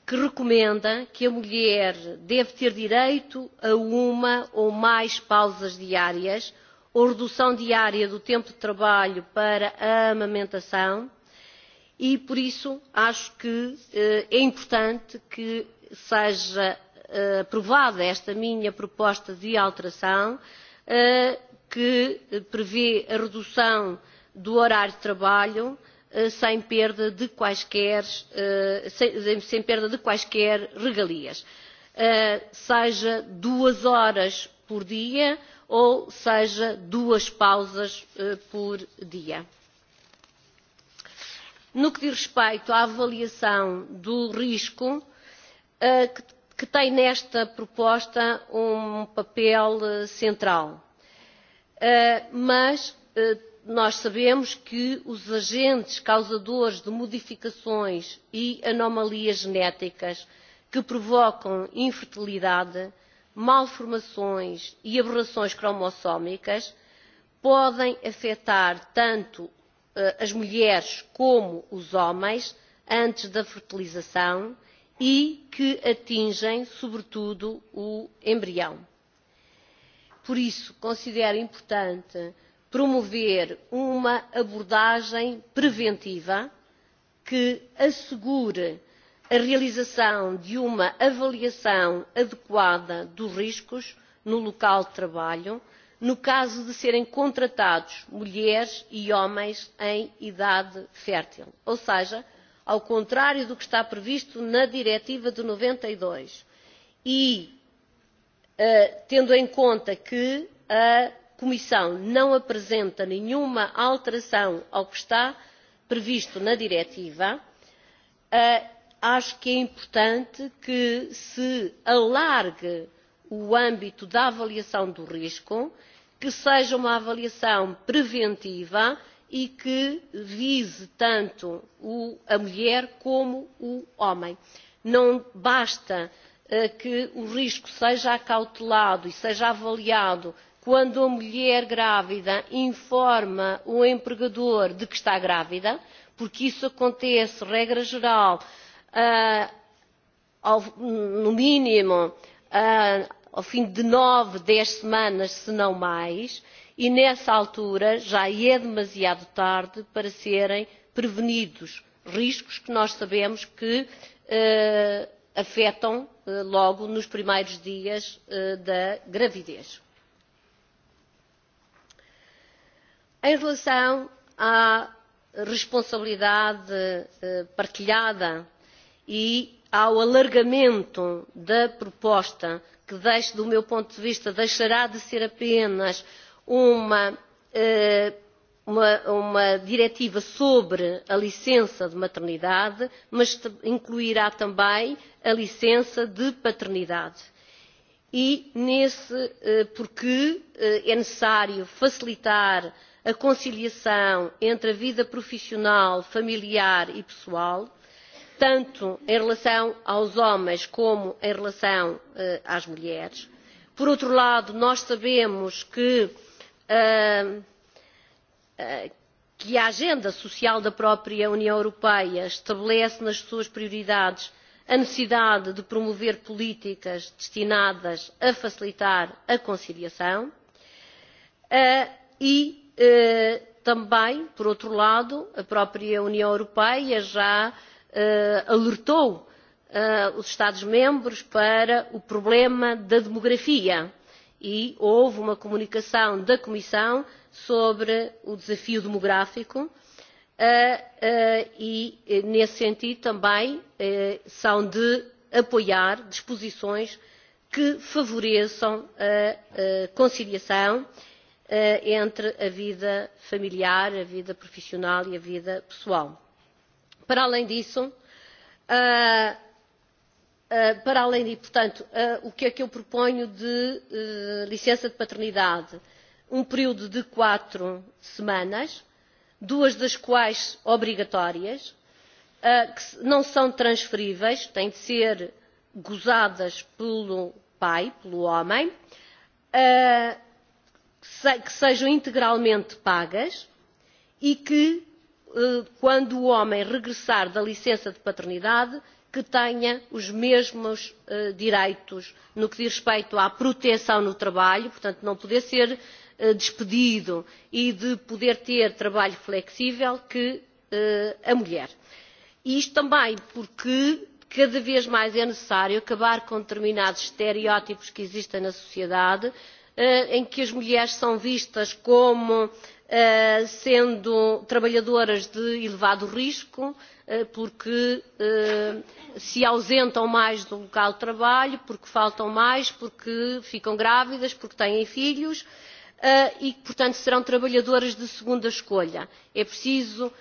que recomenda que a mulher deve ter direito a uma ou mais pausas diárias ou redução diária do tempo de trabalho para a amamentação e, por isso, acho que eh, é importante que seja eh, aprovada esta minha proposta de alteração eh, que prevê a redução do horário de trabalho Eh, sem perda de quaisquer, eh, sem, sem perda de quaisquer regalias, eh, seja duas horas por dia ou seja duas pausas por dia. No que diz respeito à avaliação do risco, que tem nesta proposta um papel central, mas nós sabemos que os agentes causadores de modificações e anomalias genéticas que provocam infertilidade, malformações e aberrações cromossómicas podem afetar tanto uh, as mulheres como os homens antes da fertilização e que atingem, sobretudo, o embrião. Por isso, considero importante uh, promover uma abordagem preventiva que assegure a realização de uma avaliação adequada dos riscos no local de trabalho, no caso de serem contratados mulheres e homens em idade fértil. Ou seja, ao contrário do que está previsto na Diretiva de 92 e uh, tendo em conta que a comissão não apresenta nenhuma alteração ao que está previsto na diretiva, eh, acho que é importante que se alargue o âmbito da avaliação do risco, que seja uma avaliação preventiva e que vise tanto a mulher como o homem. Não basta eh, que o risco seja acautelado e seja avaliado quando a mulher grávida informa o empregador de que está grávida, porque isso acontece, regra geral, uh, ao, no mínimo uh, ao fim de nove, dez semanas, se não mais, e nessa altura já é demasiado tarde para serem prevenidos riscos que nós sabemos que uh, afetam uh, logo nos primeiros dias uh, da gravidez. Em relação à responsabilidade eh, partilhada e ao alargamento da proposta, que deixe, do meu ponto de vista deixará de ser apenas uma, eh, uma, uma diretiva sobre a licença de maternidade, mas incluirá também a licença de paternidade. E nesse, eh, porque é necessário facilitar a conciliação entre a vida profissional, familiar e pessoal, tanto em relação aos homens como em relação uh, às mulheres. Por outro lado, nós sabemos que, uh, uh, que a agenda social da própria União Europeia estabelece nas suas prioridades a necessidade de promover políticas destinadas a facilitar a conciliação uh, e Eh, também por outro lado a própria união europeia já eh, alertou eh, os estados membros para o problema da demografia e houve uma comunicação da comissão sobre o desafio demográfico e nesse sentido também são de apoiar disposições que favoreçam a conciliação Eh, entre a vida familiar a vida profissional e a vida pessoal. Para além disso, uh, uh, para além de, portanto, uh, o que é que eu proponho de uh, licença de paternidade? Um período de quatro semanas, duas das quais obrigatórias, uh, que não são transferíveis, têm de ser gozadas pelo pai, pelo homem, uh, que sejam integralmente pagas e que, eh, quando o homem regressar da licença de paternidade, que tenha os mesmos eh, direitos no que diz respeito à proteção no trabalho, portanto, não poder ser eh, despedido e de poder ter trabalho flexível que a mulher. Isto também porque cada vez mais é necessário acabar com determinados estereótipos que existem na sociedade, Eh, em que as mulheres são vistas como eh, sendo trabalhadoras de elevado risco, eh, porque se ausentam mais do local de trabalho, porque faltam mais, porque ficam grávidas, porque têm filhos e, portanto, serão trabalhadoras de segunda escolha. É preciso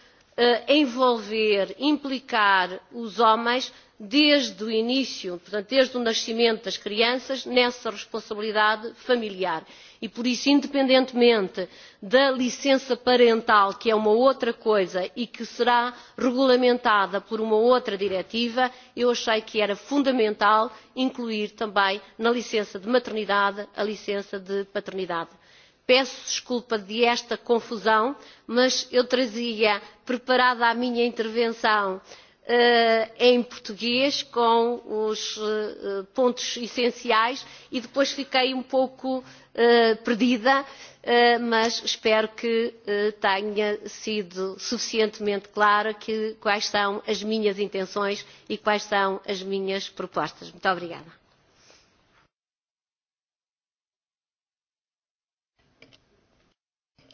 envolver, implicar os homens desde o início, portanto, desde o nascimento das crianças, nessa responsabilidade familiar. E por isso, independentemente da licença parental, que é uma outra coisa e que será regulamentada por uma outra diretiva, eu achei que era fundamental incluir também na licença de maternidade a licença de paternidade. Peço desculpa de esta confusão, mas eu trazia preparada a minha intervenção uh, Eh, em português com os eh, pontos essenciais e depois fiquei um pouco eh, perdida mas espero que tenha sido suficientemente clara que, quais são as minhas intenções e quais são as minhas propostas. Muito obrigada.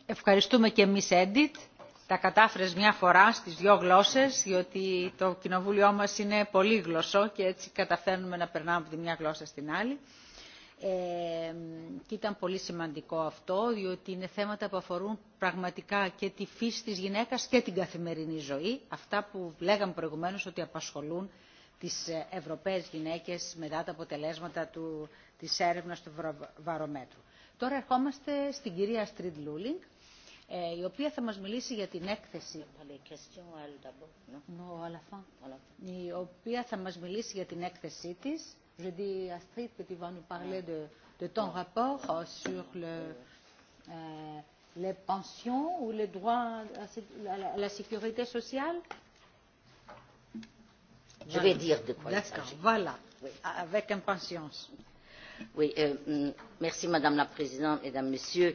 Evo kar je što me kemi sedit, τα κατάφερες μια φορά στις δύο γλώσσες, διότι το κοινοβούλιο μας είναι πολύγλωσσο και έτσι καταφέρνουμε να περνάμε από τη μια γλώσσα στην άλλη. Ε, και ήταν πολύ σημαντικό αυτό, διότι είναι θέματα που αφορούν πραγματικά και τη φύση της γυναίκας και την καθημερινή ζωή. Αυτά που λέγαμε προηγουμένως ότι απασχολούν τις Ευρωπαίες γυναίκες μετά τα αποτελέσματα του, της έρευνας του βαρομέτρου. Τώρα ερχόμαστε στην κυρία Στριντ Λούλινγκ, η οποία θα μας μιλήσει για την έκθεση. ¿no? No, η οποία θα μας μιλήσει για την έκθεσή της. Je dis Astrid que tu vas nous parler de, de ton ah. rapport euh, sur le, euh, les pensions ou les droits à la, à la sécurité sociale. Je voilà. vais dire de quoi il s'agit. D'accord, voilà, oui. avec impatience. Oui, euh, mm, merci Madame la Présidente, Mesdames, Messieurs.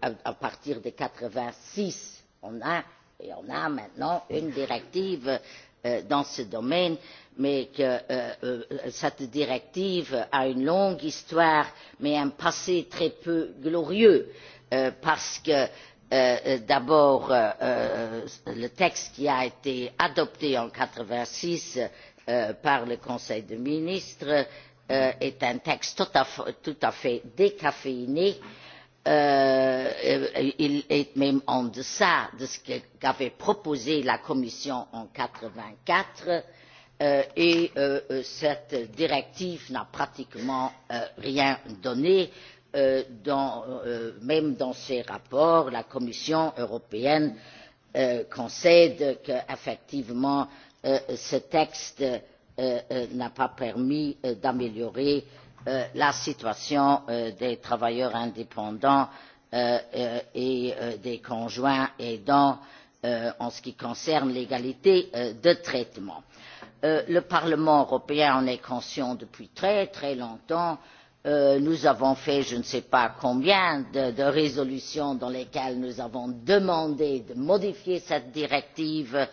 à partir de mille neuf cent quatre vingt six on a maintenant une directive euh, dans ce domaine mais euh, euh, cette directive a une longue histoire et un passé très peu glorieux parce que d'abord le texte qui a été adopté en mille neuf cent quatre vingt six par le conseil des ministres est un texte tout à fait décaféiné Euh, euh, il est même en deçà de ce qu'avait proposé la commission en quatre vingt quatre et euh, cette directive n'a pratiquement rien donné. même dans ses rapports la commission européenne concède qu'effectivement ce texte n'a pas permis d'améliorer Euh, la situation euh, des travailleurs indépendants euh, et des conjoints aidants en ce qui concerne l'égalité de traitement. le parlement européen en est conscient depuis très longtemps. nous avons adopté je ne sais pas combien de résolutions dans lesquelles nous avons demandé de modifier cette directive.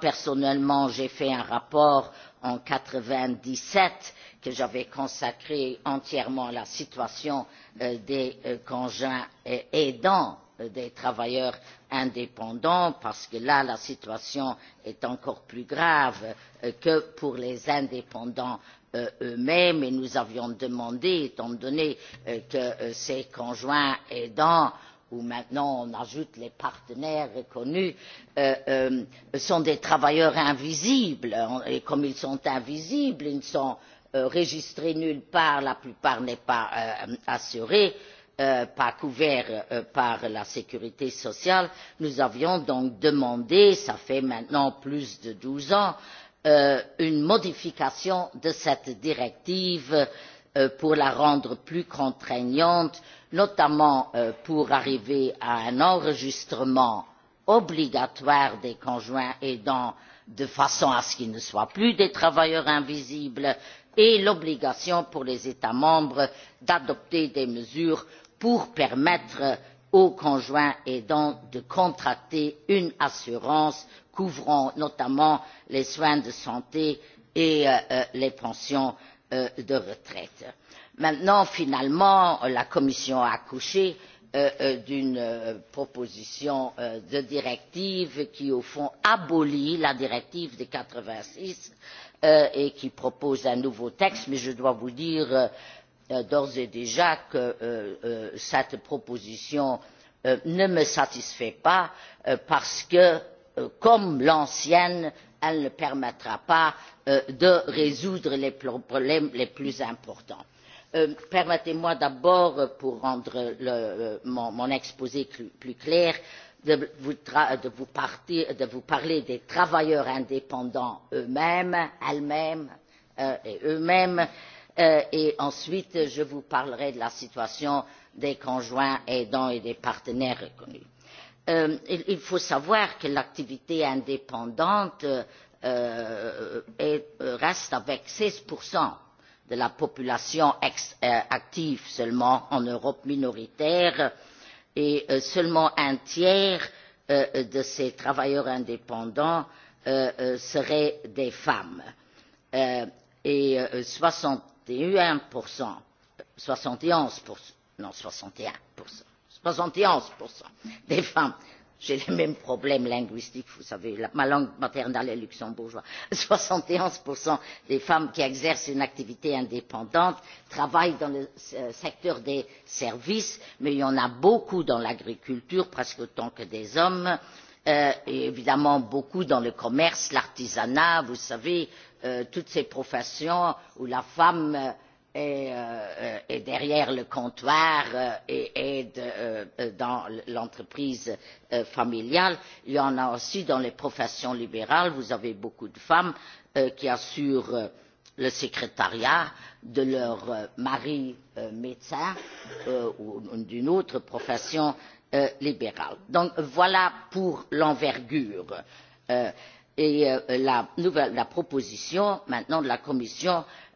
personnellement j'ai rédigé un rapport mille neuf cent quatre vingt dix sept que j'avais consacré entièrement à la situation euh, des euh, conjoints euh, aidants des travailleurs indépendants parce que là la situation est encore plus grave que pour les indépendants eux mêmes et nous avions demandé étant donné que ces conjoints aidants où maintenant on ajoute les partenaires reconnus euh, euh, sont des travailleurs invisibles et comme ils sont invisibles ils ne sont enregistrés euh, nulle part la plupart ne sont pas assurés pas couverts par la sécurité sociale. nous avions donc demandé cela fait maintenant plus de douze ans une modification de cette directive pour la rendre plus contraignante et notamment euh, pour arriver à un enregistrement obligatoire des conjoints aidants de façon à ce qu'ils ne soient plus des travailleurs invisibles et l'obligation pour les états membres d'adopter des mesures pour permettre aux conjoints aidants de contracter une assurance couvrant notamment les soins de santé et euh, euh, les pensions de retraite maintenant finalement la commission a accouché euh, euh, d'une euh, proposition de directive qui au fond abolit la directive de quatre vingt six et qui propose un nouveau texte mais je dois vous dire d'ores et déjà que cette proposition ne me satisfait pas parce que comme l'ancienne elle ne permettra pas de résoudre les problèmes les plus importants. Euh, permettez moi d'abord euh, pour rendre euh, mon exposé plus clair de vous parler des travailleurs indépendants eux mêmes elles mêmes et eux mêmes et ensuite je vous parlerai de la situation des conjoints aidants et des partenaires reconnus. il faut savoir que l'activité indépendante reste avec seize de la population euh, active seulement en europe minoritaire et euh, seulement un tiers euh, de ces travailleurs indépendants seraient des femmes et soixante et onze soixante et onze des femmes j'ai les mêmes problèmes linguistiques vous savez ma langue maternelle est le luxembourgeois soixante et onze des femmes qui exercent une activité indépendante travaillent dans le euh, secteur des services mais il y en a beaucoup dans l'agriculture presque autant que des hommes euh, et évidemment beaucoup dans le commerce l'artisanat vous savez euh, toutes ces professions où la femme Euh, euh, est derrière le comptoir euh, et aide dans l'entreprise familiale il y en a aussi dans les professions libérales vous avez beaucoup de femmes qui assurent le secrétariat de leur mari médecin ou d'une autre profession libérale. donc voilà pour l'envergure. la proposition de la commission est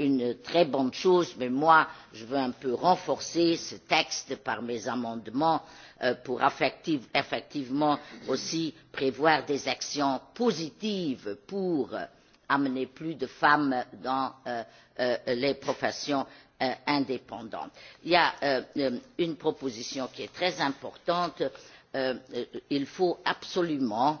une très bonne chose mais moi je veux un peu renforcer ce texte par mes amendements euh, pour effectivement aussi prévoir des actions positives pour euh, amener plus de femmes dans euh, les professions indépendantes. il y a une proposition qui est très importante il faut absolument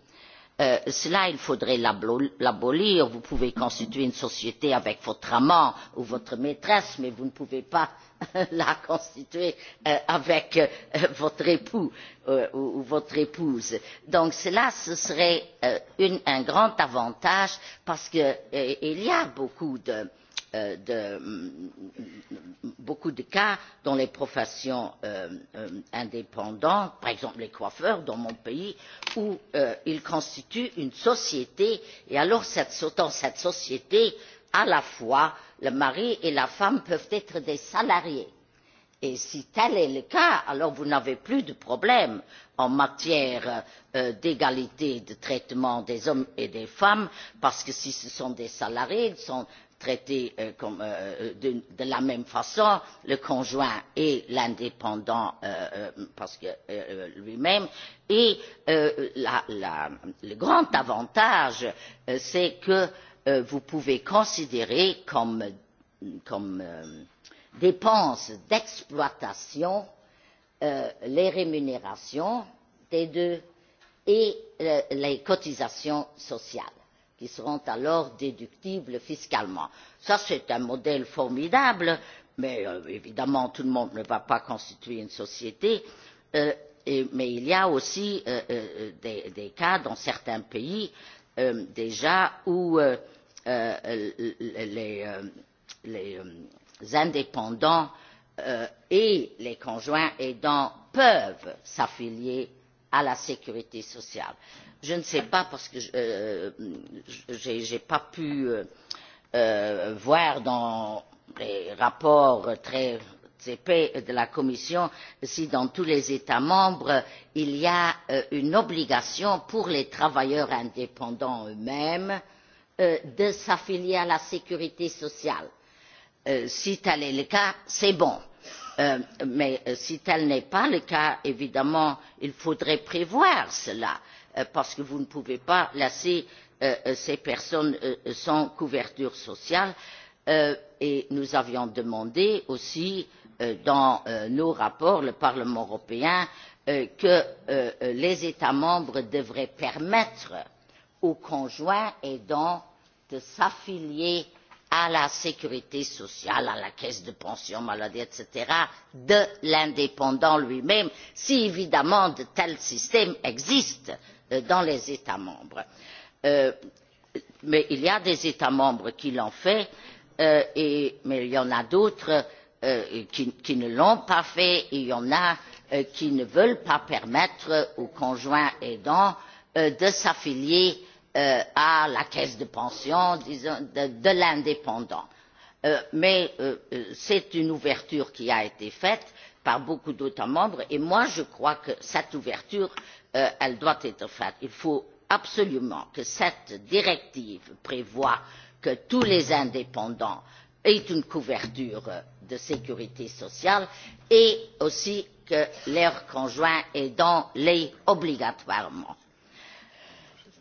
Euh, cela il faudrait l'abolir vous pouvez constituer une société avec votre amant ou votre maîtresse mais vous ne pouvez pas la constituer euh, avec euh, votre époux ou votre épouse. donc cela ce serait un grand avantage parce qu'il y a beaucoup Euh, de mm, beaucoup de cas dans les professions euh, euh, indépendantes par exemple les coiffeurs dans mon pays où ils constituent une société et alors dans cette société à la fois le mari et la femme peuvent être des salariés et si tel est le cas alors vous n'avez plus de problème en matière d'égalité de traitement des hommes et des femmes parce que si ce sont des salariés ils sont traités euh, euh, euh, de la même façon le conjoint et l'indépendant parce que lui même et le grand avantage c'est que vous pouvez considérer comme dépenses d'exploitation les rémunérations des deux et les cotisations sociales qui seront alors déductibles fiscalement. c'est un modèle formidable mais euh, évidemment tout le monde ne va pas constituer une société euh, mais il y a aussi euh, des cas dans certains pays déjà où les indépendants et les conjoints aidants peuvent s'affilier à la sécurité sociale je ne sais pas parce que je n'ai euh, pas pu euh, euh, voir dans les rapports très épais de la commission si dans tous les états membres il y a une obligation pour les travailleurs indépendants eux mêmes de s'affilier à la sécurité sociale. si tel est le cas c'est bon mais si tel n'est pas le cas évidemment il faudrait prévoir cela. Euh, parce que vous ne pouvez pas laisser euh, euh, ces personnes sans couverture sociale et nous avions demandé aussi dans nos rapports au parlement européen que les états membres devraient permettre au conjoint aidant de s'affilier à la sécurité sociale à la caisse de pension maladie etc. de l'indépendant lui même si évidemment de tels systèmes existent. Euh, dans les états membres euh, mais il y a des états membres qui l'ont fait euh, mais il y en a d'autres qui ne l'ont pas fait et il y en a qui ne veulent pas permettre au conjoint aidant de s'affilier à la caisse de pension de l'indépendant. mais c'est une ouverture qui a été faite par beaucoup d'états membres et moi je crois que cette ouverture Euh, elle doit être faite. il faut absolument que cette directive prévoie que tous les indépendants aient une couverture de sécurité sociale et aussi que leur conjoint aidant l'ait obligatoirement.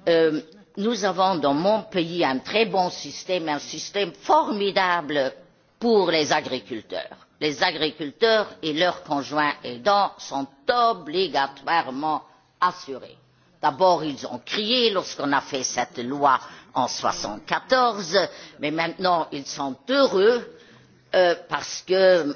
Euh, nous avons dans mon pays un très bon système un système formidable pour les agriculteurs. les agriculteurs et leurs conjoints aidants sont obligatoirement assurés. D'abord, ils ont crié lorsqu'on a fait cette loi en 1974, mais maintenant, ils sont heureux euh, parce que, euh,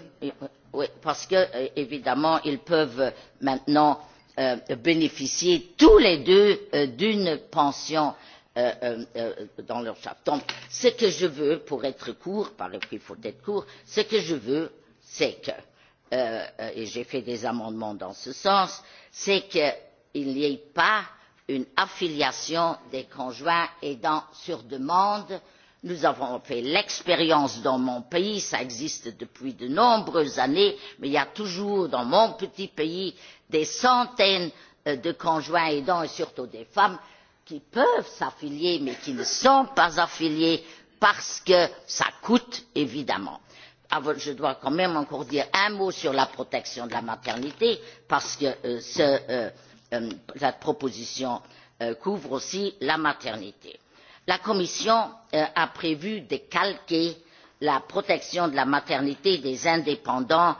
oui, parce que euh, évidemment, ils peuvent maintenant euh, bénéficier tous les deux euh, d'une pension euh, euh, euh dans leur chapitre. Donc, ce que je veux, pour être court, parce qu'il faut être court, ce que je veux, c'est que, euh, euh, et j'ai fait des amendements dans ce sens, c'est que il n'y ait pas une affiliation des conjoints aidants sur demande. nous avons fait l'expérience dans mon pays cela existe depuis de nombreuses années mais il y a toujours dans mon petit pays des centaines euh, de conjoints aidants et surtout des femmes qui peuvent s'affilier mais qui ne sont pas affiliées parce que cela coûte évidemment. Ah, je dois quand même encore dire un mot sur la protection de la maternité parce que euh, ce euh, la euh, proposition euh, couvre aussi la maternité. la commission euh, a prévu de calquer la protection de la maternité des indépendants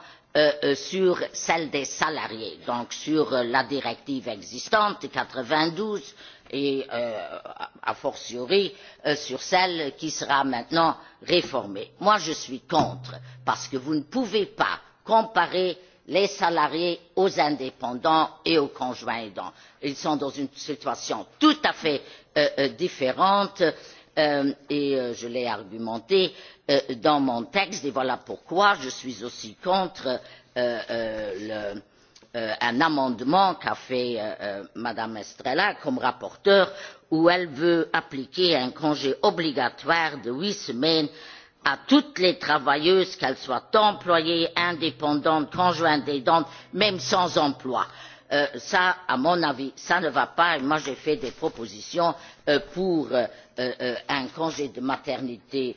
sur celle des salariés donc sur la directive existante de quatre vingt douze et a fortiori sur celle qui sera maintenant réformée. je suis contre parce que vous ne pouvez pas comparer les salariés aux indépendants et aux conjoints aidants. ils sont dans une situation tout à fait euh, euh, différente euh, et je l'ai argumenté dans mon texte et voilà pourquoi je suis aussi contre un amendement qu'a fait mme estrela comme rapporteure où elle veut appliquer un congé obligatoire de huit semaines à toutes les travailleuses qu'elles soient employées indépendantes conjointes aidantes même sans emploi. cela euh, à mon avis ne va pas et j'ai fait des propositions euh, pour euh, un congé de maternité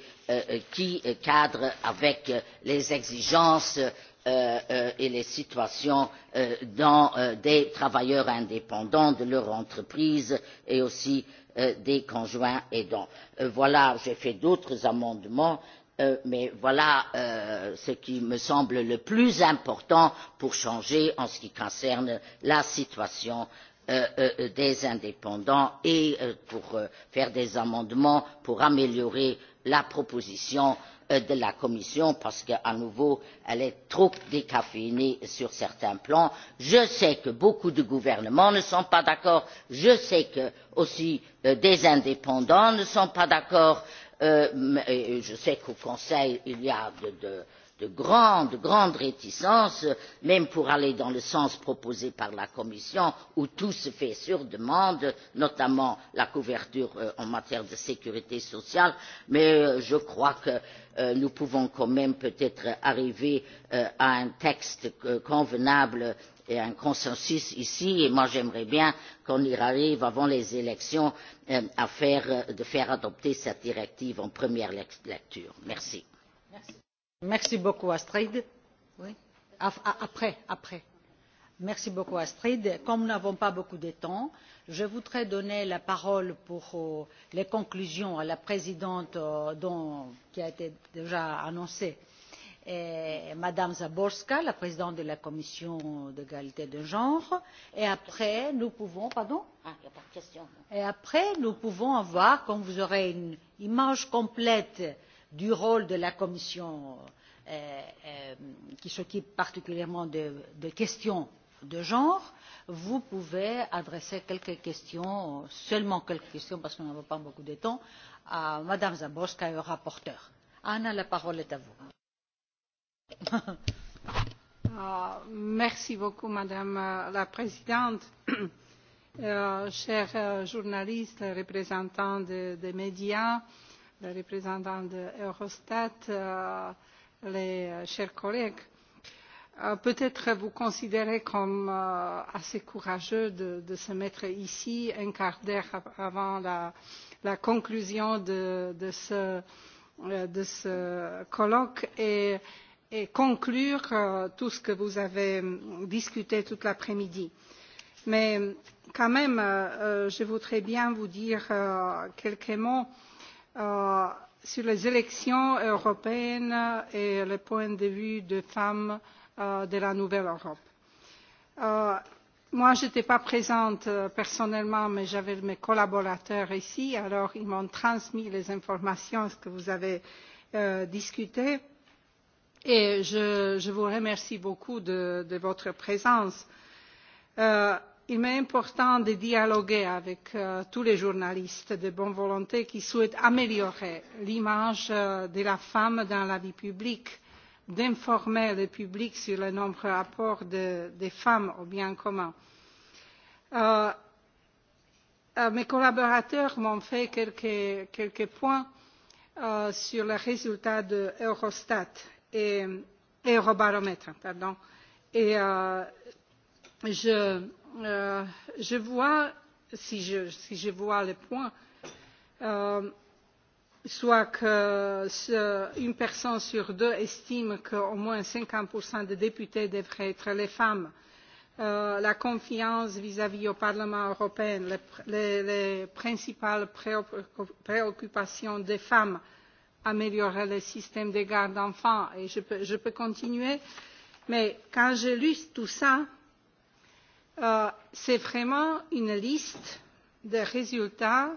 qui cadre avec les exigences et les situations des travailleurs indépendants de leur entreprise et aussi des conjoints aidants. voilà j'ai fait d'autres amendements Euh, mais voilà euh, ce qui me semble le plus important pour changer en ce qui concerne la situation euh, des indépendants et pour faire des amendements pour améliorer la proposition de la commission parce qu'à nouveau elle est trop décaféinée sur certains plans. je sais que beaucoup de gouvernements ne sont pas d'accord je sais que aussi des indépendants ne sont pas d'accord Euh, je sais qu'au conseil il y a de grandes réticences même pour aller dans le sens proposé par la commission où tout se fait sur demande notamment la couverture euh, en matière de sécurité sociale mais euh, je crois que nous pouvons quand même peut être arriver à un texte convenable et un consensus ici et moi j'aimerais bien qu'on y arrive avant les élections euh, à euh, faire adopter cette directive en première lecture. merci. merci beaucoup astrid. comme nous n'avons pas beaucoup de temps je voudrais donner la parole pour euh, les conclusions à la présidente dont qui a été déjà annoncée et mme zborsk la présidente de la commission de l'égalité des genres et après nous pourrons ah, avoir quand vous aurez une image complète du rôle de la commission euh, euh, qui s'occupe particulièrement des questions de genre vous pouvez adresser quelques questions seulement quelques questions parce que nous n'avons pas beaucoup de temps à mme zborsk et au rapporteur. anna la parole est à vous. Ah, merci beaucoup, Madame euh, la Présidente. Euh, chers euh, journalistes, représentants des de médias, les représentants d'Eurostat, de les chers collègues, peut-être vous considérez comme assez courageux de, de se mettre ici un quart d'heure avant la, la conclusion de, de, ce, de ce colloque et et conclure euh, tout ce que vous avez euh, discuté toute l'après midi mais quand même euh, je voudrais bien vous dire quelques mots sur les élections européennes et le point de vue des femmes de la nouvelle europe. je n'étais pas présente personnellement mais j'avais mes collaborateurs ici alors ils m'ont transmis les informations sur ce que vous avez discuté et je vous remercie beaucoup de votre présence. Euh, il m'est important de dialoguer avec euh, tous les journalistes de bonne volonté qui souhaitent améliorer l'image euh, de la femme dans la vie publique d'informer le public sur les nombreux apports des femmes au bien commun. mes collaborateurs m'ont fait quelques points sur les résultats d'eurostat eurobaromètre et euh, euh, je vois si je vois le point euh, soit qu'une personne sur deux estime qu'au moins cinquante des députés devraient être des femmes la confiance vis à vis du parlement européen les principales préoccupations des femmes améliorer le système de garde d'enfants et je peux, je peux continuer. Mais quand je lis tout ça, euh, c'est vraiment une liste de résultats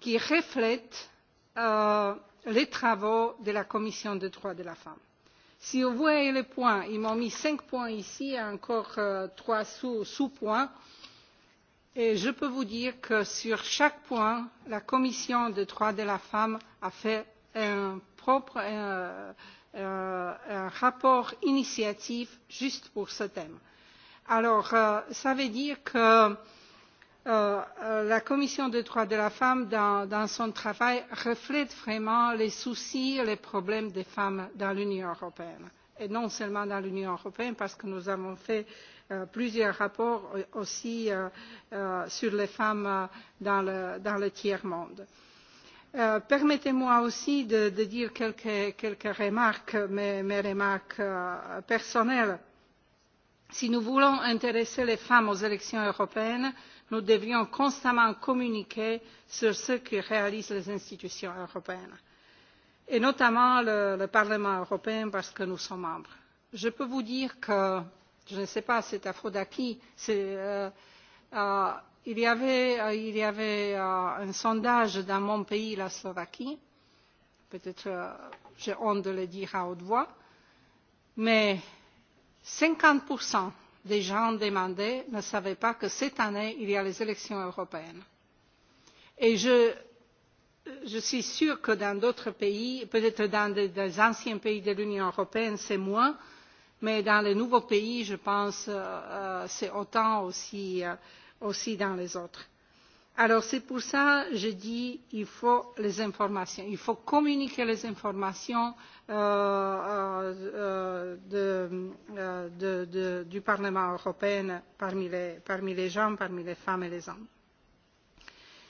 qui reflète euh, les travaux de la Commission des droits de la femme. Si vous voyez les points, ils m'ont mis cinq points ici et encore euh, trois sous-points. Sous je peux vous dire que sur chaque point la commission des droits de la femme a fait un euh, rapport d'initiative juste pour ce thème. cela euh, veut dire que euh, la commission des droits de la femme dans son travail reflète vraiment les soucis et les problèmes des femmes dans l'union européenne et non seulement dans l'union européenne parce que nous avons fait euh, plusieurs rapports euh, aussi euh, sur les femmes dans le tiers monde. permettez moi aussi de dire quelques remarques mes remarques personnelles. si nous voulons intéresser les femmes aux élections européennes nous devrions constamment communiquer sur ce que réalisent les institutions européennes et notamment le parlement européen parce que nous sommes membres. je peux vous dire que je ne sais pas c'est à faute de qui il y avait euh, euh, un sondage dans mon pays la slovaquie peut être euh, j'ai honte de le dire à haute voix mais cinquante des gens demandés ne savaient pas que cette année il y a les élections européennes. et je suis sûre que dans d'autres pays peut être dans des anciens pays de l'union européenne c'est moins mais dans les nouveaux pays je pense que euh, euh, c'est autant euh, aussi dans les autres. alors c'est pour cela que je dis qu'il faut les informations il faut communiquer les informations euh, euh, de, de, de, du parlement européen parmi les, parmi les gens parmi les femmes et les hommes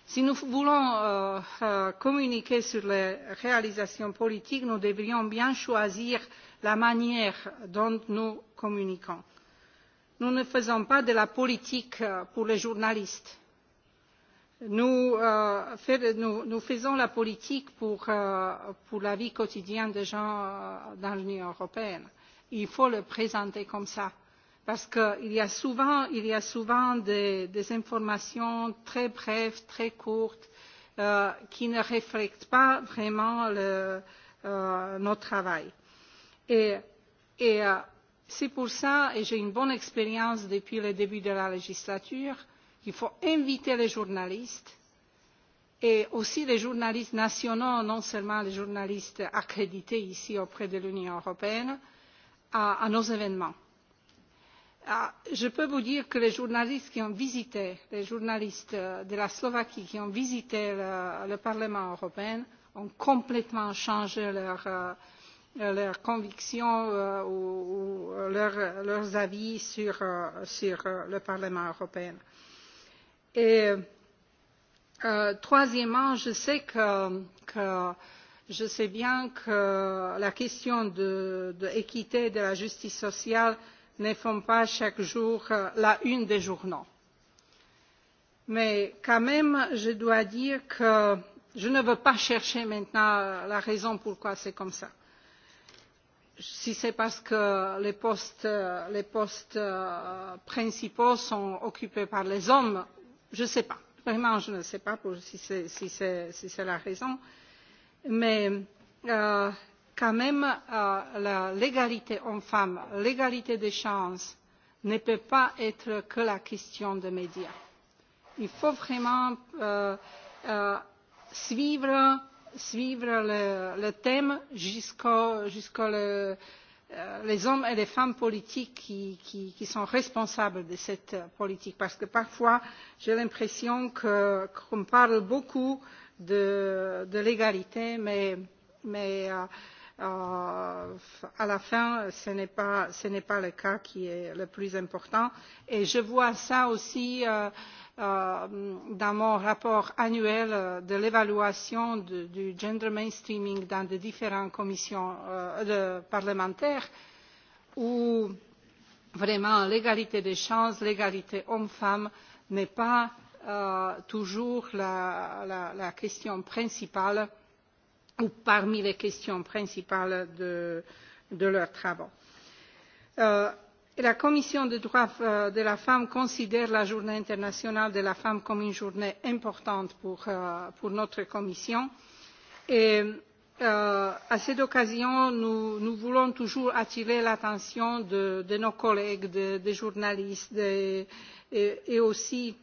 si nous voulons euh, euh, communiquer sur les réalisations politiques nous devrions bien choisir la manière dont nous communiquons. nous ne faisons pas de la politique euh, pour les journalistes nous faisons de la politique pour la vie quotidienne des gens dans l'union européenne. il faut le présenter comme parce qu'il y a souvent, il y a souvent des, des informations très brèves, très courtes, euh, qui ne reflètent pas vraiment le, euh, notre travail. Et, et euh, c'est pour ça, et j'ai une bonne expérience depuis le début de la législature, qu'il faut inviter les journalistes et aussi les journalistes nationaux, non seulement les journalistes accrédités ici auprès de l'Union européenne, à, à nos événements je peux vous dire que les journalistes qui ont visité les journalistes euh, de la slovaquie qui ont visité le parlement européen ont complètement changé leurs euh, convictions euh, ou leurs avis sur le parlement européen. troisièmement je sais bien que la question de l'équité et de la justice sociale ne font pas chaque jour euh, la une des journaux. Mais quand même, je dois dire que je ne veux pas chercher maintenant euh, la raison pourquoi c'est comme ça. Si c'est parce que les postes, euh, les postes principaux sont occupés par les hommes, je ne sais pas. Vraiment, je ne sais pas pour, si c'est si si la raison. Mais euh, quand même euh, l'égalité hommes femmes l'égalité des chances ne peut pas être que la question des médias. Il faut vraiment euh, euh, suivre, suivre le, le thème jusqu'au jusqu le, euh, les hommes et les femmes politiques qui, qui, qui sont responsables de cette politique parce que parfois j'ai l'impression qu'on qu parle beaucoup de, de l'égalité mais, mais euh, Euh, à la fin ce n'est pas ce n'est pas le cas qui est le plus important et je vois ça aussi euh, euh, dans mon rapport annuel de l'évaluation du gender mainstreaming dans les différentes commissions parlementaires où vraiment l'égalité des chances l'égalité hommes femmes n'est pas toujours la question principale ou parmi les questions principales de, de leurs travaux. Euh, la commission des droits euh, de la femme considère la journée internationale de la femme comme une journée importante pour, euh, pour notre commission et euh, à cette occasion nous, nous voulons toujours attirer l'attention de, de nos collègues, de, des journalistes de, et, et aussi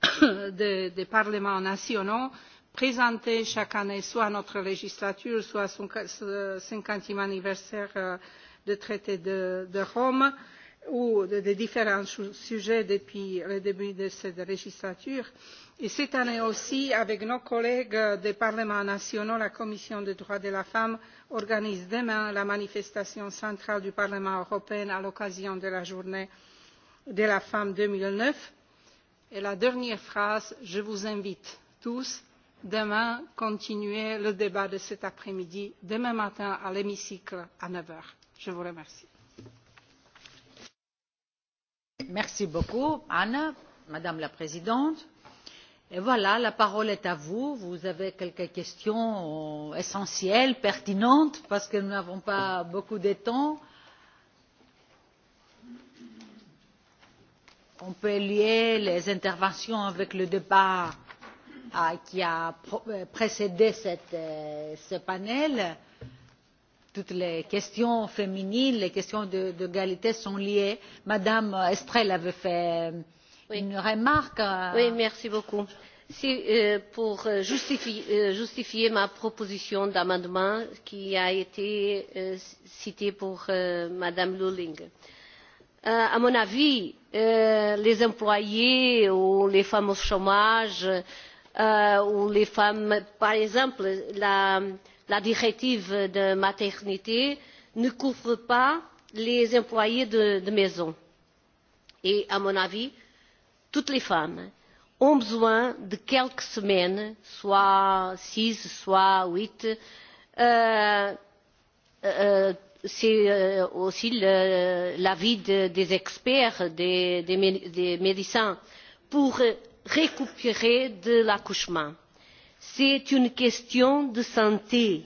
des, des parlements nationaux euh, présenté chaque année soit à notre législature soit à son cinquantième anniversaire euh, du traité de, de Rome ou de, de différents sujets depuis le début de cette législature. Et cette année aussi, avec nos collègues des parlements nationaux, la Commission des droits de la femme organise demain la manifestation centrale du Parlement européen à l'occasion de la journée de la femme 2009. Et la dernière phrase, je vous invite tous demain continuer le débat de cet après midi demain matin à l'hémicycle à neuf heures. je vous remercie. merci beaucoup anne madame la présidente. Et voilà, la parole est à vous. Vous avez quelques questions essentielles, pertinentes, parce que nous n'avons pas beaucoup de temps. On peut lier les interventions avec le débat euh, Ah, qui a euh, précédé euh, ce panel toutes les questions féminines les questions d'égalité sont liées. mme estrela veut faire une remarque. Euh, oui merci beaucoup. pour justifier ma proposition d'amendement qui a été citée par mme lulling à mon avis les employés ou les femmes au chômage Euh, les femmes par exemple la directive sur la maternité ne couvre pas les employées de maison et à mon avis toutes les femmes ont besoin de quelques semaines soit six soit huit euh, euh, c'est aussi l'avis des experts des médecins pour récupérer de l'accouchement. C'est une question de santé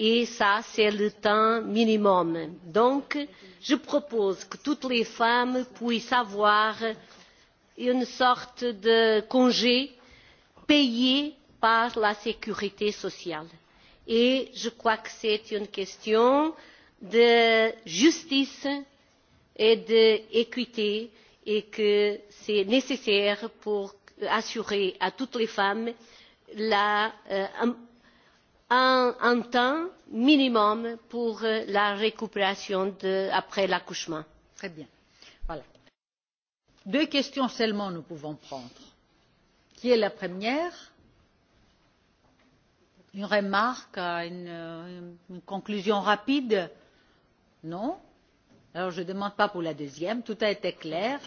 et ça, c'est le temps minimum. Donc, je propose que toutes les femmes puissent avoir une sorte de congé payé par la sécurité sociale. Et je crois que c'est une question de justice et d'équité et que c'est nécessaire pour assurer à toutes les femmes la, euh, un, un temps minimum pour la récupération de, après l'accouchement. Très bien. Voilà. Deux questions seulement nous pouvons prendre. Qui est la première Une remarque, une, une conclusion rapide Non alors je ne demande pas pour la deuxième tout a été clair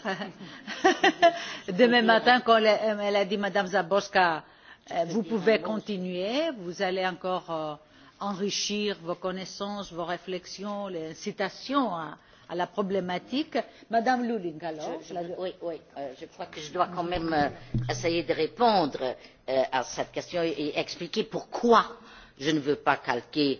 demain matin comme l'a dit mme zborsk euh, vous pouvez continuer vous allez encore euh, enrichir vos connaissances vos réflexions les incitations à la problématique. mme lulling euh, je crois que je dois quand même essayer de répondre à cette question et expliquer pourquoi je ne veux pas calquer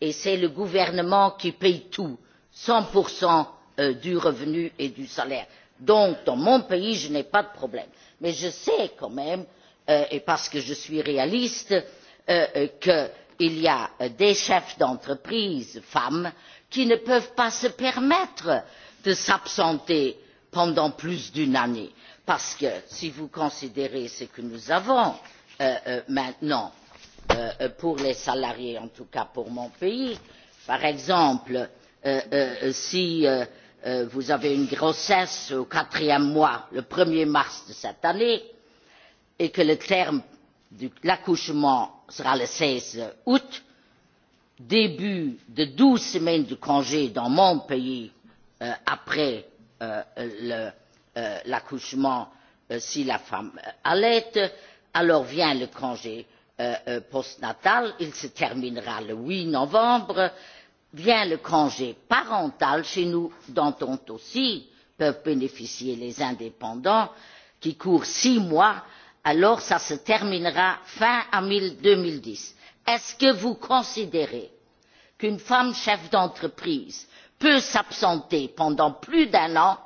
et c'est le gouvernement qui paie tout cent euh, du revenu et du salaire. donc dans mon pays je n'ai pas de problème mais je sais quand même euh, et parce que je suis réaliste euh, qu'il y a des chefs d'entreprise femmes qui ne peuvent pas se permettre de s'absenter pendant plus d'une année parce que si vous considérez ce que nous avons maintenant Euh, euh, pour les salariés en tout cas pour mon pays par exemple euh, si vous avez une grossesse au quatrième mois le un er mars de cette année et que le terme de l'accouchement sera le seize août début de douze semaines de congé dans mon pays après l'accouchement si la femme allaite alors vient le congé Euh, euh, postnatal il se terminera le huit novembre vient le congé parental chez nous dont aussi peuvent bénéficier les indépendants qui court six mois alors cela se terminera fin deux mille dix est ce que vous considérez qu'une femme chef d'entreprise peut s'absenter pendant plus d'un an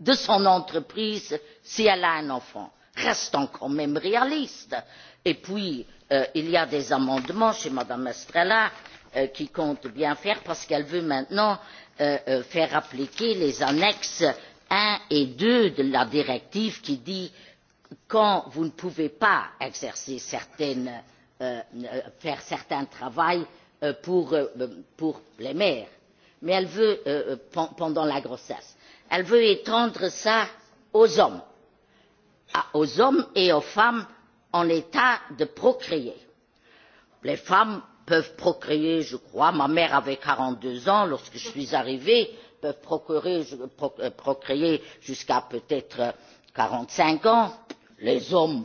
de son entreprise si elle a un enfant? restons quand même réalistes et puis Euh, il y a des amendements chez mme estrela euh, qui compte bien faire parce qu'elle veut maintenant euh, faire appliquer les annexes i et ii de la directive qui disent quand vous ne pouvez pas faire certains travaux pour les mères mais elle veut pendant la grossesse elle veut étendre cela aux hommes ah, aux hommes et aux femmes en état de procréer. les femmes peuvent procréer je crois ma mère avait quarante deux ans lorsque je suis arrivée peuvent procréer euh, jusqu'à peut être euh, quarante cinq ans les hommes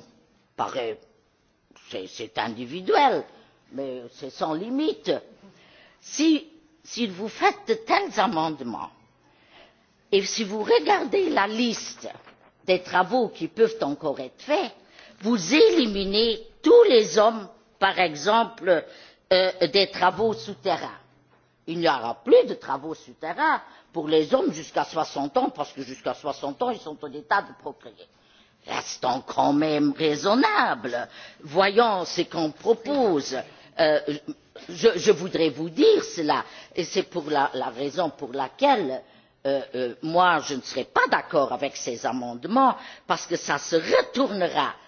c'est individuel mais c'est sans limite. si si vous faites de tels amendements et si vous regardez la liste des travaux qui peuvent encore être faits vous éliminez tous les hommes par exemple euh, des travaux souterrains. il n'y aura plus de travaux souterrains pour les hommes jusqu'à soixante ans parce que jusqu'à soixante ans ils sont en état de procréer. restons quand même raisonnables voyons ce qu'on propose. Euh, je, je voudrais vous dire cela et c'est pour la, la raison pour laquelle euh, euh, moi je ne serai pas d'accord avec ces amendements parce que cela se retournera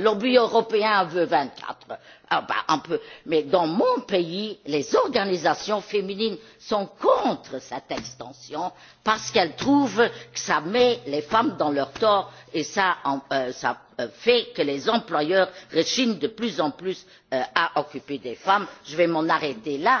lobby européen veut vingt quatre heures ah, mais dans mon pays les organisations féminines sont contre cette extension parce qu'elles trouvent que cela met les femmes dans leur tort et euh, euh, fait que les employeurs rechignent de plus en plus euh, à occuper des femmes. je vais m'arrêter là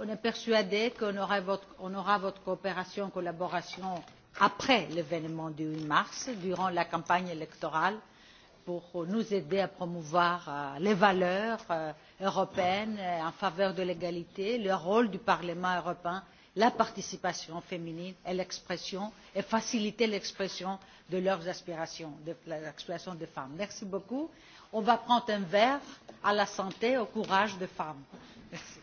on est persuadé qu'on aura votre coopération et collaboration après l'événement du huit mars durant la campagne électorale pour nous aider à promouvoir euh, les valeurs euh, européennes euh, en faveur de l'égalité le rôle du parlement européen la participation féminine et l'expression et faciliter l'expression de leurs aspirations de l'expression des femmes. merci beaucoup. on va prendre un verre à la santé et au courage des femmes. merci.